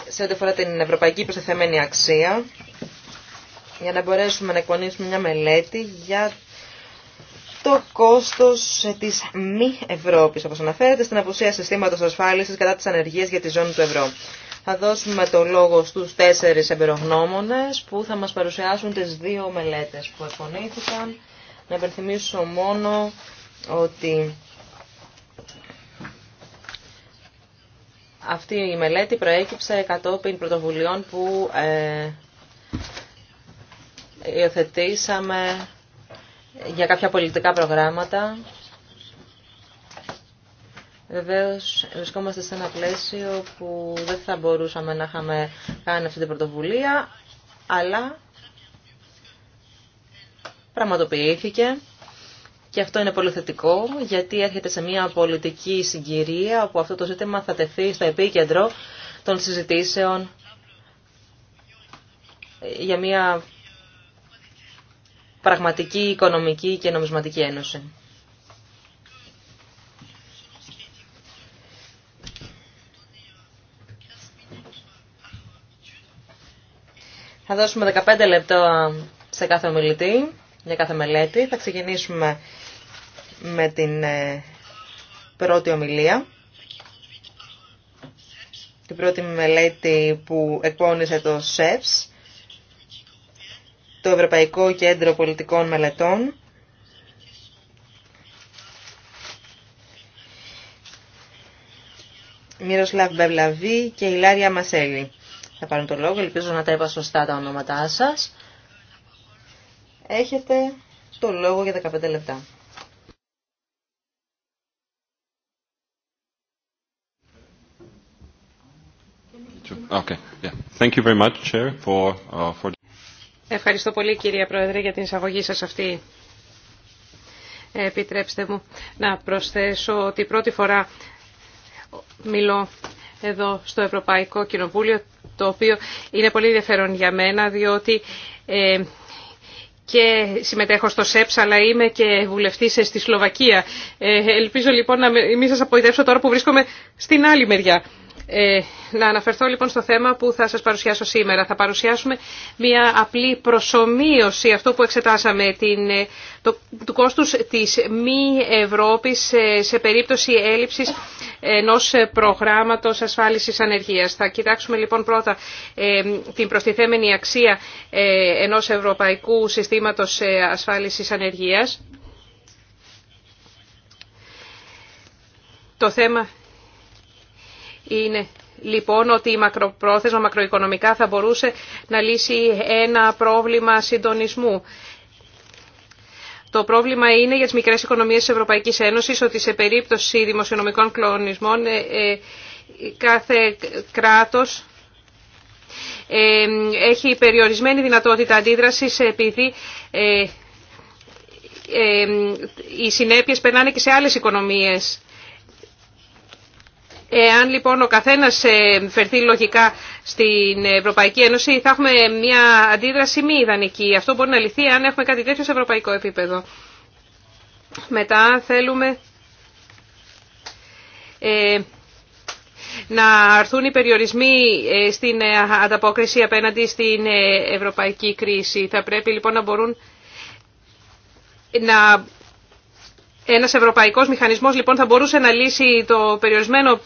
σε ό,τι αφορά την ευρωπαϊκή προστεθεμένη αξία για να μπορέσουμε να εκπονήσουμε μια μελέτη για το κόστος της μη Ευρώπης, όπως αναφέρεται, στην απουσία συστήματος ασφάλισης κατά της ανεργίας για τη ζώνη του ευρώ. Θα δώσουμε το λόγο στους τέσσερις εμπειρογνώμονες που θα μας παρουσιάσουν τις δύο μελέτες που εφωνήθηκαν. Να υπενθυμίσω μόνο ότι αυτή η μελέτη προέκυψε κατόπιν πρωτοβουλειών που ε, υιοθετήσαμε για κάποια πολιτικά προγράμματα Βεβαίως βρισκόμαστε σε ένα πλαίσιο που δεν θα μπορούσαμε να είχαμε κάνει αυτή την πρωτοβουλία, αλλά πραγματοποιήθηκε και αυτό είναι πολύ θετικό, γιατί έρχεται σε μια πολιτική συγκυρία όπου αυτό το ζήτημα θα τεθεί στο επίκεντρο των συζητήσεων για μια πραγματική οικονομική και νομισματική ένωση. Θα δώσουμε 15 λεπτό σε κάθε ομιλητή, για κάθε μελέτη. Θα ξεκινήσουμε με την ε, πρώτη ομιλία. Την πρώτη μελέτη που εκπώνησε το ΣΕΦΣ, το Ευρωπαϊκό Κέντρο Πολιτικών Μελετών. Μύροσλαβ Μπευλαβή και Ηλάρια Μασέλη θα πάρουν το λόγο. Ελπίζω να τα είπα σωστά τα ονόματά σας. Έχετε το λόγο για 15 λεπτά. Ευχαριστώ πολύ κύριε Πρόεδρε για την εισαγωγή σας αυτή. Επιτρέψτε μου να προσθέσω ότι πρώτη φορά μιλώ εδώ στο Ευρωπαϊκό Κοινοβούλιο, το οποίο είναι πολύ ενδιαφέρον για μένα, διότι ε, και συμμετέχω στο ΣΕΠΣ, αλλά είμαι και βουλευτής ε, στη Σλοβακία. Ε, ελπίζω λοιπόν να μην σα αποϊδεύσω τώρα που βρίσκομαι στην άλλη μεριά. Ε, να αναφερθώ λοιπόν στο θέμα που θα σας παρουσιάσω σήμερα. Θα παρουσιάσουμε μια απλή προσωμείωση, αυτό που εξετάσαμε, την, ε, το, του κόστους της μη Ευρώπης ε, σε, περίπτωση έλλειψης ενός προγράμματος ασφάλισης ανεργίας. Θα κοιτάξουμε λοιπόν πρώτα την προστιθέμενη αξία ενός ευρωπαϊκού συστήματος ασφάλισης ανεργίας. Το θέμα είναι λοιπόν ότι η μακροπρόθεσμα μακροοικονομικά θα μπορούσε να λύσει ένα πρόβλημα συντονισμού. Το πρόβλημα είναι για τις μικρές οικονομίες της Ευρωπαϊκής Ένωσης ότι σε περίπτωση δημοσιονομικών κλονισμών ε, ε, κάθε κράτος ε, έχει περιορισμένη δυνατότητα αντίδρασης επειδή οι συνέπειες περνάνε και σε άλλες οικονομίες. Εάν λοιπόν ο καθένας ε, φερθεί λογικά στην Ευρωπαϊκή Ένωση θα έχουμε μια αντίδραση μη ιδανική. Αυτό μπορεί να λυθεί αν έχουμε κάτι τέτοιο σε ευρωπαϊκό επίπεδο. Μετά θέλουμε ε, να αρθούν οι περιορισμοί ε, στην ανταπόκριση απέναντι στην ευρωπαϊκή κρίση. Θα πρέπει λοιπόν να μπορούν να ένα ευρωπαϊκό μηχανισμό λοιπόν θα μπορούσε να λύσει το περιορισμένο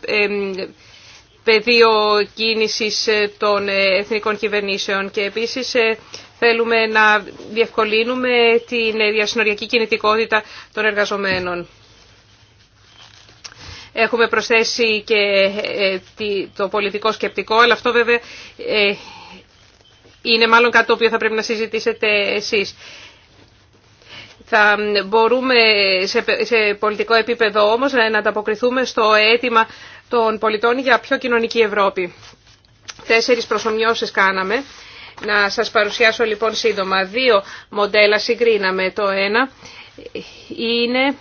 πεδίο κίνηση ε, των ε, εθνικών κυβερνήσεων και επίσης ε, θέλουμε να διευκολύνουμε την διασυνοριακή κινητικότητα των εργαζομένων. Έχουμε προσθέσει και το πολιτικό σκεπτικό, αλλά αυτό βέβαια είναι μάλλον κάτι το οποίο θα πρέπει να συζητήσετε εσείς. Θα μπορούμε σε πολιτικό επίπεδο όμως να ανταποκριθούμε στο αίτημα των πολιτών για πιο κοινωνική Ευρώπη. Τέσσερις προσωμιώσεις κάναμε. Να σας παρουσιάσω λοιπόν σύντομα. Δύο μοντέλα συγκρίναμε. Το ένα είναι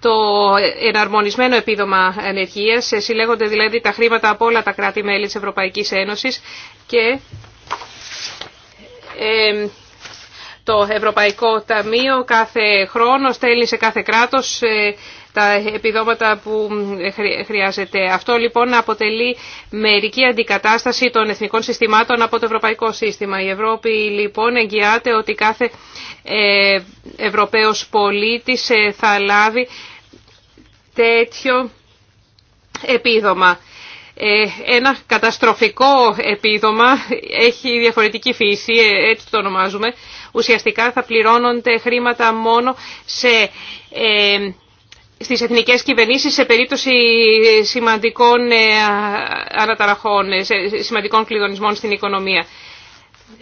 το εναρμονισμένο επίδομα ενέργειας Συλλέγονται δηλαδή τα χρήματα από όλα τα κράτη-μέλη της Ευρωπαϊκής Ένωσης και ε, το Ευρωπαϊκό Ταμείο κάθε χρόνο στέλνει σε κάθε κράτος ε, τα επιδόματα που χρειάζεται. Αυτό λοιπόν αποτελεί μερική αντικατάσταση των εθνικών συστημάτων από το ευρωπαϊκό σύστημα. Η Ευρώπη λοιπόν εγγυάται ότι κάθε ε, Ευρωπαίος πολίτης ε, θα λάβει τέτοιο επίδομα. Ένα καταστροφικό επίδομα έχει διαφορετική φύση, έτσι το ονομάζουμε, ουσιαστικά θα πληρώνονται χρήματα μόνο σε, ε, στις εθνικές κυβερνήσεις σε περίπτωση σημαντικών ε, αναταραχών, ε, σε, σημαντικών κλειδονισμών στην οικονομία.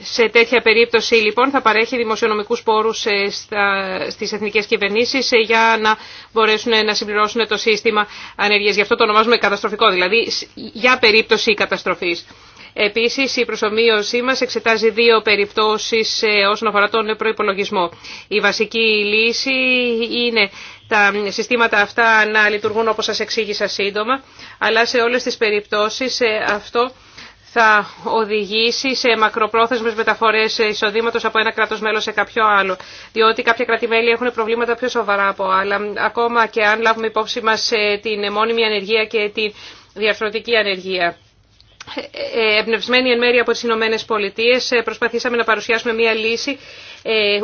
Σε τέτοια περίπτωση λοιπόν θα παρέχει δημοσιονομικούς πόρους ε, στις εθνικές κυβερνήσεις για να μπορέσουν να συμπληρώσουν το σύστημα ανεργίας. Γι' αυτό το ονομάζουμε καταστροφικό, δηλαδή για περίπτωση καταστροφής. Επίση, η προσωμείωσή μα εξετάζει δύο περιπτώσεις ε, όσον αφορά τον προπολογισμό. Η βασική λύση είναι τα συστήματα αυτά να λειτουργούν όπως σας εξήγησα σύντομα, αλλά σε όλες τις περιπτώσεις ε, αυτό θα οδηγήσει σε μακροπρόθεσμες μεταφορές εισοδήματος από ένα κράτος μέλος σε κάποιο άλλο. Διότι κάποια κρατημέλη έχουν προβλήματα πιο σοβαρά από άλλα. Ακόμα και αν λάβουμε υπόψη μας ε, την μόνιμη ανεργία και την διαρθρωτική ανεργία. Ε, ε, εμπνευσμένοι εν μέρει από τι Ηνωμένε Πολιτείε, ε, προσπαθήσαμε να παρουσιάσουμε μία λύση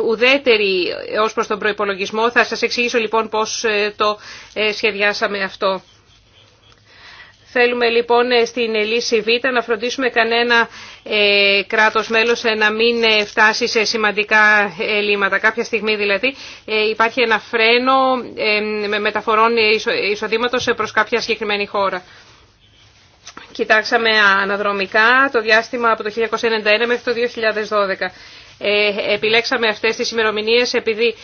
ουδέτερη ω προς τον προϋπολογισμό. Θα σας εξηγήσω λοιπόν πώς το σχεδιάσαμε αυτό. Θέλουμε λοιπόν στην λύση Β να φροντίσουμε κανένα κράτος μέλος να μην φτάσει σε σημαντικά ελλείμματα. Κάποια στιγμή δηλαδή υπάρχει ένα φρένο με μεταφορών εισοδήματος προς κάποια συγκεκριμένη χώρα. Κοιτάξαμε αναδρομικά το διάστημα από το 1991 μέχρι το 2012. Ε, επιλέξαμε αυτές τις ημερομηνίες επειδή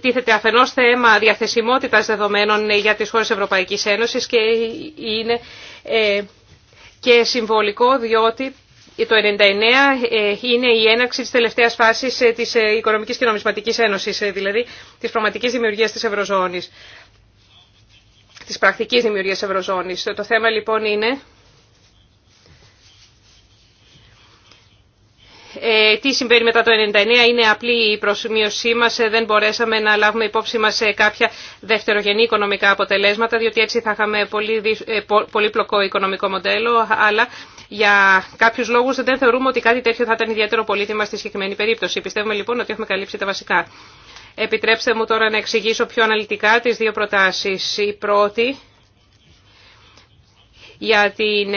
τίθεται αφενός θέμα διαθεσιμότητας δεδομένων ε, για τις χώρες Ευρωπαϊκής Ένωσης και είναι ε, και συμβολικό διότι το 1999 είναι η έναρξη της τελευταίας φάσης της Οικονομικής και Νομισματικής Ένωσης, δηλαδή της πραγματικής δημιουργίας της Ευρωζώνης, της πρακτικής δημιουργίας Ευρωζώνης. Το θέμα λοιπόν είναι Ε, τι συμβαίνει μετά το 1999 είναι απλή η προσημείωσή μας. Ε, δεν μπορέσαμε να λάβουμε υπόψη μας σε κάποια δευτερογενή οικονομικά αποτελέσματα, διότι έτσι θα είχαμε πολύ, ε, πλοκό οικονομικό μοντέλο, αλλά για κάποιου λόγου δεν θεωρούμε ότι κάτι τέτοιο θα ήταν ιδιαίτερο πολύτιμα στη συγκεκριμένη περίπτωση. Πιστεύουμε λοιπόν ότι έχουμε καλύψει τα βασικά. Επιτρέψτε μου τώρα να εξηγήσω πιο αναλυτικά τις δύο προτάσεις. Η πρώτη για την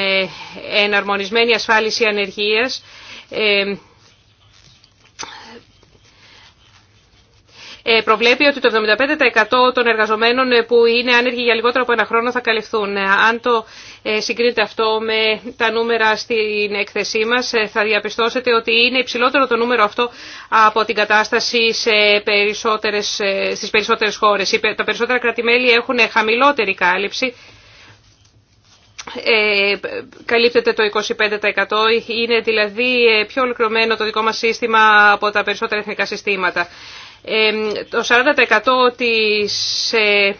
εναρμονισμένη ασφάλιση ανεργίας Ε, προβλέπει ότι το 75% των εργαζομένων ε, που είναι άνεργοι για λιγότερο από ένα χρόνο θα καλυφθούν. Ε, αν το συγκρίνετε αυτό με τα νούμερα στην έκθεσή μας, θα διαπιστώσετε ότι είναι υψηλότερο το νούμερο αυτό από την κατάσταση σε περισσότερες, στις περισσότερες χώρες. Τα περισσότερα κρατημέλη έχουν χαμηλότερη κάλυψη. καλύπτεται το 25%. Είναι δηλαδή πιο ολοκληρωμένο το δικό μας σύστημα από τα περισσότερα εθνικά συστήματα το 40% της, ε,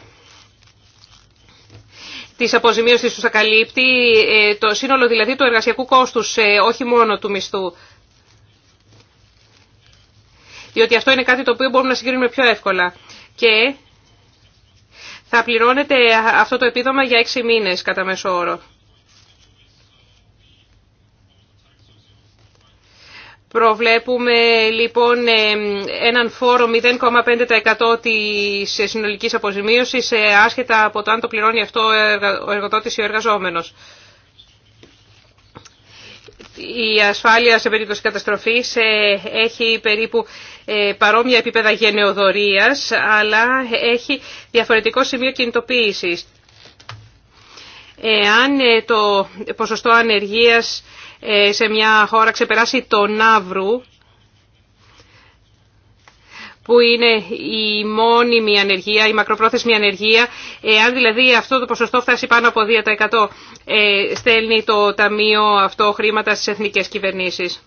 της αποζημίωσης τους ακαλύπτει, ε, το σύνολο δηλαδή του εργασιακού κόστους, ε, όχι μόνο του μισθού. Διότι αυτό είναι κάτι το οποίο μπορούμε να συγκρίνουμε πιο εύκολα. Και θα πληρώνεται αυτό το επίδομα για 6 μήνες κατά μέσο όρο. Προβλέπουμε λοιπόν ε, έναν φόρο 0,5% της συνολικής αποζημίωσης ε, άσχετα από το αν το πληρώνει αυτό ο εργοδότης ή ο εργαζόμενος. Η ασφάλεια σε περίπτωση καταστροφής ε, έχει περίπου παρόμοια επίπεδα γενεοδορίας αλλά έχει διαφορετικό σημείο κινητοποίησης. Εάν το ποσοστό ανεργίας ε, σε μια χώρα ξεπεράσει τον Ναύρου που είναι η μόνιμη ανεργία, η μακροπρόθεσμη ανεργία, εάν δηλαδή αυτό το ποσοστό φτάσει πάνω από 2% ε, στέλνει το Ταμείο αυτό χρήματα στις εθνικές κυβερνήσεις.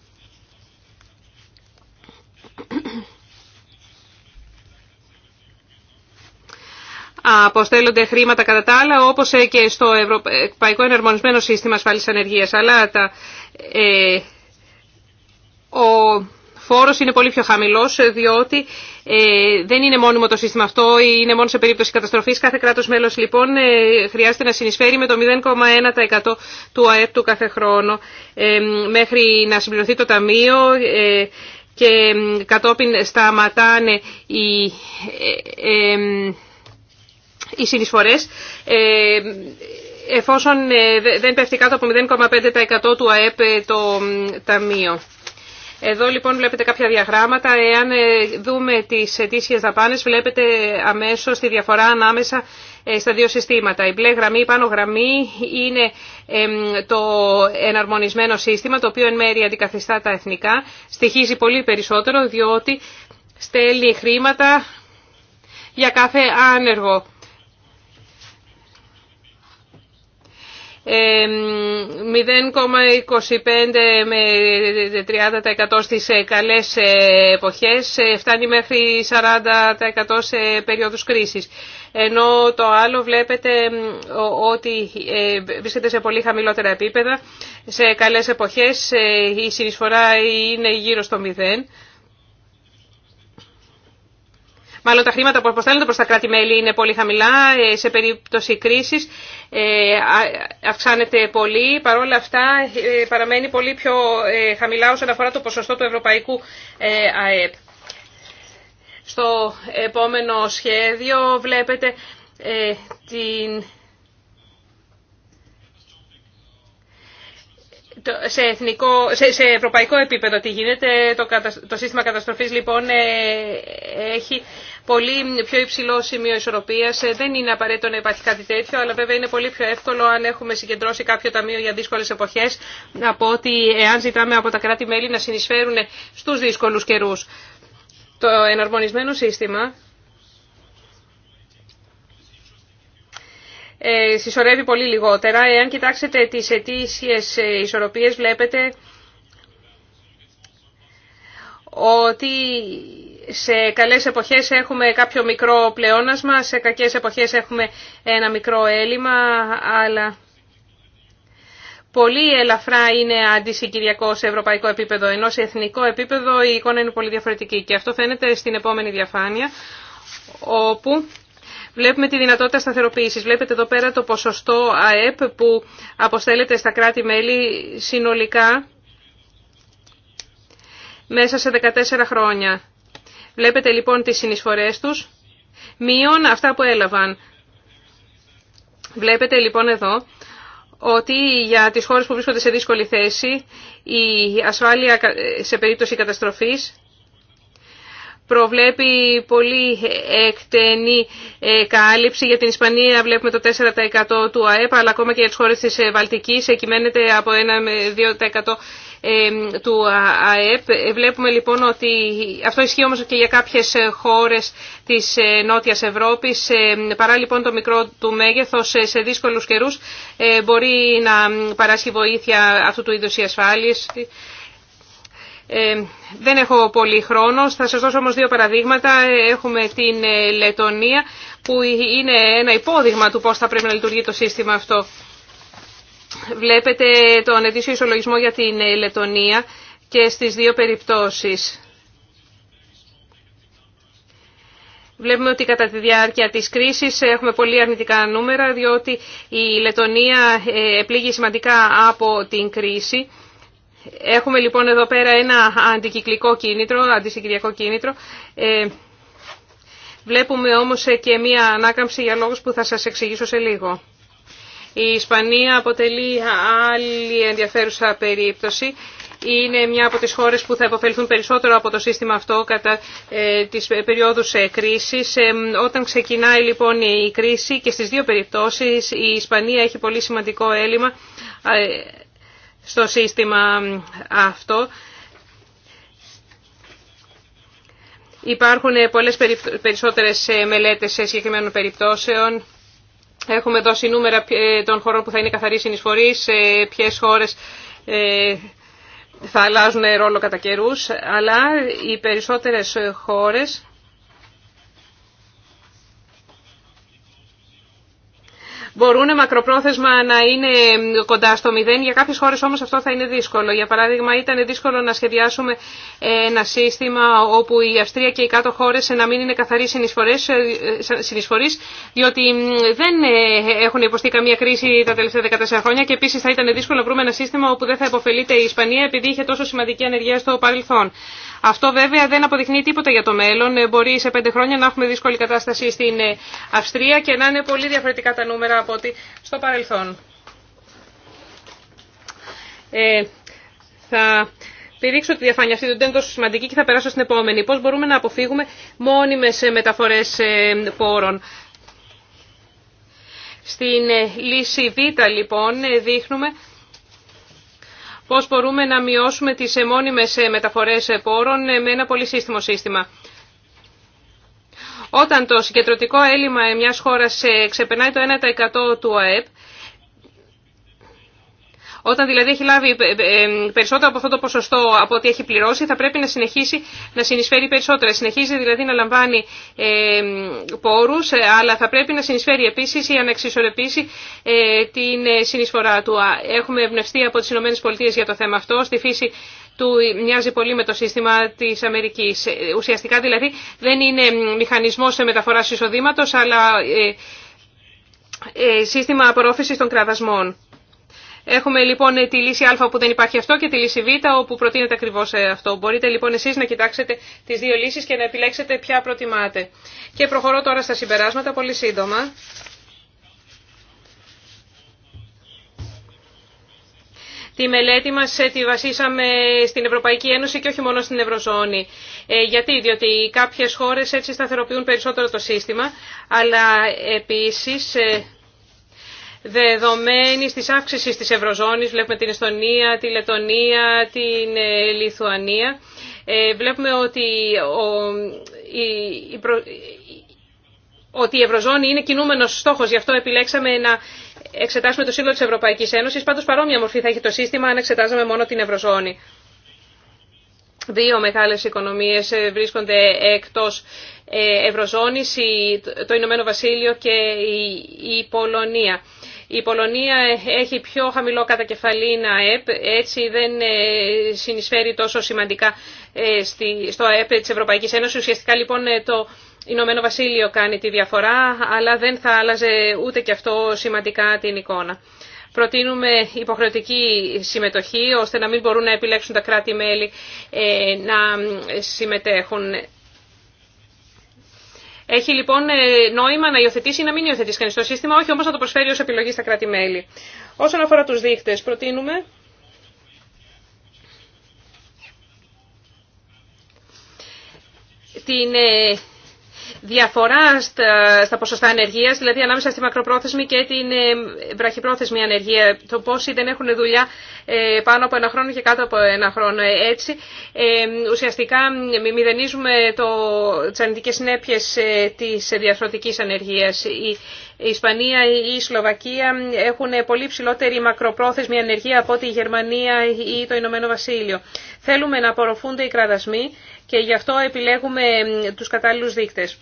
Αποστέλλονται χρήματα κατά τα άλλα, όπως ε, και στο Ευρωπαϊκό ενερμονισμένο Σύστημα Ασφάλισης Ανεργίας. Αλλά τα ε, ο φόρος είναι πολύ πιο χαμηλός διότι ε, δεν είναι μόνιμο το σύστημα αυτό, ή είναι μόνο σε περίπτωση καταστροφής. Κάθε κράτος μέλος λοιπόν ε, χρειάζεται να συνεισφέρει με το 0,1% του ΑΕΠ του κάθε χρόνο μέχρι να συμπληρωθεί το Ταμείο και κατόπιν σταματάνε οι, οι συνεισφορές εφόσον ε, δεν πέφτει κάτω από 0,5% του ΑΕΠ ε, το ταμείο. Εδώ λοιπόν βλέπετε κάποια διαγράμματα. Εάν ε, δούμε τις ετήσιες δαπάνες βλέπετε αμέσως τη διαφορά ανάμεσα στα δύο συστήματα. Η μπλε γραμμή, η πάνω γραμμή είναι το εναρμονισμένο σύστημα το οποίο εν μέρει αντικαθιστά τα εθνικά. Στοιχίζει πολύ περισσότερο διότι στέλνει χρήματα για κάθε άνεργο 0,25 με 30% στις ε, καλές ε, εποχές ε, φτάνει μέχρι 40% σε περίοδους κρίσης. Ενώ το άλλο βλέπετε ότι βρίσκεται σε πολύ χαμηλότερα επίπεδα. Σε καλές εποχές η συνεισφορά είναι γύρω στο 0 μάλλον τα χρήματα που αποστέλλονται προς τα κράτη-μέλη είναι πολύ χαμηλά. Ε, σε περίπτωση κρίσης ε, αυξάνεται πολύ. Παρ' όλα αυτά ε, παραμένει πολύ πιο χαμηλά όσον αφορά το ποσοστό του ευρωπαϊκού ΑΕΠ. Στο επόμενο σχέδιο βλέπετε την σε, εθνικό, σε, σε ευρωπαϊκό επίπεδο τι γίνεται. Το, το σύστημα καταστροφής λοιπόν ε, έχει πολύ πιο υψηλό σημείο ισορροπίας. Ε, δεν είναι απαραίτητο να υπάρχει κάτι τέτοιο, αλλά βέβαια είναι πολύ πιο εύκολο αν έχουμε συγκεντρώσει κάποιο ταμείο για δύσκολες εποχές από ότι εάν ζητάμε από τα κράτη-μέλη να συνεισφέρουν στους δύσκολους καιρούς. Το εναρμονισμένο σύστημα Ε, συσσωρεύει πολύ λιγότερα. Εάν κοιτάξετε τις αιτήσιες ε, ισορροπίες βλέπετε ότι σε καλές εποχές έχουμε κάποιο μικρό πλεόνασμα, σε κακές εποχές έχουμε ένα μικρό έλλειμμα, αλλά πολύ ελαφρά είναι αντισυγκυριακό σε ευρωπαϊκό επίπεδο, ενώ σε εθνικό επίπεδο η εικόνα είναι πολύ διαφορετική. Και αυτό φαίνεται στην επόμενη διαφάνεια, όπου Βλέπουμε τη δυνατότητα σταθεροποίηση. Βλέπετε εδώ πέρα το ποσοστό ΑΕΠ που αποστέλλεται στα κράτη-μέλη συνολικά μέσα σε 14 χρόνια. Βλέπετε λοιπόν τις συνεισφορές τους, μείον αυτά που έλαβαν. Βλέπετε λοιπόν εδώ ότι για τις χώρες που βρίσκονται σε δύσκολη θέση η ασφάλεια σε περίπτωση καταστροφής προβλέπει πολύ εκτενή ε, κάλυψη. Για την Ισπανία βλέπουμε το 4% του ΑΕΠ, αλλά ακόμα και για τις χώρες της ε, Βαλτικής εκειμένεται από 1 2% ε, του ΑΕΠ. Βλέπουμε λοιπόν ότι αυτό ισχύει όμως και για κάποιες χώρες της Νότιας Ευρώπης. Παρά λοιπόν το μικρό του μέγεθος σε δύσκολους καιρούς μπορεί να παράσχει βοήθεια αυτού του είδους η ασφάλιση. Ε, δεν έχω πολύ χρόνο, θα σας δώσω όμως δύο παραδείγματα. Έχουμε την ε, Λετωνία που είναι ένα υπόδειγμα του πώς θα πρέπει να λειτουργεί το σύστημα αυτό. Βλέπετε τον ετήσιο ισολογισμό για την ε, Λετωνία και στις δύο περιπτώσεις. Βλέπουμε ότι κατά τη διάρκεια της κρίσης έχουμε πολύ αρνητικά νούμερα διότι η Λετωνία επλήγει σημαντικά από την κρίση Έχουμε λοιπόν εδώ πέρα ένα αντικυκλικό κίνητρο, αντισυγκυριακό κίνητρο. Ε, βλέπουμε όμως και μία ανάκαμψη για λόγους που θα σας εξηγήσω σε λίγο. Η Ισπανία αποτελεί άλλη ενδιαφέρουσα περίπτωση. Είναι μια από τις χώρες που θα υποφελθούν περισσότερο από το σύστημα αυτό κατά ε, τις περιόδους ε, κρίσης. όταν ξεκινάει λοιπόν η κρίση και στις δύο περιπτώσεις η Ισπανία έχει πολύ σημαντικό έλλειμμα στο σύστημα αυτό. Υπάρχουν πολλές περισσότερες ε, μελέτες σε συγκεκριμένων περιπτώσεων. Έχουμε δώσει νούμερα ε, των χωρών που θα είναι συνεισφορή, σε ποιες χώρες ε, θα αλλάζουν ρόλο κατά καιρούς, αλλά οι περισσότερες χώρες μπορούν μακροπρόθεσμα να είναι κοντά στο μηδέν. Για κάποιες χώρες όμως αυτό θα είναι δύσκολο. Για παράδειγμα ήταν δύσκολο να σχεδιάσουμε ένα σύστημα όπου η Αυστρία και οι κάτω χώρες να μην είναι καθαροί ε, ε, συνεισφορείς, διότι δεν ε, έχουν υποστεί καμία κρίση τα τελευταία 14 χρόνια και επίσης θα ήταν δύσκολο να βρούμε ένα σύστημα όπου δεν θα υποφελείται η Ισπανία επειδή είχε τόσο σημαντική ανεργία στο παρελθόν. Αυτό βέβαια δεν αποδεικνύει τίποτα για το μέλλον. Ε, μπορεί σε πέντε χρόνια να έχουμε δύσκολη κατάσταση στην ε, Αυστρία και να είναι πολύ διαφορετικά τα νούμερα από ό,τι στο παρελθόν. Ε, θα πηρήξω τη διαφάνεια αυτή, δεν είναι τόσο σημαντική και θα περάσω στην επόμενη. Πώς μπορούμε να αποφύγουμε μόνιμες ε, μεταφορές πόρων. Στην λύση Β, λοιπόν, δείχνουμε πώς μπορούμε να μειώσουμε τις μόνιμες ε, μεταφορές ε, πόρων ε, με ένα πολυσύστημο σύστημα. Όταν το συγκεντρωτικό έλλειμμα μιας χώρας ξεπερνάει το 1% του ΑΕΠ, όταν δηλαδή έχει λάβει ε, ε, ε, περισσότερο από αυτό το ποσοστό από ό,τι έχει πληρώσει, θα πρέπει να συνεχίσει να συνεισφέρει περισσότερα. Συνεχίζει δηλαδή να λαμβάνει πόρου, αλλά θα πρέπει να συνεισφέρει επίση ή να εξισορρεπήσει την συνεισφορά του. Έχουμε εμπνευστεί από τι ΗΠΑ για το θέμα αυτό. Στη φύση του μοιάζει πολύ με το σύστημα τη Αμερική. Ουσιαστικά δηλαδή δεν είναι μηχανισμός μεταφορά εισοδήματος αλλά σύστημα απορρόφηση των κραδασμών. Έχουμε λοιπόν τη λύση Α που δεν υπάρχει αυτό και τη λύση Β όπου προτείνεται ακριβώ ε, αυτό. Μπορείτε λοιπόν εσεί να κοιτάξετε τι δύο λύσει και να επιλέξετε ποια προτιμάτε. Και προχωρώ τώρα στα συμπεράσματα πολύ σύντομα. Τη μελέτη μας ε, τη βασίσαμε στην Ευρωπαϊκή Ένωση και όχι μόνο στην Ευρωζώνη. Ε, γιατί, διότι κάποιες χώρες έτσι σταθεροποιούν περισσότερο το σύστημα, αλλά επίσης δεδομένης της αύξηση της Ευρωζώνης, βλέπουμε την Εστονία, τη Λετονία, την ε, Λιθουανία, ε, βλέπουμε ότι, ο, η, η, ότι η Ευρωζώνη είναι κινούμενος στόχος, γι' αυτό επιλέξαμε να εξετάσουμε το σύλλογο της Ευρωπαϊκής Ένωσης, πάντως παρόμοια μορφή θα έχει το σύστημα αν εξετάζαμε μόνο την Ευρωζώνη. Δύο μεγάλες οικονομίες ε, βρίσκονται εκτός Ευρωζώνης, το Ηνωμένο Βασίλειο και η Πολωνία. Η Πολωνία έχει πιο χαμηλό κατακεφαλήν ΑΕΠ, έτσι δεν ε, συνεισφέρει τόσο σημαντικά ε, στο ΑΕΠ της Ευρωπαϊκής Ένωσης. Ουσιαστικά λοιπόν ε, το Ηνωμένο Βασίλειο κάνει τη διαφορά, αλλά δεν θα άλλαζε ούτε και αυτό σημαντικά την εικόνα. Προτείνουμε υποχρεωτική συμμετοχή, ώστε να μην μπορούν να επιλέξουν τα κράτη-μέλη να συμμετέχουν. Έχει λοιπόν ε, νόημα να υιοθετήσει ή να μην υιοθετήσει κανεί το σύστημα, όχι όμω να το προσφέρει ω επιλογή στα κράτη-μέλη. Όσον αφορά του δείχτε, προτείνουμε. Την ε, διαφορά στα, στα ποσοστά ανεργία, δηλαδή ανάμεσα στη μακροπρόθεσμη και την ε, βραχυπρόθεσμη ανεργία, το πόσοι δεν έχουν δουλειά ε, πάνω από ένα χρόνο και κάτω από ένα χρόνο. Ε, έτσι, ουσιαστικά μηδενίζουμε τι τις συνέπειε τη της διαθροτικής ανεργίας. Η, η Ισπανία ή η Σλοβακία έχουν πολύ ψηλότερη μακροπρόθεσμη ανεργία από ότι η Γερμανία ή το Ηνωμένο Βασίλειο. Θέλουμε να απορροφούνται οι κρατασμοί και γι' αυτό επιλέγουμε τους κατάλληλους δείκτες.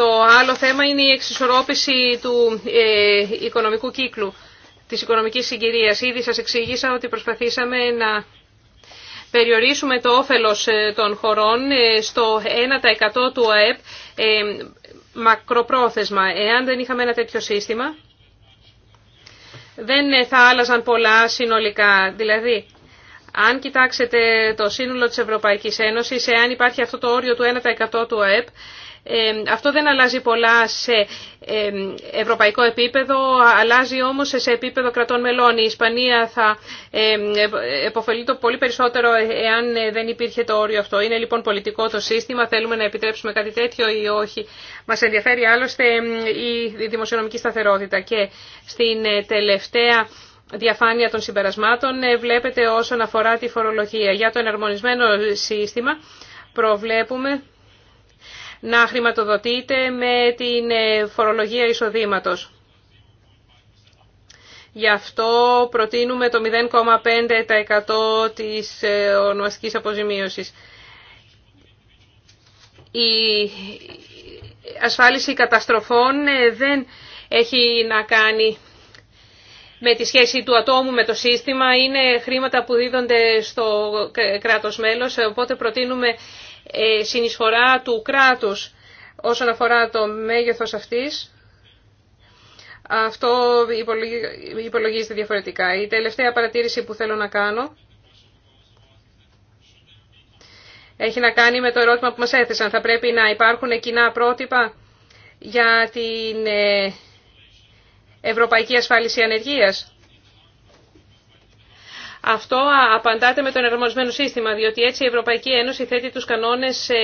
Το άλλο θέμα είναι η εξισορρόπηση του ε, οικονομικού κύκλου, της οικονομικής συγκυρίας. Ήδη σας εξήγησα ότι προσπαθήσαμε να περιορίσουμε το όφελος ε, των χωρών ε, στο 1% του ΑΕΠ μακροπρόθεσμα. Εάν δεν είχαμε ένα τέτοιο σύστημα, δεν θα άλλαζαν πολλά συνολικά. Δηλαδή, αν κοιτάξετε το σύνολο της Ευρωπαϊκής Ένωσης, εάν υπάρχει αυτό το όριο του 1% του ΑΕΠ, αυτό δεν αλλάζει πολλά σε ευρωπαϊκό επίπεδο, αλλάζει όμως σε επίπεδο κρατών μελών. Η Ισπανία θα επωφελεί το πολύ περισσότερο εάν ε, δεν υπήρχε το όριο αυτό. Είναι λοιπόν πολιτικό το σύστημα, θέλουμε να επιτρέψουμε κάτι τέτοιο ή όχι. Μας ενδιαφέρει άλλωστε η δημοσιονομική σταθερότητα και στην ε, τελευταία διαφάνεια των συμπερασμάτων ε, βλέπετε όσον αφορά τη φορολογία. Για το εναρμονισμένο σύστημα προβλέπουμε να χρηματοδοτείται με την ε, φορολογία εισοδήματος. Γι' αυτό προτείνουμε το 0,5% της ε, ονομαστικής αποζημίωσης. Η ασφάλιση καταστροφών ε, δεν έχει να κάνει με τη σχέση του ατόμου με το σύστημα. Είναι χρήματα που δίδονται στο κράτος μέλος, οπότε προτείνουμε ε, συνεισφορά του κράτους όσον αφορά το μέγεθος αυτής, αυτό υπολογίζεται διαφορετικά. Η τελευταία παρατήρηση που θέλω να κάνω έχει να κάνει με το ερώτημα που μας έθεσαν. Θα πρέπει να υπάρχουν κοινά πρότυπα για την ε, ευρωπαϊκή ασφάλιση ανεργίας. Αυτό απαντάται με τον εναρμοσμένο σύστημα, διότι έτσι η Ευρωπαϊκή Ένωση θέτει τους κανόνες ε,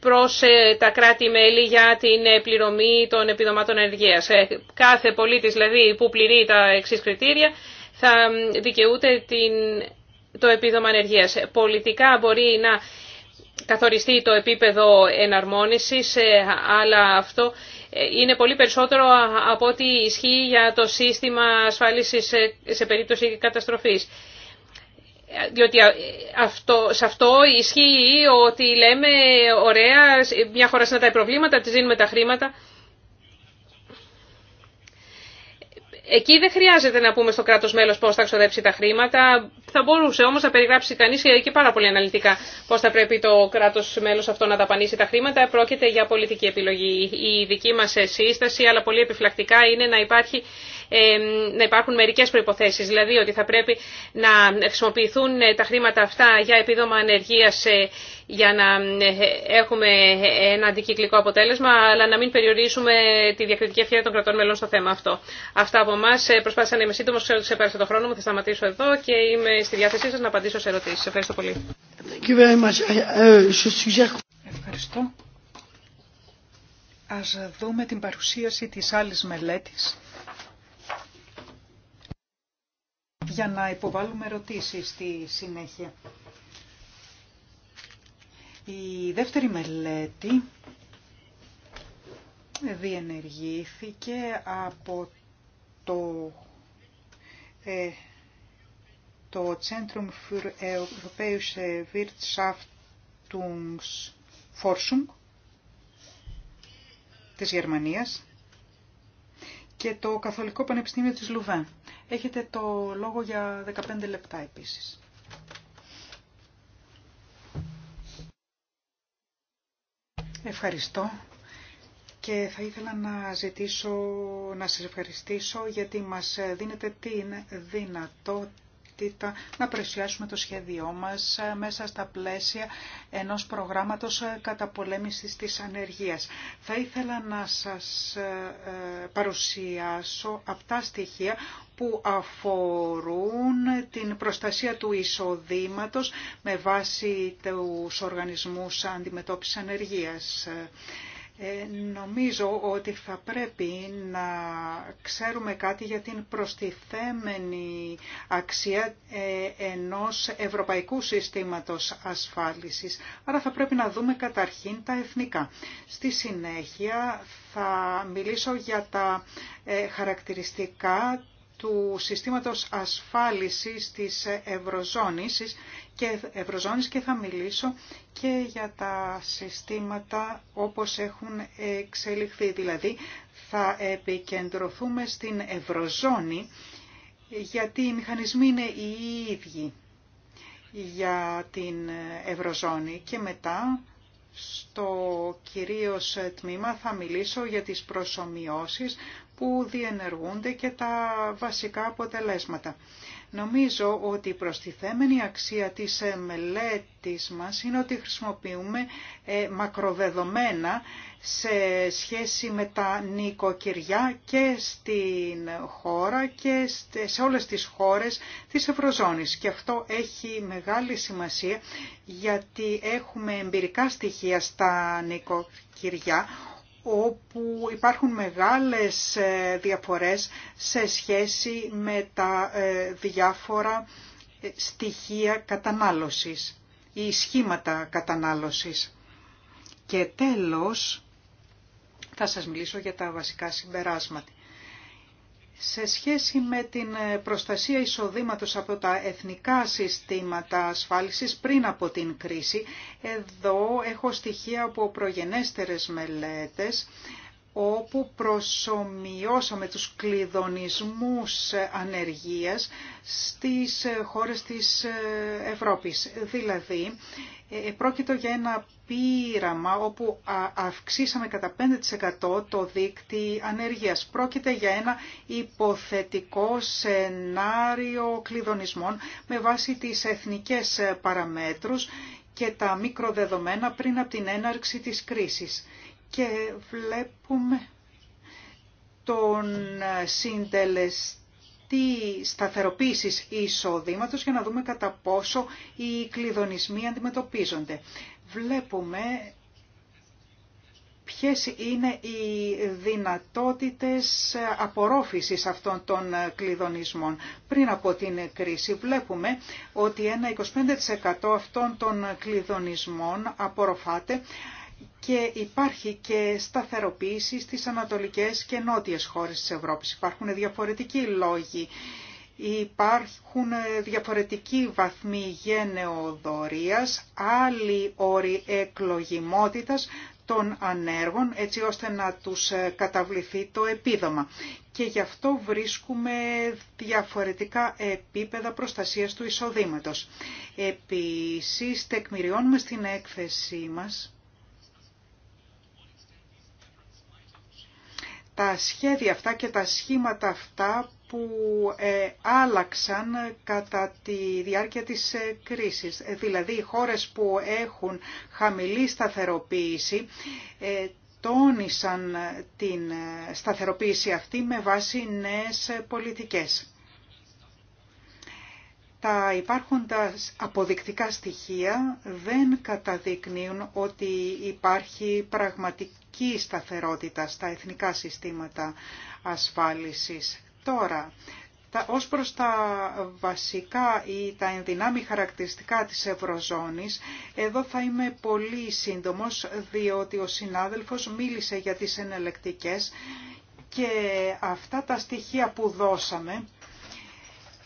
προς ε, τα κράτη-μέλη για την ε, πληρωμή των επιδομάτων ενεργείας. Κάθε πολίτης δηλαδή που πληρεί τα εξής κριτήρια θα δικαιούται την, το επίδομα ενεργείας. Πολιτικά μπορεί να καθοριστεί το επίπεδο εναρμόνισης, ε, αλλά αυτό ε, είναι πολύ περισσότερο από ό,τι ισχύει για το σύστημα ασφάλισης σε περίπτωση καταστροφής. Διότι ε, αυτό, σε αυτό ισχύει ότι λέμε, ωραία, μια χώρα συναντάει προβλήματα, της δίνουμε τα χρήματα, Εκεί δεν χρειάζεται να πούμε στο κράτος μέλος πώς θα ξοδέψει τα χρήματα. Θα μπορούσε όμως να περιγράψει κανεί και πάρα πολύ αναλυτικά πώς θα πρέπει το κράτος μέλος αυτό να δαπανίσει τα χρήματα. Πρόκειται για πολιτική επιλογή. Η δική μας ε, σύσταση, αλλά πολύ επιφυλακτικά, είναι να υπάρχει να υπάρχουν μερικές προϋποθέσεις, δηλαδή ότι θα πρέπει να χρησιμοποιηθούν ε, τα χρήματα αυτά για επίδομα ανεργίας ε, για να ε, έχουμε ένα αντικυκλικό αποτέλεσμα, αλλά να μην περιορίσουμε τη διακριτική ευκαιρία των κρατών μελών στο θέμα αυτό. Αυτά από εμά. Ε, προσπάθησα να είμαι σύντομο, ξέρω ότι σε πέρασε το χρόνο μου, θα σταματήσω εδώ και είμαι στη διάθεσή σα να απαντήσω σε ερωτήσει. Ευχαριστώ πολύ. Ε, Ευχαριστώ. Α δούμε την παρουσίαση τη άλλη μελέτη. για να υποβάλουμε ερωτήσεις στη συνέχεια. Η δεύτερη μελέτη διενεργήθηκε από το, ε, το Centrum für Europäische Wirtschaftsforschung της Γερμανίας και το Καθολικό Πανεπιστήμιο της Λουβέν. Έχετε το λόγο για 15 λεπτά επίσης. Ευχαριστώ και θα ήθελα να ζητήσω, να σας ευχαριστήσω γιατί μας δίνετε την δυνατότητα να πλησιάσουμε το σχέδιό μας ε, μέσα στα πλαίσια ενός προγράμματος ε, καταπολέμησης της ανεργίας. Θα ήθελα να σας ε, παρουσιάσω αυτά στοιχεία που αφορούν την προστασία του εισοδήματος με βάση τους οργανισμούς αντιμετώπισης ανεργίας. Ε, νομίζω ότι θα πρέπει να ξέρουμε κάτι για την προστιθέμενη αξία ε, ενός ευρωπαϊκού συστήματος ασφάλισης. Άρα θα πρέπει να δούμε καταρχήν τα εθνικά. Στη συνέχεια θα μιλήσω για τα ε, χαρακτηριστικά του συστήματος ασφάλισης της Ευρωζώνης και Ευρωζώνης και θα μιλήσω και για τα συστήματα όπως έχουν εξελιχθεί. Δηλαδή θα επικεντρωθούμε στην Ευρωζώνη γιατί οι μηχανισμοί είναι οι ίδιοι για την Ευρωζώνη και μετά στο κυρίως τμήμα θα μιλήσω για τις προσωμιώσεις που διενεργούνται και τα βασικά αποτελέσματα. Νομίζω ότι η προστιθέμενη αξία της ε, μελέτης μας είναι ότι χρησιμοποιούμε ε, μακροδεδομένα σε σχέση με τα νοικοκυριά και στην χώρα και σε όλες τις χώρες της Ευρωζώνης. Και αυτό έχει μεγάλη σημασία γιατί έχουμε εμπειρικά στοιχεία στα νοικοκυριά όπου υπάρχουν μεγάλες ε, διαφορές σε σχέση με τα ε, διάφορα ε, στοιχεία κατανάλωσης ή σχήματα κατανάλωσης. Και τέλος, θα σας μιλήσω για τα βασικά συμπεράσματα. Σε σχέση με την ε, προστασία εισοδήματος από τα εθνικά συστήματα ασφάλισης πριν από την κρίση, εδώ έχω στοιχεία από προγενέστερες μελέτες όπου προσωμιώσαμε τους κλειδονισμούς ανεργίας στις χώρες της Ευρώπης. Δηλαδή, ε, πρόκειται για ένα πείραμα όπου αυξήσαμε κατά 5% το δίκτυ ανεργίας. Πρόκειται για ένα υποθετικό σενάριο κλειδονισμών με βάση τις εθνικές παραμέτρους και τα μικροδεδομένα πριν από την έναρξη της κρίσης και βλέπουμε τον συντελεστή σταθεροποίησης εισοδήματος για να δούμε κατά πόσο οι κλειδονισμοί αντιμετωπίζονται. Βλέπουμε ποιες είναι οι δυνατότητες απορρόφησης αυτών των κλειδονισμών. Πριν από την κρίση βλέπουμε ότι ένα 25% αυτών των κλειδονισμών απορροφάται και υπάρχει και σταθεροποίηση στις ανατολικές και νότιες χώρες της Ευρώπης. Υπάρχουν διαφορετικοί λόγοι, υπάρχουν ε, διαφορετικοί βαθμοί γενεοδορίας, άλλοι όροι εκλογιμότητας των ανέργων έτσι ώστε να τους ε, καταβληθεί το επίδομα. Και γι' αυτό βρίσκουμε διαφορετικά επίπεδα προστασίας του εισοδήματος. Επίσης, τεκμηριώνουμε στην έκθεσή μας τα σχέδια αυτά και τα σχήματα αυτά που ε, άλλαξαν κατά τη διάρκεια της ε, κρίσης. Ε, δηλαδή, οι χώρες που έχουν χαμηλή σταθεροποίηση ε, τόνισαν την ε, σταθεροποίηση αυτή με βάση νέες πολιτικές. Τα υπάρχοντα αποδεικτικά στοιχεία δεν καταδεικνύουν ότι υπάρχει πραγματική η σταθερότητα στα εθνικά συστήματα ασφάλισης. Τώρα, τα, ως προς τα βασικά ή τα ενδυνάμει χαρακτηριστικά της Ευρωζώνης, εδώ θα είμαι πολύ σύντομος, διότι ο συνάδελφος μίλησε για τις ενελεκτικές και αυτά τα στοιχεία που δώσαμε,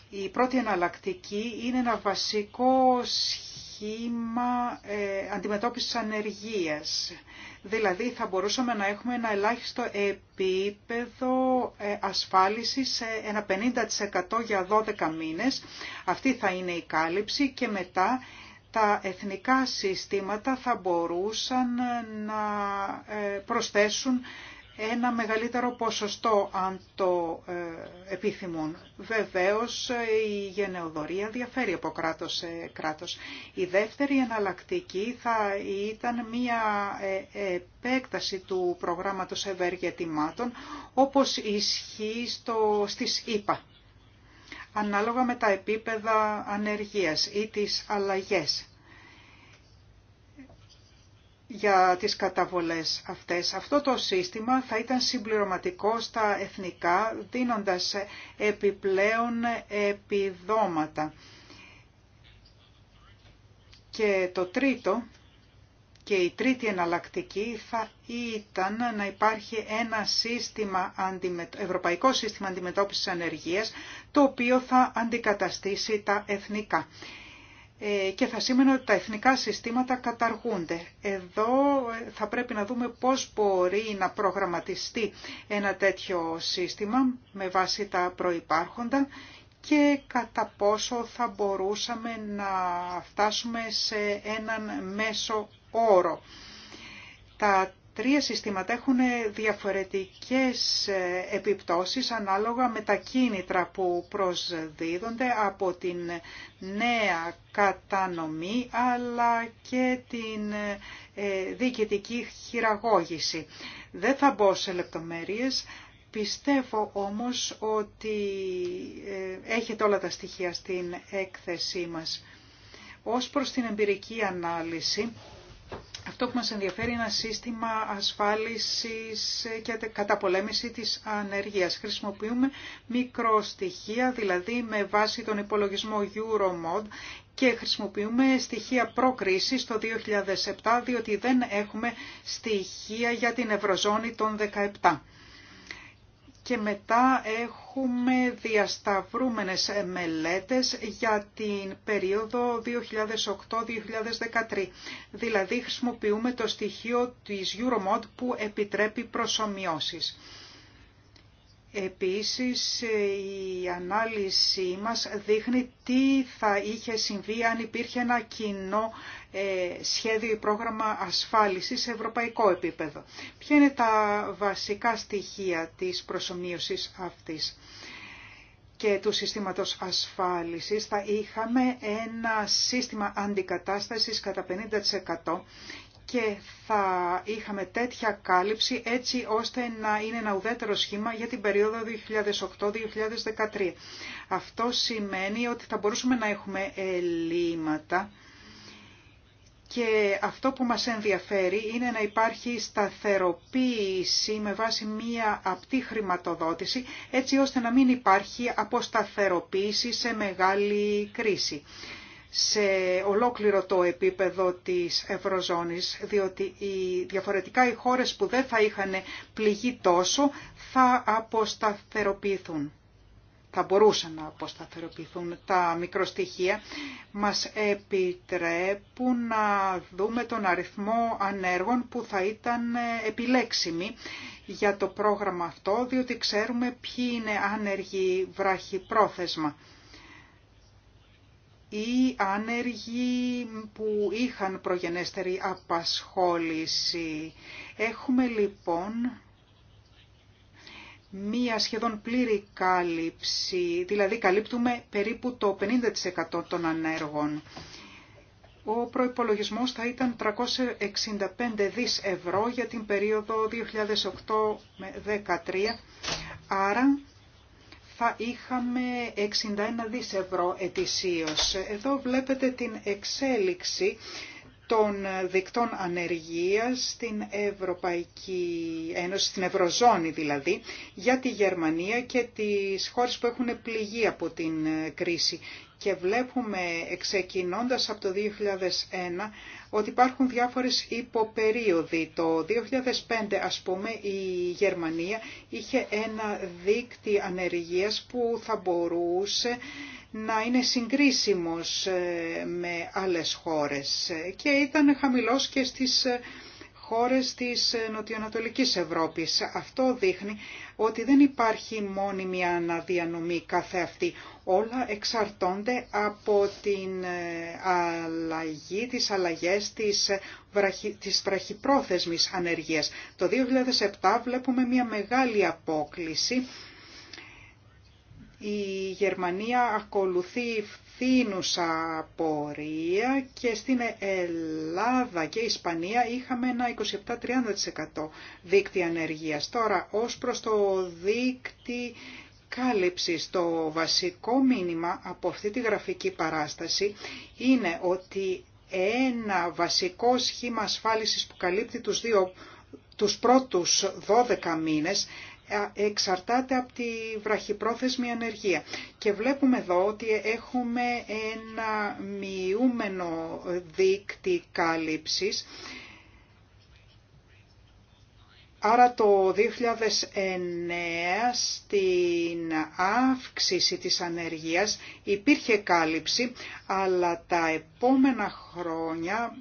η πρώτη εναλλακτική είναι ένα βασικό σχέδιο σχήμα ε, αντιμετώπισης ανεργίας. Δηλαδή θα μπορούσαμε να έχουμε ένα ελάχιστο επίπεδο ε, ασφάλισης, σε ένα 50% για 12 μήνες. Αυτή θα είναι η κάλυψη και μετά τα εθνικά συστήματα θα μπορούσαν να ε, προσθέσουν ένα μεγαλύτερο ποσοστό αν το ε, επιθυμούν. Βεβαίως η γενεοδορία διαφέρει από κράτος σε κράτος. Η δεύτερη εναλλακτική θα ήταν μια ε, επέκταση του προγράμματος ευεργετημάτων όπως ισχύει στο, στις ΗΠΑ ανάλογα με τα επίπεδα ανεργίας ή τις αλλαγές για τις καταβολές αυτές. Αυτό το σύστημα θα ήταν συμπληρωματικό στα εθνικά, δίνοντας επιπλέον επιδόματα. Και το τρίτο και η τρίτη εναλλακτική θα ήταν να υπάρχει ένα σύστημα, ευρωπαϊκό σύστημα αντιμετώπισης ανεργίας, το οποίο θα αντικαταστήσει τα εθνικά. Ε, και θα σήμαινε ότι τα εθνικά συστήματα καταργούνται. Εδώ ε, θα πρέπει να δούμε πώς μπορεί να προγραμματιστεί ένα τέτοιο σύστημα με βάση τα προϋπάρχοντα και κατά πόσο θα μπορούσαμε να φτάσουμε σε έναν μέσο όρο τρία συστήματα έχουν διαφορετικές ε, επιπτώσεις ανάλογα με τα κίνητρα που προσδίδονται από την νέα κατανομή αλλά και την ε, διοικητική χειραγώγηση. Δεν θα μπω σε λεπτομέρειες, πιστεύω όμως ότι ε, έχετε όλα τα στοιχεία στην έκθεσή μας. Ως προς την εμπειρική ανάλυση, αυτό που μας ενδιαφέρει είναι ένα σύστημα ασφάλισης και καταπολέμηση της ανεργίας. Χρησιμοποιούμε μικροστοιχεία, δηλαδή με βάση τον υπολογισμό Euromod και χρησιμοποιούμε στοιχεία προκρίσης το 2007, διότι δεν έχουμε στοιχεία για την Ευρωζώνη των 17 και μετά έχουμε διασταυρούμενες μελέτες για την περίοδο 2008-2013. Δηλαδή χρησιμοποιούμε το στοιχείο της Euromod που επιτρέπει προσωμιώσεις. Επίσης, η ανάλυση μας δείχνει τι θα είχε συμβεί αν υπήρχε ένα κοινό ε, σχέδιο ή πρόγραμμα ασφάλισης σε ευρωπαϊκό επίπεδο. Ποια είναι τα βασικά στοιχεία της προσομοίωσης αυτής και του συστήματος ασφάλισης θα είχαμε ένα σύστημα αντικατάστασης κατά 50% και θα είχαμε τέτοια κάλυψη έτσι ώστε να είναι ένα ουδέτερο σχήμα για την περίοδο 2008-2013. Αυτό σημαίνει ότι θα μπορούσαμε να έχουμε ελλείμματα και αυτό που μας ενδιαφέρει είναι να υπάρχει σταθεροποίηση με βάση μία απτή χρηματοδότηση έτσι ώστε να μην υπάρχει αποσταθεροποίηση σε μεγάλη κρίση σε ολόκληρο το επίπεδο της Ευρωζώνης, διότι διαφορετικά οι χώρες που δεν θα είχαν πληγεί τόσο θα αποσταθεροποιηθούν. Θα μπορούσαν να αποσταθεροποιηθούν τα μικροστοιχεία. Μας επιτρέπουν να δούμε τον αριθμό ανέργων που θα ήταν επιλέξιμοι για το πρόγραμμα αυτό, διότι ξέρουμε ποιοι είναι άνεργοι βράχοι πρόθεσμα ή άνεργοι που είχαν προγενέστερη απασχόληση. Έχουμε λοιπόν μία σχεδόν πλήρη κάλυψη, δηλαδή καλύπτουμε περίπου το 50% των ανέργων. Ο προϋπολογισμός θα ήταν 365 δις ευρώ για την περίοδο 2008 2013, άρα θα είχαμε 61 δις ευρώ ετησίως. Εδώ βλέπετε την εξέλιξη των δικτών ανεργίας στην Ευρωπαϊκή Ένωση, στην Ευρωζώνη δηλαδή, για τη Γερμανία και τις χώρες που έχουν πληγεί από την κρίση και βλέπουμε ξεκινώντας από το 2001 ότι υπάρχουν διάφορες υποπερίοδοι. Το 2005 ας πούμε η Γερμανία είχε ένα δίκτυο ανεργίας που θα μπορούσε να είναι συγκρίσιμος ε, με άλλες χώρες και ήταν χαμηλός και στις ε, χώρες της νοτιοανατολικής Ευρώπης. Αυτό δείχνει ότι δεν υπάρχει μόνιμη αναδιανομή καθε αυτή. Όλα εξαρτώνται από την ε, αλλαγή, τις αλλαγές της, ε, βραχυ, της βραχυπρόθεσμης ανεργίας. Το 2007 βλέπουμε μια μεγάλη απόκληση η Γερμανία ακολουθεί ευθύνουσα πορεία και στην Ελλάδα και Ισπανία είχαμε ένα 27-30% δίκτυα ανεργίας. Τώρα ως προς το δίκτυο κάλυψης το βασικό μήνυμα από αυτή τη γραφική παράσταση είναι ότι ένα βασικό σχήμα ασφάλισης που καλύπτει τους δύο τους πρώτους 12 μήνες εξαρτάται από τη βραχυπρόθεσμη ανεργία. Και βλέπουμε εδώ ότι έχουμε ένα μειούμενο δίκτυ κάλυψης. Άρα το 2009 στην αύξηση της ανεργίας υπήρχε κάλυψη, αλλά τα επόμενα χρόνια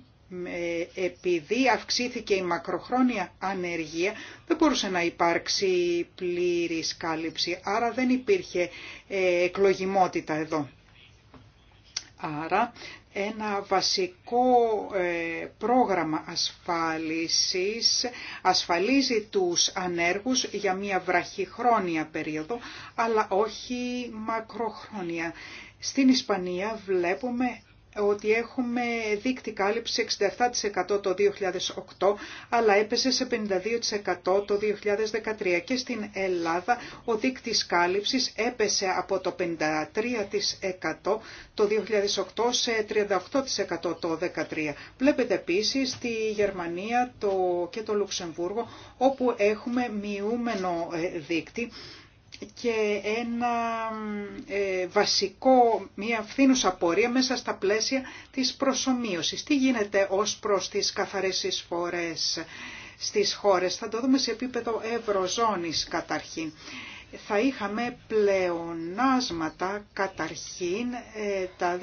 επειδή αυξήθηκε η μακροχρόνια ανεργία δεν μπορούσε να υπάρξει πλήρης κάλυψη, άρα δεν υπήρχε ε, εκλογιμότητα εδώ. Άρα ένα βασικό ε, πρόγραμμα ασφάλισης ασφαλίζει τους ανέργους για μια βραχυχρόνια περίοδο, αλλά όχι μακροχρόνια. Στην Ισπανία βλέπουμε ότι έχουμε δείκτη κάλυψη 67% το 2008, αλλά έπεσε σε 52% το 2013 και στην Ελλάδα ο δείκτης κάλυψης έπεσε από το 53% το 2008 σε 38% το 2013. Βλέπετε επίσης τη Γερμανία και το Λουξεμβούργο όπου έχουμε μειούμενο ε, δείκτη και ένα ε, βασικό, μια φθήνουσα πορεία μέσα στα πλαίσια της προσωμείωσης. Τι γίνεται ως προς τις καθαρές εισφορές στις χώρες. Θα το δούμε σε επίπεδο ευρωζώνης καταρχήν. Θα είχαμε πλεονάσματα καταρχήν ε, τα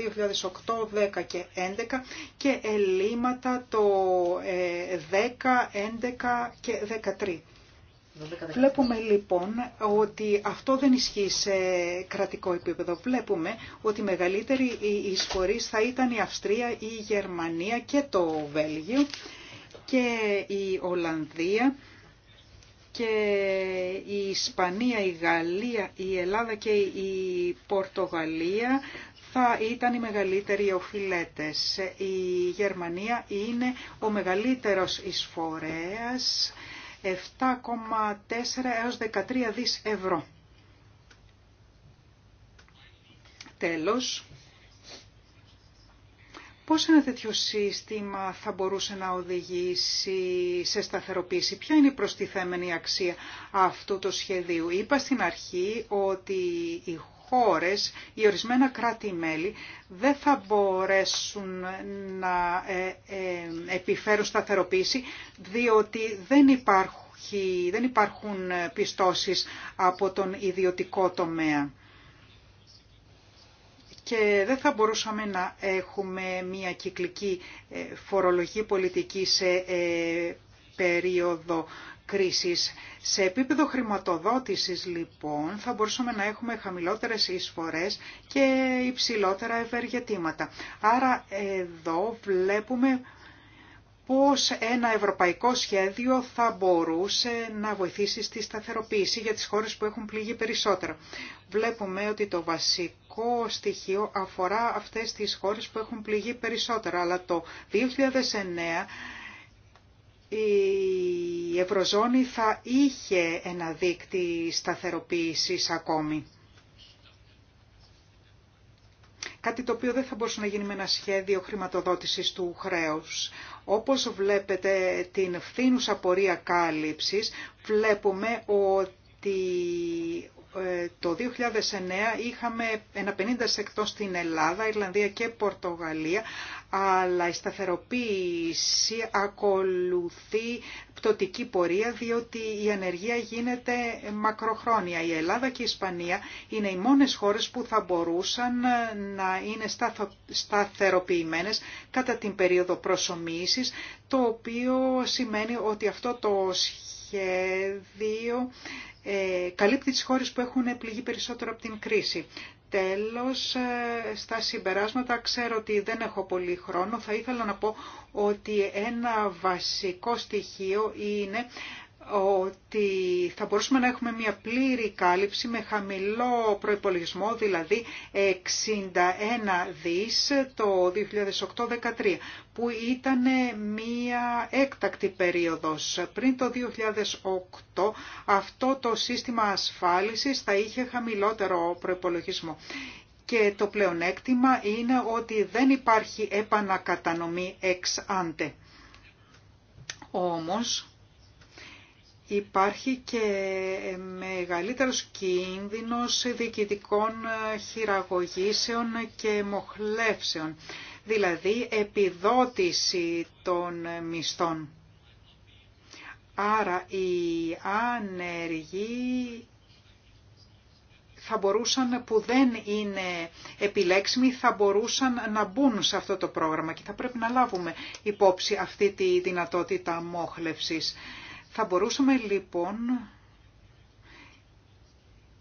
2008, 10 και 11 και ελλείμματα το 10, ε, 11 και 13. Βλέπουμε λοιπόν ότι αυτό δεν ισχύει σε κρατικό επίπεδο. Βλέπουμε ότι οι μεγαλύτεροι θα ήταν η Αυστρία, η Γερμανία και το Βέλγιο και η Ολλανδία και η Ισπανία, η Γαλλία, η Ελλάδα και η Πορτογαλία θα ήταν οι μεγαλύτεροι οφειλέτες. Η Γερμανία είναι ο μεγαλύτερος εισφορέας 7,4 έως 13 δις ευρώ. Τέλος, πώς ένα τέτοιο σύστημα θα μπορούσε να οδηγήσει σε σταθεροποίηση, ποια είναι η προστιθέμενη αξία αυτού του σχεδίου. Είπα στην αρχή ότι η χώρες, οι ορισμένα κράτη-μέλη δεν θα μπορέσουν να ε, ε, επιφέρουν σταθεροποίηση διότι δεν υπάρχουν δεν υπάρχουν πιστώσεις από τον ιδιωτικό τομέα. Και δεν θα μπορούσαμε να έχουμε μια κυκλική ε, φορολογική πολιτική σε περίοδο κρίσης. Σε επίπεδο χρηματοδότησης λοιπόν θα μπορούσαμε να έχουμε χαμηλότερες εισφορές και υψηλότερα ευεργετήματα. Άρα εδώ βλέπουμε πώς ένα ευρωπαϊκό σχέδιο θα μπορούσε να βοηθήσει στη σταθεροποίηση για τις χώρες που έχουν πληγεί περισσότερα. Βλέπουμε ότι το βασικό στοιχείο αφορά αυτές τις χώρες που έχουν πληγεί περισσότερα, αλλά το 2009 η Ευρωζώνη θα είχε ένα δίκτυ σταθεροποίησης ακόμη. Κάτι το οποίο δεν θα μπορούσε να γίνει με ένα σχέδιο χρηματοδότησης του χρέους. Όπως βλέπετε την φθήνουσα πορεία κάλυψης, βλέπουμε ότι ε, το 2009 είχαμε ένα 50% στην Ελλάδα, Ιρλανδία και Πορτογαλία, αλλά η σταθεροποίηση ακολουθεί πτωτική πορεία διότι η ανεργία γίνεται μακροχρόνια. Η Ελλάδα και η Ισπανία είναι οι μόνες χώρες που θα μπορούσαν να είναι σταθεροποιημένες κατά την περίοδο προσωμίησης το οποίο σημαίνει ότι αυτό το σχέδιο ε, καλύπτει τις χώρες που έχουν πληγεί περισσότερο από την κρίση. Τέλος, ε, στα συμπεράσματα ξέρω ότι δεν έχω πολύ χρόνο. Θα ήθελα να πω ότι ένα βασικό στοιχείο είναι ότι θα μπορούσαμε να έχουμε μια πλήρη κάλυψη με χαμηλό προϋπολογισμό, δηλαδή 61 δις το 2008-2013, που ήταν μια έκτακτη περίοδος. Πριν το 2008 αυτό το σύστημα ασφάλισης θα είχε χαμηλότερο προϋπολογισμό. Και το πλεονέκτημα είναι ότι δεν υπάρχει επανακατανομή εξ άντε. Όμως, υπάρχει και ε, μεγαλύτερος κίνδυνος διοικητικών ε, χειραγωγήσεων και μοχλεύσεων, δηλαδή επιδότηση των ε, μισθών. Άρα οι άνεργοι θα μπορούσαν που δεν είναι επιλέξιμοι θα μπορούσαν να μπουν σε αυτό το πρόγραμμα και θα πρέπει να λάβουμε υπόψη αυτή τη δυνατότητα μόχλευσης. Θα μπορούσαμε λοιπόν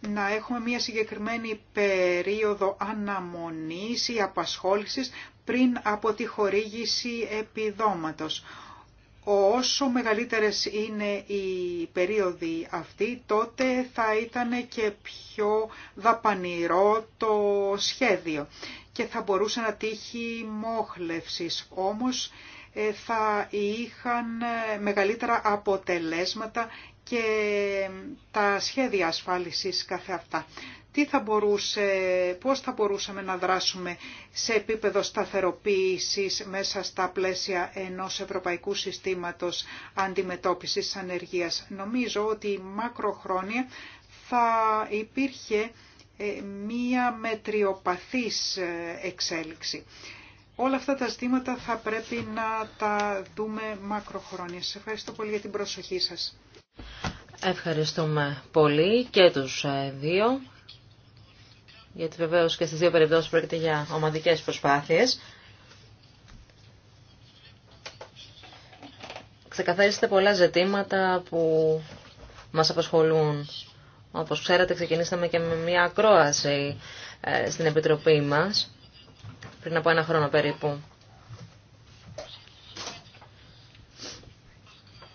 να έχουμε μια συγκεκριμένη περίοδο αναμονής ή απασχόλησης πριν από τη χορήγηση επιδόματος. Όσο μεγαλύτερες είναι οι περίοδοι αυτοί, τότε θα ήταν και πιο δαπανηρό το σχέδιο και θα μπορούσε να τύχει μόχλευσης. Όμως ε, θα είχαν μεγαλύτερα αποτελέσματα και τα σχέδια ασφάλισης αυτά. Τι θα μπορούσε, πώς θα μπορούσαμε να δράσουμε σε επίπεδο σταθεροποίησης μέσα στα πλαίσια ενός ευρωπαϊκού συστήματος αντιμετώπισης ανεργίας. Νομίζω ότι μακροχρόνια θα υπήρχε ε, μία μετριοπαθής ε, εξέλιξη. Όλα αυτά τα ζητήματα θα πρέπει να τα δούμε μακροχρόνια. Σας ευχαριστώ πολύ για την προσοχή σας. Ευχαριστούμε πολύ και τους ε, δύο, γιατί βεβαίως και στις δύο περιπτώσεις πρόκειται για ομαδικές προσπάθειες. ξεκαθαρίσετε πολλά ζητήματα που μας απασχολούν. Όπως ξέρατε, ξεκινήσαμε και με μια ακρόαση ε, στην Επιτροπή μας πριν από ένα χρόνο περίπου.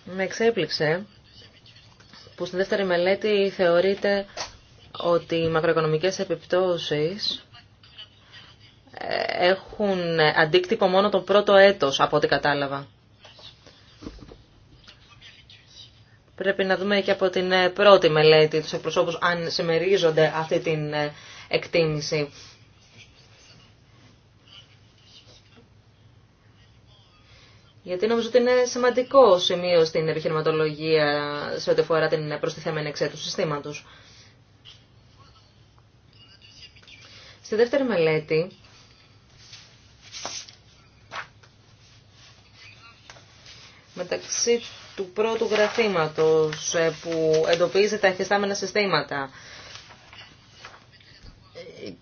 Με εξέπληξε που στη δεύτερη μελέτη θεωρείται ότι οι μακροοικονομικές επιπτώσεις ε, έχουν αντίκτυπο μόνο το πρώτο έτος, από ό,τι κατάλαβα. Πρέπει να δούμε και από την ε, πρώτη μελέτη τους εκπροσώπους αν συμμερίζονται αυτή την ε, εκτίμηση. Γιατί νομίζω ότι είναι σημαντικό σημείο στην επιχειρηματολογία σε ό,τι αφορά την προστιθέμενη εξέτου συστήματος. Στη δεύτερη μελέτη, μεταξύ του πρώτου γραφήματος ε, που εντοπίζει τα εφιστάμενα συστήματα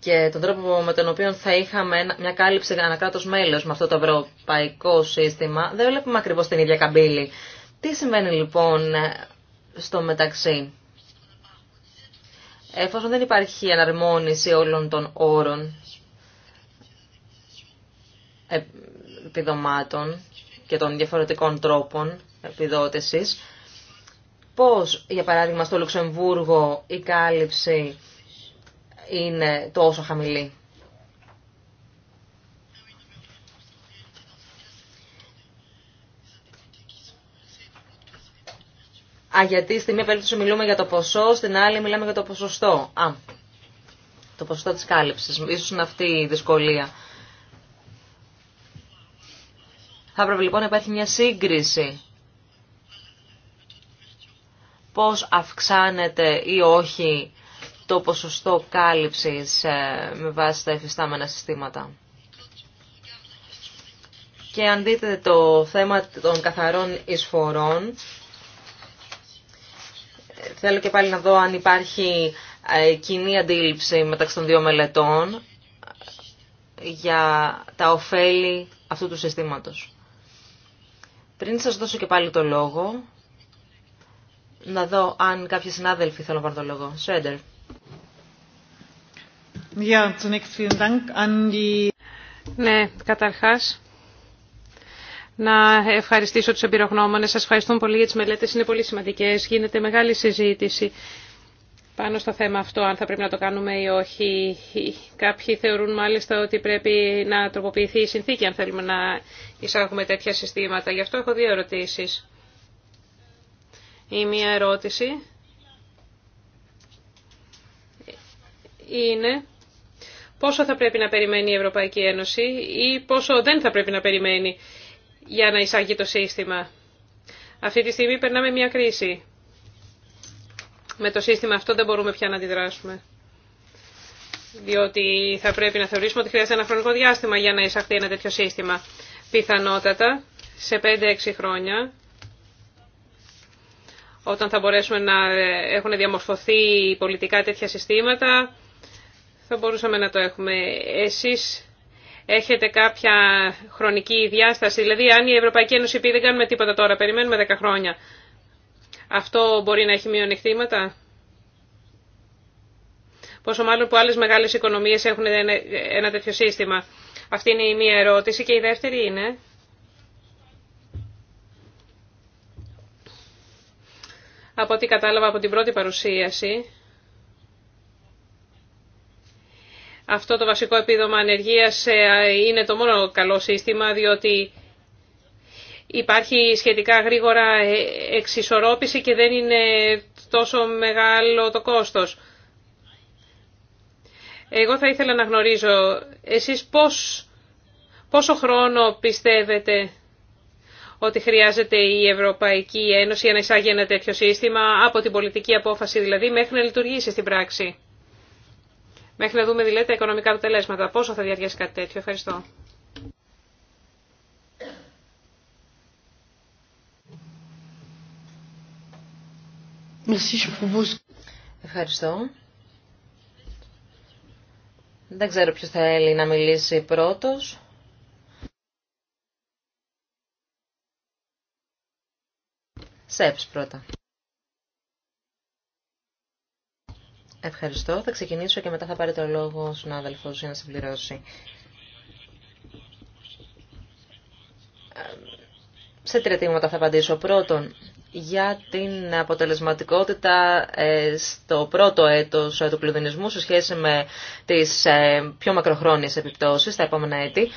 και τον τρόπο με τον οποίο θα είχαμε μια κάλυψη ανά κράτος μέλος με αυτό το ευρωπαϊκό σύστημα, δεν βλέπουμε ακριβώς την ίδια καμπύλη. Τι σημαίνει λοιπόν στο μεταξύ, εφόσον δεν υπάρχει αναρμόνιση όλων των όρων ε, επιδομάτων και των διαφορετικών τρόπων επιδότησης, πώς, για παράδειγμα, στο Λουξεμβούργο η κάλυψη είναι τόσο χαμηλή. Α, γιατί στη μία περίπτωση μιλούμε για το ποσό, στην άλλη μιλάμε για το ποσοστό. Α, το ποσοστό της κάλυψης. Ίσως είναι αυτή η δυσκολία. Θα έπρεπε λοιπόν να υπάρχει μια σύγκριση. Πώς αυξάνεται ή όχι το ποσοστό κάλυψης ε, με βάση τα εφιστάμενα συστήματα. Και αν δείτε το θέμα των καθαρών εισφορών, θέλω και πάλι να δω αν υπάρχει ε, κοινή αντίληψη μεταξύ των δύο μελετών για τα ωφέλη αυτού του συστήματος. Πριν σας δώσω και πάλι το λόγο, να δω αν κάποιοι συνάδελφοι θέλουν να πάρουν το λόγο. Σρέντερ. Ναι, καταρχάς να ευχαριστήσω τους εμπειρογνώμονες. Σας ευχαριστούμε πολύ για τις μελέτες, είναι πολύ σημαντικές. Γίνεται μεγάλη συζήτηση πάνω στο θέμα αυτό, αν θα πρέπει να το κάνουμε ή όχι. Κάποιοι θεωρούν μάλιστα ότι πρέπει να τροποποιηθεί η συνθήκη, αν θέλουμε να εισάγουμε τέτοια συστήματα. Γι' αυτό έχω δύο ερωτήσεις. Η μία ερώτηση είναι πόσο θα πρέπει να περιμένει η Ευρωπαϊκή Ένωση ή πόσο δεν θα πρέπει να περιμένει για να εισάγει το σύστημα. Αυτή τη στιγμή περνάμε μια κρίση. Με το σύστημα αυτό δεν μπορούμε πια να αντιδράσουμε. Διότι θα πρέπει να θεωρήσουμε ότι χρειάζεται ένα χρονικό διάστημα για να εισαχθεί ένα τέτοιο σύστημα. Πιθανότατα σε 5-6 χρόνια, όταν θα μπορέσουμε να έχουν διαμορφωθεί πολιτικά τέτοια συστήματα, θα μπορούσαμε να το έχουμε. Εσείς έχετε κάποια χρονική διάσταση, δηλαδή αν η Ευρωπαϊκή Ένωση πει δεν κάνουμε τίποτα τώρα, περιμένουμε 10 χρόνια, αυτό μπορεί να έχει μειονεκτήματα. Πόσο μάλλον που άλλες μεγάλες οικονομίες έχουν ένα τέτοιο σύστημα. Αυτή είναι η μία ερώτηση και η δεύτερη είναι... Από ό,τι κατάλαβα από την πρώτη παρουσίαση, αυτό το βασικό επίδομα ανεργίας ε, είναι το μόνο καλό σύστημα, διότι υπάρχει σχετικά γρήγορα ε, εξισορρόπηση και δεν είναι τόσο μεγάλο το κόστος. Εγώ θα ήθελα να γνωρίζω, εσείς πόσο χρόνο πιστεύετε ότι χρειάζεται η Ευρωπαϊκή Ένωση για να εισάγει ένα τέτοιο σύστημα, από την πολιτική απόφαση δηλαδή, μέχρι να λειτουργήσει στην πράξη. Μέχρι να δούμε δηλαδή τα οικονομικά αποτελέσματα. Πόσο θα διαρκέσει κάτι τέτοιο. Ευχαριστώ. Ευχαριστώ. Δεν ξέρω ποιος έλει να μιλήσει πρώτος. Σέψ πρώτα. Ευχαριστώ. Θα ξεκινήσω και μετά θα πάρει το λόγο ο συνάδελφο για να συμπληρώσει. Ε, σε τρία τίγματα θα απαντήσω. Πρώτον, για την αποτελεσματικότητα ε, στο πρώτο έτος ε, του κλειδονισμού σε σχέση με τις πιο μακροχρόνιες επιπτώσεις τα επόμενα έτη.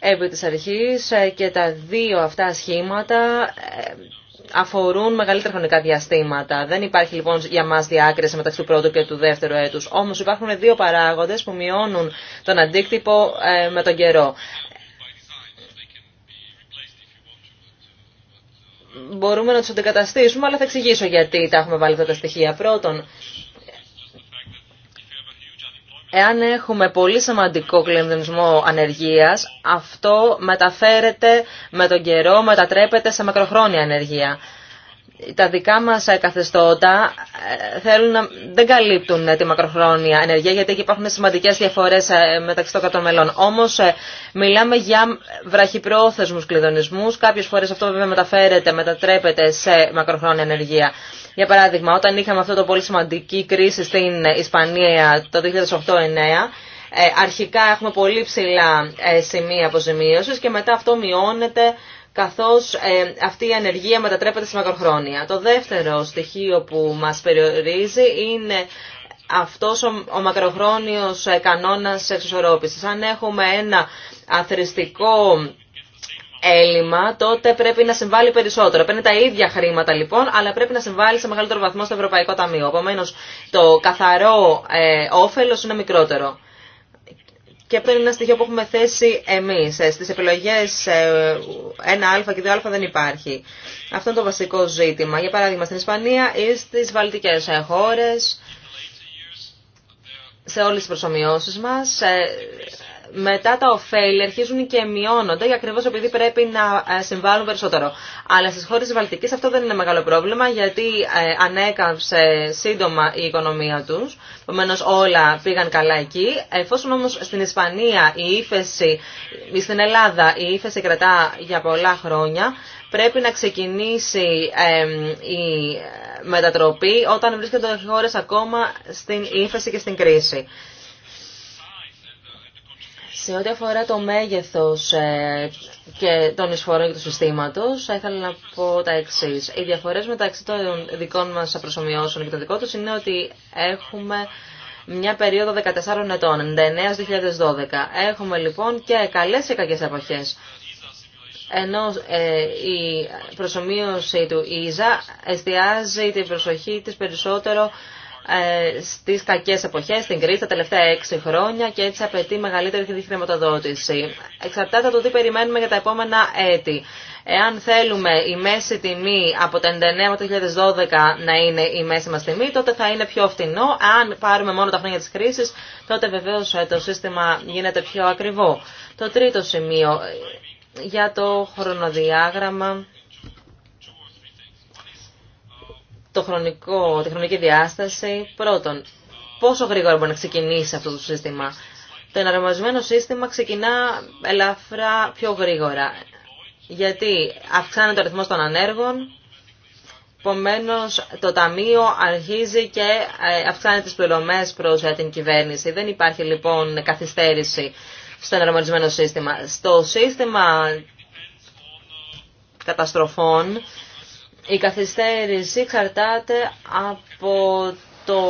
Επί της αρχής και τα δύο αυτά σχήματα αφορούν μεγαλύτερα χρονικά διαστήματα. Δεν υπάρχει λοιπόν για μα διάκριση μεταξύ του πρώτου και του δεύτερου έτου. Όμως υπάρχουν δύο παράγοντες που μειώνουν τον αντίκτυπο ε, με τον καιρό. Μπορούμε να του αντικαταστήσουμε, αλλά θα εξηγήσω γιατί τα έχουμε βάλει αυτά τα στοιχεία. Πρώτον, Εάν έχουμε πολύ σημαντικό κλενδυνισμό ανεργίας, αυτό μεταφέρεται με τον καιρό, μετατρέπεται σε μακροχρόνια ανεργία τα δικά μας καθεστώτα ε, θέλουν να, δεν καλύπτουν ε, τη μακροχρόνια ενεργεία γιατί εκεί υπάρχουν σημαντικές διαφορές ε, μεταξύ των κρατών μελών. Όμως μιλάμε για βραχυπρόθεσμους κλειδονισμούς. Κάποιες φορές αυτό βέβαια μεταφέρεται, μετατρέπεται σε μακροχρόνια ενεργεία. Για παράδειγμα, όταν είχαμε αυτό το πολύ σημαντική κρίση στην Ισπανία το 2008-2009, αρχικά έχουμε πολύ ψηλά σημεία αποζημίωσης και μετά αυτό μειώνεται καθώς ε, αυτή η ανεργία μετατρέπεται σε μακροχρόνια. Το δεύτερο στοιχείο που μας περιορίζει είναι αυτός ο, ο μακροχρόνιος ε, κανόνας εξισορρόπησης. Αν έχουμε ένα αθρηστικό έλλειμμα, τότε πρέπει να συμβάλλει περισσότερο. Παίρνει τα ίδια χρήματα λοιπόν, αλλά πρέπει να συμβάλλει σε μεγαλύτερο βαθμό στο Ευρωπαϊκό Ταμείο. Επομένω, το καθαρό ε, όφελο είναι μικρότερο. Και αυτό είναι ένα στοιχείο που έχουμε θέσει εμείς. Ε, στις επιλογές 1α ε, και 2α δεν υπάρχει. Αυτό είναι το βασικό ζήτημα. Για παράδειγμα, στην Ισπανία ή στις Βαλτικέ ε, χώρε, σε όλες τις προσωμιώσεις μας, μετά τα ωφέλη αρχίζουν και μειώνονται ακριβώς επειδή πρέπει να ε, συμβάλλουν περισσότερο. Αλλά στις χώρες της Βαλτικής αυτό δεν είναι μεγάλο πρόβλημα γιατί ε, ανέκαψε σύντομα η οικονομία τους. Επομένω όλα πήγαν καλά εκεί. Εφόσον όμως στην Ισπανία η ύφεση, στην Ελλάδα η ύφεση κρατά για πολλά χρόνια, πρέπει να ξεκινήσει η μετατροπή όταν βρίσκονται χώρες ακόμα στην ύφεση και στην κρίση. Σε ό,τι αφορά το μέγεθος ε, και των εισφορών και του συστήματος, θα ήθελα να πω τα εξή. Οι διαφορέ μεταξύ των δικών μας προσωμιώσεων και των δικών τους είναι ότι έχουμε μια περίοδο 14 ετών, 99-2012. Έχουμε λοιπόν και καλέ και κακέ εποχέ. Ενώ ε, η προσωμείωση του ΙΖΑ εστιάζει την προσοχή της περισσότερο ε, στις κακές εποχές, στην κρίση τα τελευταία έξι χρόνια και έτσι απαιτεί μεγαλύτερη χρηματοδότηση. Εξαρτάται από το τι περιμένουμε για τα επόμενα έτη. Εάν θέλουμε η μέση τιμή από το 99 το 2012 να είναι η μέση μας τιμή, τότε θα είναι πιο φτηνό. Αν πάρουμε μόνο τα χρόνια της κρίσης, τότε βεβαίως ε, το σύστημα γίνεται πιο ακριβό. Το τρίτο σημείο ε, για το χρονοδιάγραμμα το χρονικό, τη χρονική διάσταση. Πρώτον, πόσο γρήγορα μπορεί να ξεκινήσει αυτό το σύστημα. Το εναρμοσμένο σύστημα ξεκινά ελαφρά πιο γρήγορα. Γιατί αυξάνεται ο αριθμός των ανέργων, Επομένω, το Ταμείο αρχίζει και ε, αυξάνεται τις πληρωμές προς ε, την κυβέρνηση. Δεν υπάρχει λοιπόν καθυστέρηση στο εναρμονισμένο σύστημα. Στο σύστημα καταστροφών η καθυστέρηση εξαρτάται από το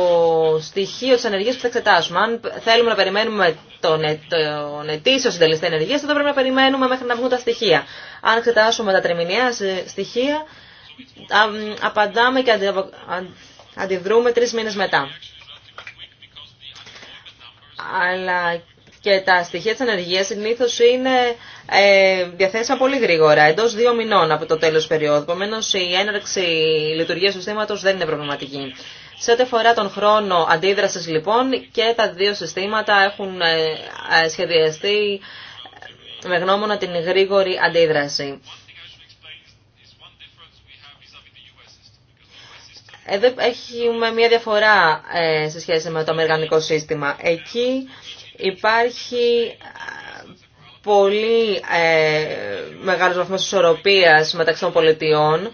στοιχείο της ενεργείας που θα εξετάσουμε. Αν θέλουμε να περιμένουμε τον, ε, τον ετήσιο συντελεστή ενεργείας, θα πρέπει να περιμένουμε μέχρι να βγουν τα στοιχεία. Αν εξετάσουμε τα τριμηνιαία στοιχεία, απαντάμε και αντιδρούμε τρεις μήνες μετά. Αλλά και τα στοιχεία της ανεργίας συνήθω είναι ε, διαθέσιμα πολύ γρήγορα, εντός δύο μηνών από το τέλος περίοδου. Επομένω, η έναρξη λειτουργίας του συστήματος δεν είναι προβληματική. Σε ό,τι αφορά τον χρόνο αντίδρασης λοιπόν και τα δύο συστήματα έχουν ε, ε, σχεδιαστεί με γνώμονα την γρήγορη αντίδραση. Εδώ έχουμε μια διαφορά ε, σε σχέση με το αμερικανικό σύστημα. Εκεί Υπάρχει ε, πολύ ε, μεγάλος βαθμός ισορροπίας μεταξύ των πολιτιών.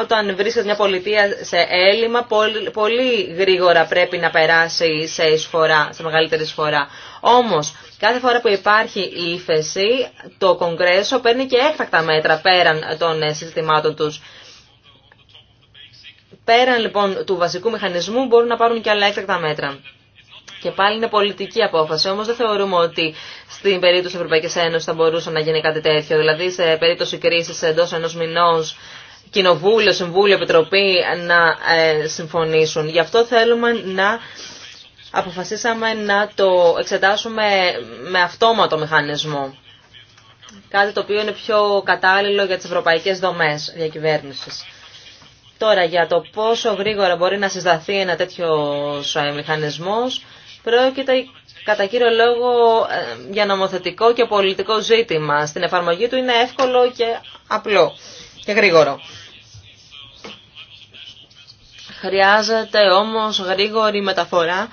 Όταν βρίσκεται μια πολιτεία σε έλλειμμα, πολύ, πολύ γρήγορα πρέπει να περάσει σε εισφορά, σε μεγαλύτερη εισφορά. Όμως, κάθε φορά που υπάρχει η ύφεση, το Κογκρέσο παίρνει και έκτακτα μέτρα πέραν των ε, συστημάτων τους. Πέραν λοιπόν του βασικού μηχανισμού μπορούν να πάρουν και άλλα έκτακτα μέτρα. Και πάλι είναι πολιτική απόφαση. Όμω δεν θεωρούμε ότι στην περίπτωση Ευρωπαϊκή Ένωση θα μπορούσε να γίνει κάτι τέτοιο. Δηλαδή σε περίπτωση κρίση εντό ενό μηνό Κοινοβούλιο, Συμβούλιο, Επιτροπή να ε, συμφωνήσουν. Γι' αυτό θέλουμε να αποφασίσαμε να το εξετάσουμε με αυτόματο μηχανισμό. Κάτι το οποίο είναι πιο κατάλληλο για τις ευρωπαϊκές δομές διακυβέρνησης. Τώρα για το πόσο γρήγορα μπορεί να συσταθεί ένα τέτοιο μηχανισμός, Πρόκειται κατά κύριο λόγο ε, για νομοθετικό και πολιτικό ζήτημα. Στην εφαρμογή του είναι εύκολο και απλό και γρήγορο. Χρειάζεται όμως γρήγορη μεταφορά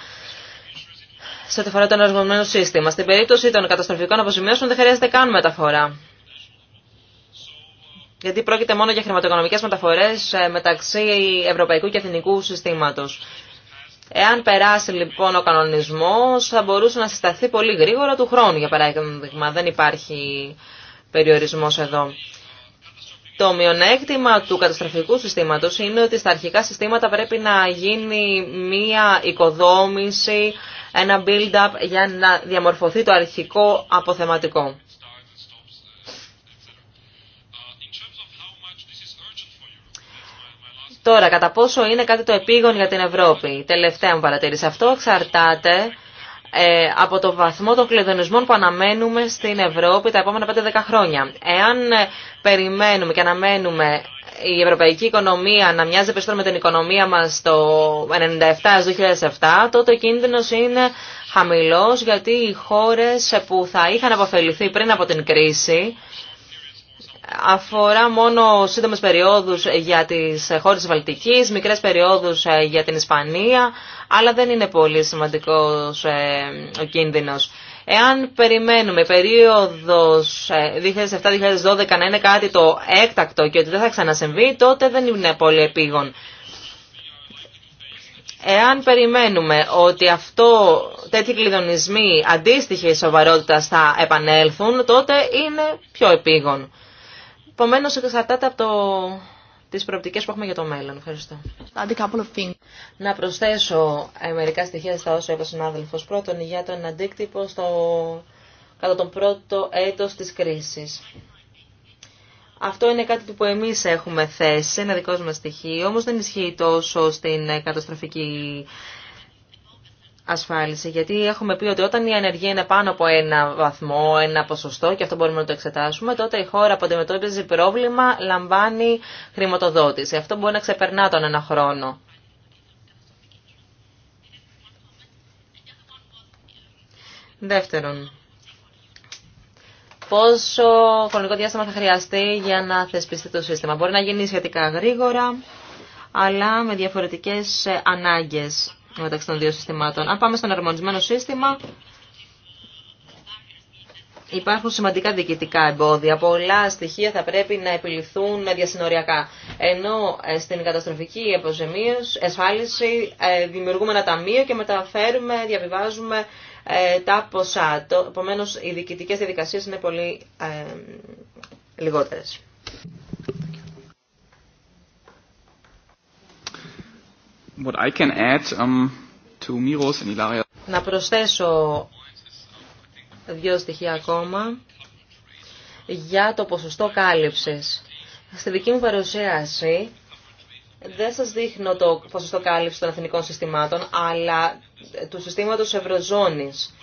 σε ό,τι αφορά το ενεργομένο σύστημα. Στην περίπτωση των καταστροφικών αποζημιώσεων δεν χρειάζεται καν μεταφορά. Γιατί πρόκειται μόνο για χρηματοοικονομικές μεταφορές ε, μεταξύ ευρωπαϊκού και εθνικού συστήματος. Εάν περάσει λοιπόν ο κανονισμός θα μπορούσε να συσταθεί πολύ γρήγορα του χρόνου για παράδειγμα. Δεν υπάρχει περιορισμός εδώ. Το μειονέκτημα του καταστροφικού συστήματος είναι ότι στα αρχικά συστήματα πρέπει να γίνει μία οικοδόμηση, ένα build-up για να διαμορφωθεί το αρχικό αποθεματικό. Τώρα, κατά πόσο είναι κάτι το επίγον για την Ευρώπη, τελευταία μου παρατήρηση, αυτό εξαρτάται ε, από το βαθμό των κλειδονισμών που αναμένουμε στην Ευρώπη τα επόμενα 5-10 χρόνια. Εάν ε, περιμένουμε και αναμένουμε η ευρωπαϊκή οικονομία να μοιάζει περισσότερο με την οικονομία μας το 97-2007, τότε ο κίνδυνος είναι χαμηλός γιατί οι χώρες που θα είχαν αποφεληθεί πριν από την κρίση αφορά μόνο σύντομες περιόδους για τις χώρε τη Βαλτική, μικρές περιόδους ε, για την Ισπανία, αλλά δεν είναι πολύ σημαντικός ε, ο κίνδυνος. Εάν περιμένουμε περίοδος 2007-2012 ε, να είναι κάτι το έκτακτο και ότι δεν θα ξανασυμβεί, τότε δεν είναι πολύ επίγον. Εάν περιμένουμε ότι αυτό, τέτοιοι κλειδονισμοί αντίστοιχη σοβαρότητα θα επανέλθουν, τότε είναι πιο επίγον. Επομένω, εξαρτάται από το... τι προοπτικέ που έχουμε για το μέλλον. Ευχαριστώ. Να προσθέσω ε, μερικά στοιχεία στα όσα είπε ο συνάδελφο. Πρώτον, για τον αντίκτυπο στο... κατά τον πρώτο έτο τη κρίση. Αυτό είναι κάτι που εμείς έχουμε θέσει, ένα δικό μας στοιχείο, όμως δεν ισχύει τόσο στην καταστροφική ασφάλιση. Γιατί έχουμε πει ότι όταν η ανεργία είναι πάνω από ένα βαθμό, ένα ποσοστό, και αυτό μπορούμε να το εξετάσουμε, τότε η χώρα που αντιμετώπιζε πρόβλημα λαμβάνει χρηματοδότηση. Αυτό μπορεί να ξεπερνά τον ένα χρόνο. Δεύτερον, πόσο χρονικό διάστημα θα χρειαστεί για να θεσπιστεί το σύστημα. Μπορεί να γίνει σχετικά γρήγορα, αλλά με διαφορετικές ανάγκες μεταξύ των δύο συστημάτων. Αν πάμε στο αρμονισμένο σύστημα, υπάρχουν σημαντικά διοικητικά εμπόδια. Πολλά στοιχεία θα πρέπει να επιληφθούν διασυνοριακά. Ενώ ε, στην καταστροφική αποζημίωση, ε, δημιουργούμε ένα ταμείο και μεταφέρουμε, διαβιβάζουμε ε, τα ποσά. Επομένω, οι διοικητικέ διαδικασίε είναι πολύ ε, λιγότερε. Um, Να προσθέσω δύο στοιχεία ακόμα για το ποσοστό κάλυψης. Στη δική μου παρουσίαση δεν σας δείχνω το ποσοστό κάλυψη των εθνικών συστημάτων, αλλά του συστήματος Ευρωζώνης.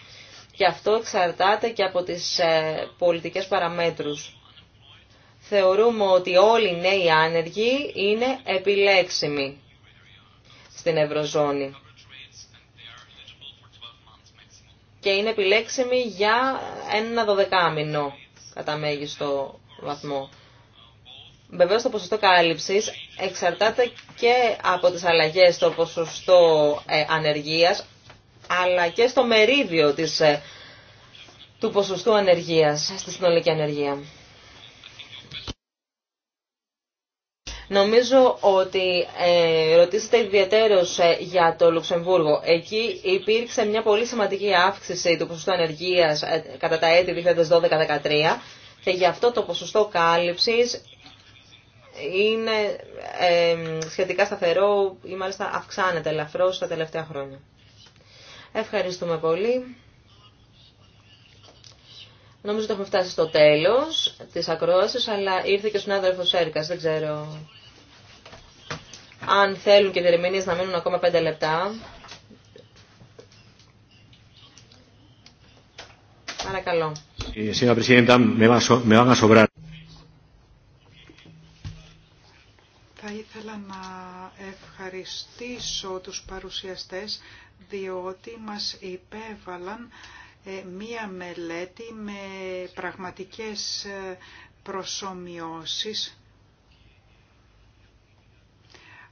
Και αυτό εξαρτάται και από τις ε, πολιτικές παραμέτρους. Θεωρούμε ότι όλοι οι νέοι άνεργοι είναι επιλέξιμοι στην Ευρωζώνη. Και είναι επιλέξιμη για ένα δωδεκάμινο κατά μέγιστο βαθμό. Βεβαίως το ποσοστό κάλυψης εξαρτάται και από τις αλλαγές στο ποσοστό ε, ανεργίας, αλλά και στο μερίδιο της, ε, του ποσοστού ανεργίας, στη συνολική ανεργία. Νομίζω ότι ε, ρωτήσατε ε, για το Λουξεμβούργο. Εκεί υπήρξε μια πολύ σημαντική αύξηση του ποσοστού ανεργίας ε, κατά τα έτη 2012-2013 και γι' αυτό το ποσοστό κάλυψης είναι ε, σχετικά σταθερό ή μάλιστα αυξάνεται ελαφρώ τα τελευταία χρόνια. Ευχαριστούμε πολύ. Νομίζω ότι έχουμε φτάσει στο τέλος της ακρόασης, αλλά ήρθε και ο συνάδελφος Σέρκας, δεν ξέρω αν θέλουν και οι να μείνουν ακόμα πέντε λεπτά. Παρακαλώ. Ε, Θα ήθελα να ευχαριστήσω τους παρουσιαστές διότι μας υπέβαλαν ε, μία μελέτη με πραγματικές ε, προσωμιώσεις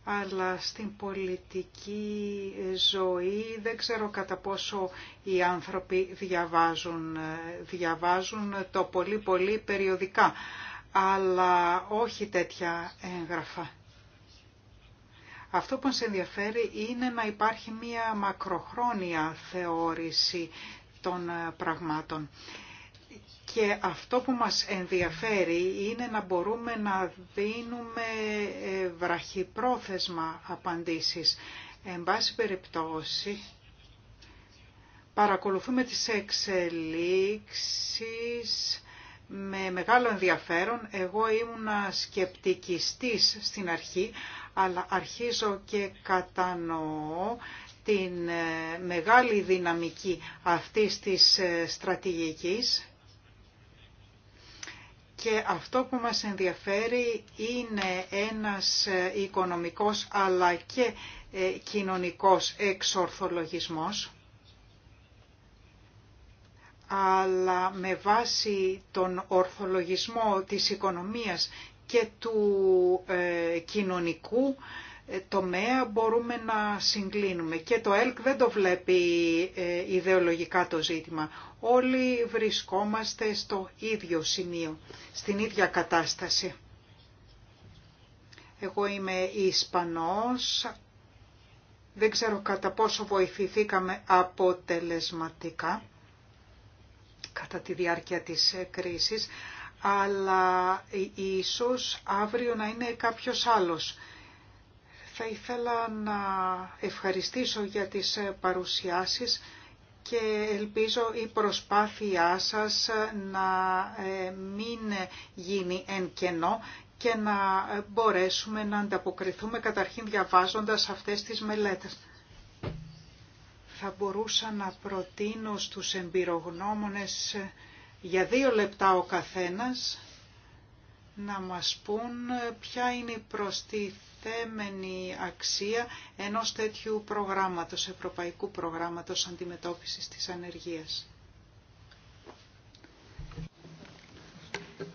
αλλά στην πολιτική ζωή δεν ξέρω κατά πόσο οι άνθρωποι διαβάζουν, διαβάζουν το πολύ πολύ περιοδικά, αλλά όχι τέτοια έγγραφα. Αυτό που μας ενδιαφέρει είναι να υπάρχει μία μακροχρόνια θεώρηση των πραγμάτων. Και αυτό που μας ενδιαφέρει είναι να μπορούμε να δίνουμε ε, βραχυπρόθεσμα απαντήσεις. Εν πάση περιπτώσει, παρακολουθούμε τις εξελίξεις με μεγάλο ενδιαφέρον. Εγώ ήμουνα σκεπτικιστής στην αρχή, αλλά αρχίζω και κατανοώ την ε, μεγάλη δυναμική αυτής της ε, στρατηγικής και αυτό που μας ενδιαφέρει είναι ένας ε, οικονομικός αλλά και ε, κοινωνικός εξορθολογισμός αλλά με βάση τον ορθολογισμό της οικονομίας και του ε, κοινωνικού ε, τομέα μπορούμε να συγκλίνουμε. Και το ΕΛΚ δεν το βλέπει ε, ιδεολογικά το ζήτημα. Όλοι βρισκόμαστε στο ίδιο σημείο, στην ίδια κατάσταση. Εγώ είμαι Ισπανός, δεν ξέρω κατά πόσο βοηθηθήκαμε αποτελεσματικά κατά τη διάρκεια της ε, κρίσης, αλλά ίσως αύριο να είναι κάποιος άλλος θα ήθελα να ευχαριστήσω για τις παρουσιάσεις και ελπίζω η προσπάθειά σας να ε, μην γίνει εν κενό και να μπορέσουμε να ανταποκριθούμε καταρχήν διαβάζοντας αυτές τις μελέτες. Θα μπορούσα να προτείνω στους εμπειρογνώμονες για δύο λεπτά ο καθένας να μας πούν ε, ποια είναι η προστιθέμενη αξία ενός τέτοιου προγράμματος, ευρωπαϊκού προγράμματος αντιμετώπισης της ανεργίας.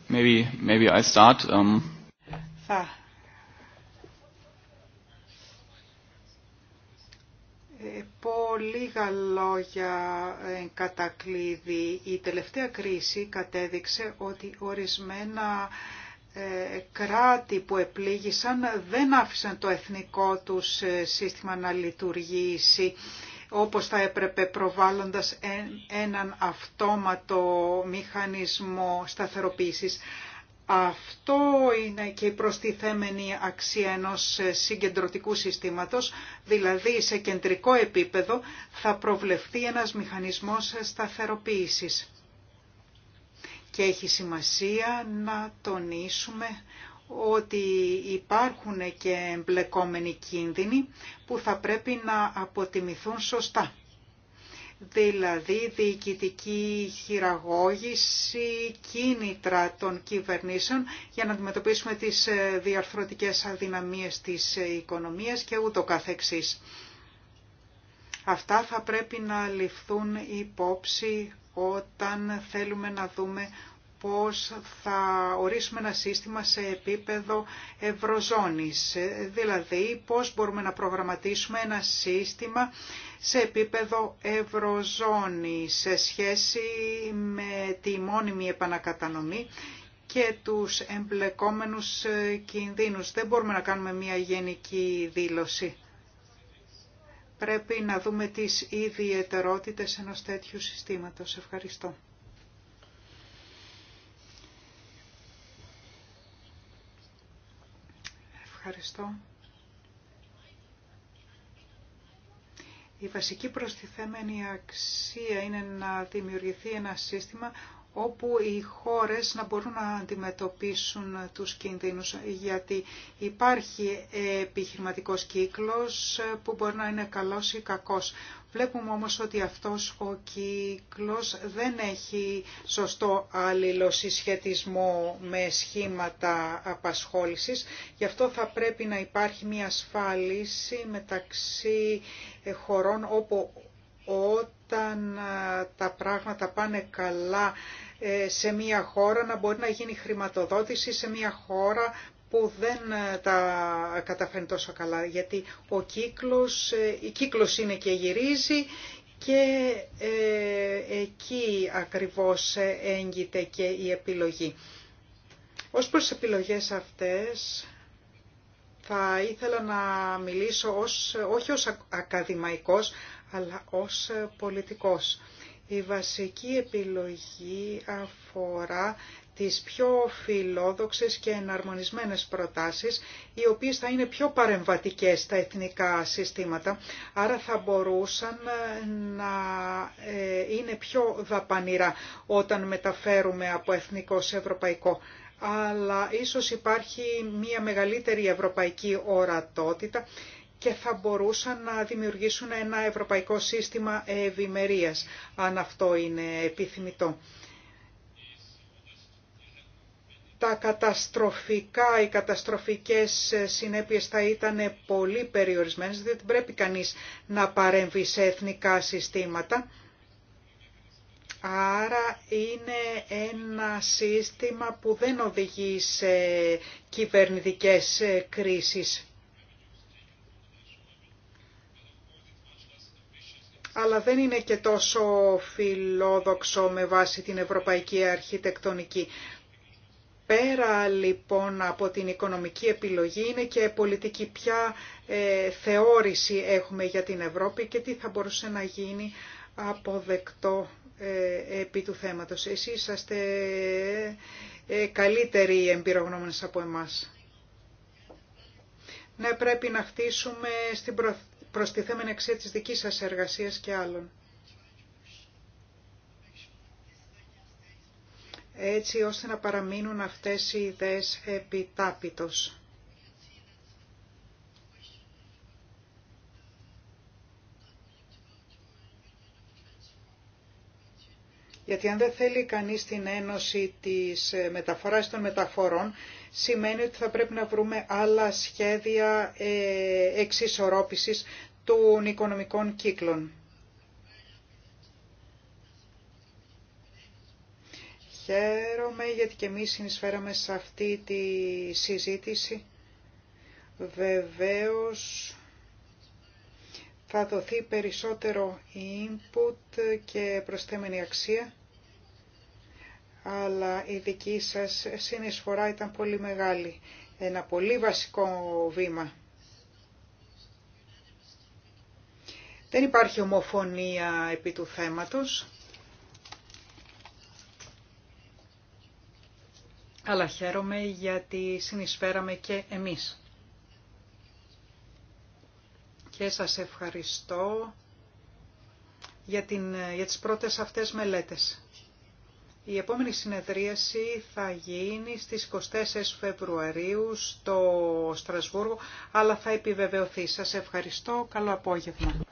Maybe, maybe I start, um... Θα ε, πω λίγα λόγια ε, Η τελευταία κρίση κατέδειξε ότι ορισμένα ε, κράτη που επλήγησαν δεν άφησαν το εθνικό τους ε, σύστημα να λειτουργήσει όπως θα έπρεπε προβάλλοντας έναν αυτόματο μηχανισμό σταθεροποίησης. Αυτό είναι και η προστιθέμενη αξία ενός ε, συγκεντρωτικού συστήματος, δηλαδή σε κεντρικό επίπεδο θα προβλεφθεί ένας μηχανισμός σταθεροποίησης και έχει σημασία να τονίσουμε ότι υπάρχουν και εμπλεκόμενοι κίνδυνοι που θα πρέπει να αποτιμηθούν σωστά. Δηλαδή διοικητική χειραγώγηση, κίνητρα των κυβερνήσεων για να αντιμετωπίσουμε τις ε, διαρθρωτικές αδυναμίες της ε, οικονομίας και ούτω καθεξής. Αυτά θα πρέπει να ληφθούν υπόψη όταν θέλουμε να δούμε πώς θα ορίσουμε ένα σύστημα σε επίπεδο ευρωζώνης. Δηλαδή, πώς μπορούμε να προγραμματίσουμε ένα σύστημα σε επίπεδο ευρωζώνη σε σχέση με τη μόνιμη επανακατανομή και τους εμπλεκόμενους κινδύνους. Δεν μπορούμε να κάνουμε μια γενική δήλωση. Πρέπει να δούμε τις ιδιαιτερότητες ενός τέτοιου συστήματος. Ευχαριστώ. Ευχαριστώ. Η βασική προστιθέμενη αξία είναι να δημιουργηθεί ένα σύστημα όπου οι χώρες να μπορούν να αντιμετωπίσουν τους κινδύνους, γιατί υπάρχει επιχειρηματικός κύκλος που μπορεί να είναι καλός ή κακός. Βλέπουμε όμως ότι αυτός ο κύκλος δεν έχει σωστό άλληλο συσχετισμό με σχήματα απασχόλησης. Γι' αυτό θα πρέπει να υπάρχει μια ασφάλιση μεταξύ χωρών όπου όταν τα πράγματα πάνε καλά ε, σε μια χώρα να μπορεί να γίνει χρηματοδότηση σε μια χώρα που δεν ε, τα καταφέρνει τόσο καλά, γιατί ο κύκλος, ε, η κύκλος είναι και γυρίζει και ε, εκεί ακριβώς ε, έγκυται και η επιλογή. Ως προς επιλογές αυτές, θα ήθελα να μιλήσω όχι ως ακαδημαϊκός, αλλά ως πολιτικός. Η βασική επιλογή αφορά τις πιο φιλόδοξες και εναρμονισμένες προτάσεις, οι οποίες θα είναι πιο παρεμβατικές στα εθνικά συστήματα, άρα θα μπορούσαν ε, να ε, είναι πιο δαπανηρά όταν μεταφέρουμε από εθνικό σε ευρωπαϊκό αλλά ίσως υπάρχει μια μεγαλύτερη ευρωπαϊκή ορατότητα και θα μπορούσαν να δημιουργήσουν ένα ευρωπαϊκό σύστημα ευημερίας, αν αυτό είναι επιθυμητό τα καταστροφικά, οι καταστροφικές ε, συνέπειες θα ήταν πολύ περιορισμένες, διότι πρέπει κανείς να παρέμβει σε εθνικά συστήματα. Άρα είναι ένα σύστημα που δεν οδηγεί σε κυβερνητικές ε, κρίσεις. αλλά δεν είναι και τόσο φιλόδοξο με βάση την ευρωπαϊκή αρχιτεκτονική. Πέρα λοιπόν από την οικονομική επιλογή είναι και πολιτική. Ποια ε, θεώρηση έχουμε για την Ευρώπη και τι θα μπορούσε να γίνει αποδεκτό ε, επί του θέματος. Εσείς είσαστε ε, καλύτεροι εμπειρογνώμονες από εμάς. Ναι, πρέπει να χτίσουμε στην προστιθέμενη αξία της δικής σας εργασίας και άλλων. έτσι ώστε να παραμείνουν αυτές οι ιδέες επιτάπητος. Γιατί αν δεν θέλει κανείς την ένωση της μεταφοράς των μεταφορών, σημαίνει ότι θα πρέπει να βρούμε άλλα σχέδια ε, εξισορρόπησης των οικονομικών κύκλων. Χαίρομαι γιατί και εμείς συνεισφέραμε σε αυτή τη συζήτηση. Βεβαίως θα δοθεί περισσότερο input και προσθέμενη αξία, αλλά η δική σας συνεισφορά ήταν πολύ μεγάλη. Ένα πολύ βασικό βήμα. Δεν υπάρχει ομοφωνία επί του θέματος. αλλά χαίρομαι γιατί συνεισφέραμε και εμείς. Και σας ευχαριστώ για, την, για τις πρώτες αυτές μελέτες. Η επόμενη συνεδρίαση θα γίνει στις 24 Φεβρουαρίου στο Στρασβούργο, αλλά θα επιβεβαιωθεί. Σας ευχαριστώ. Καλό απόγευμα.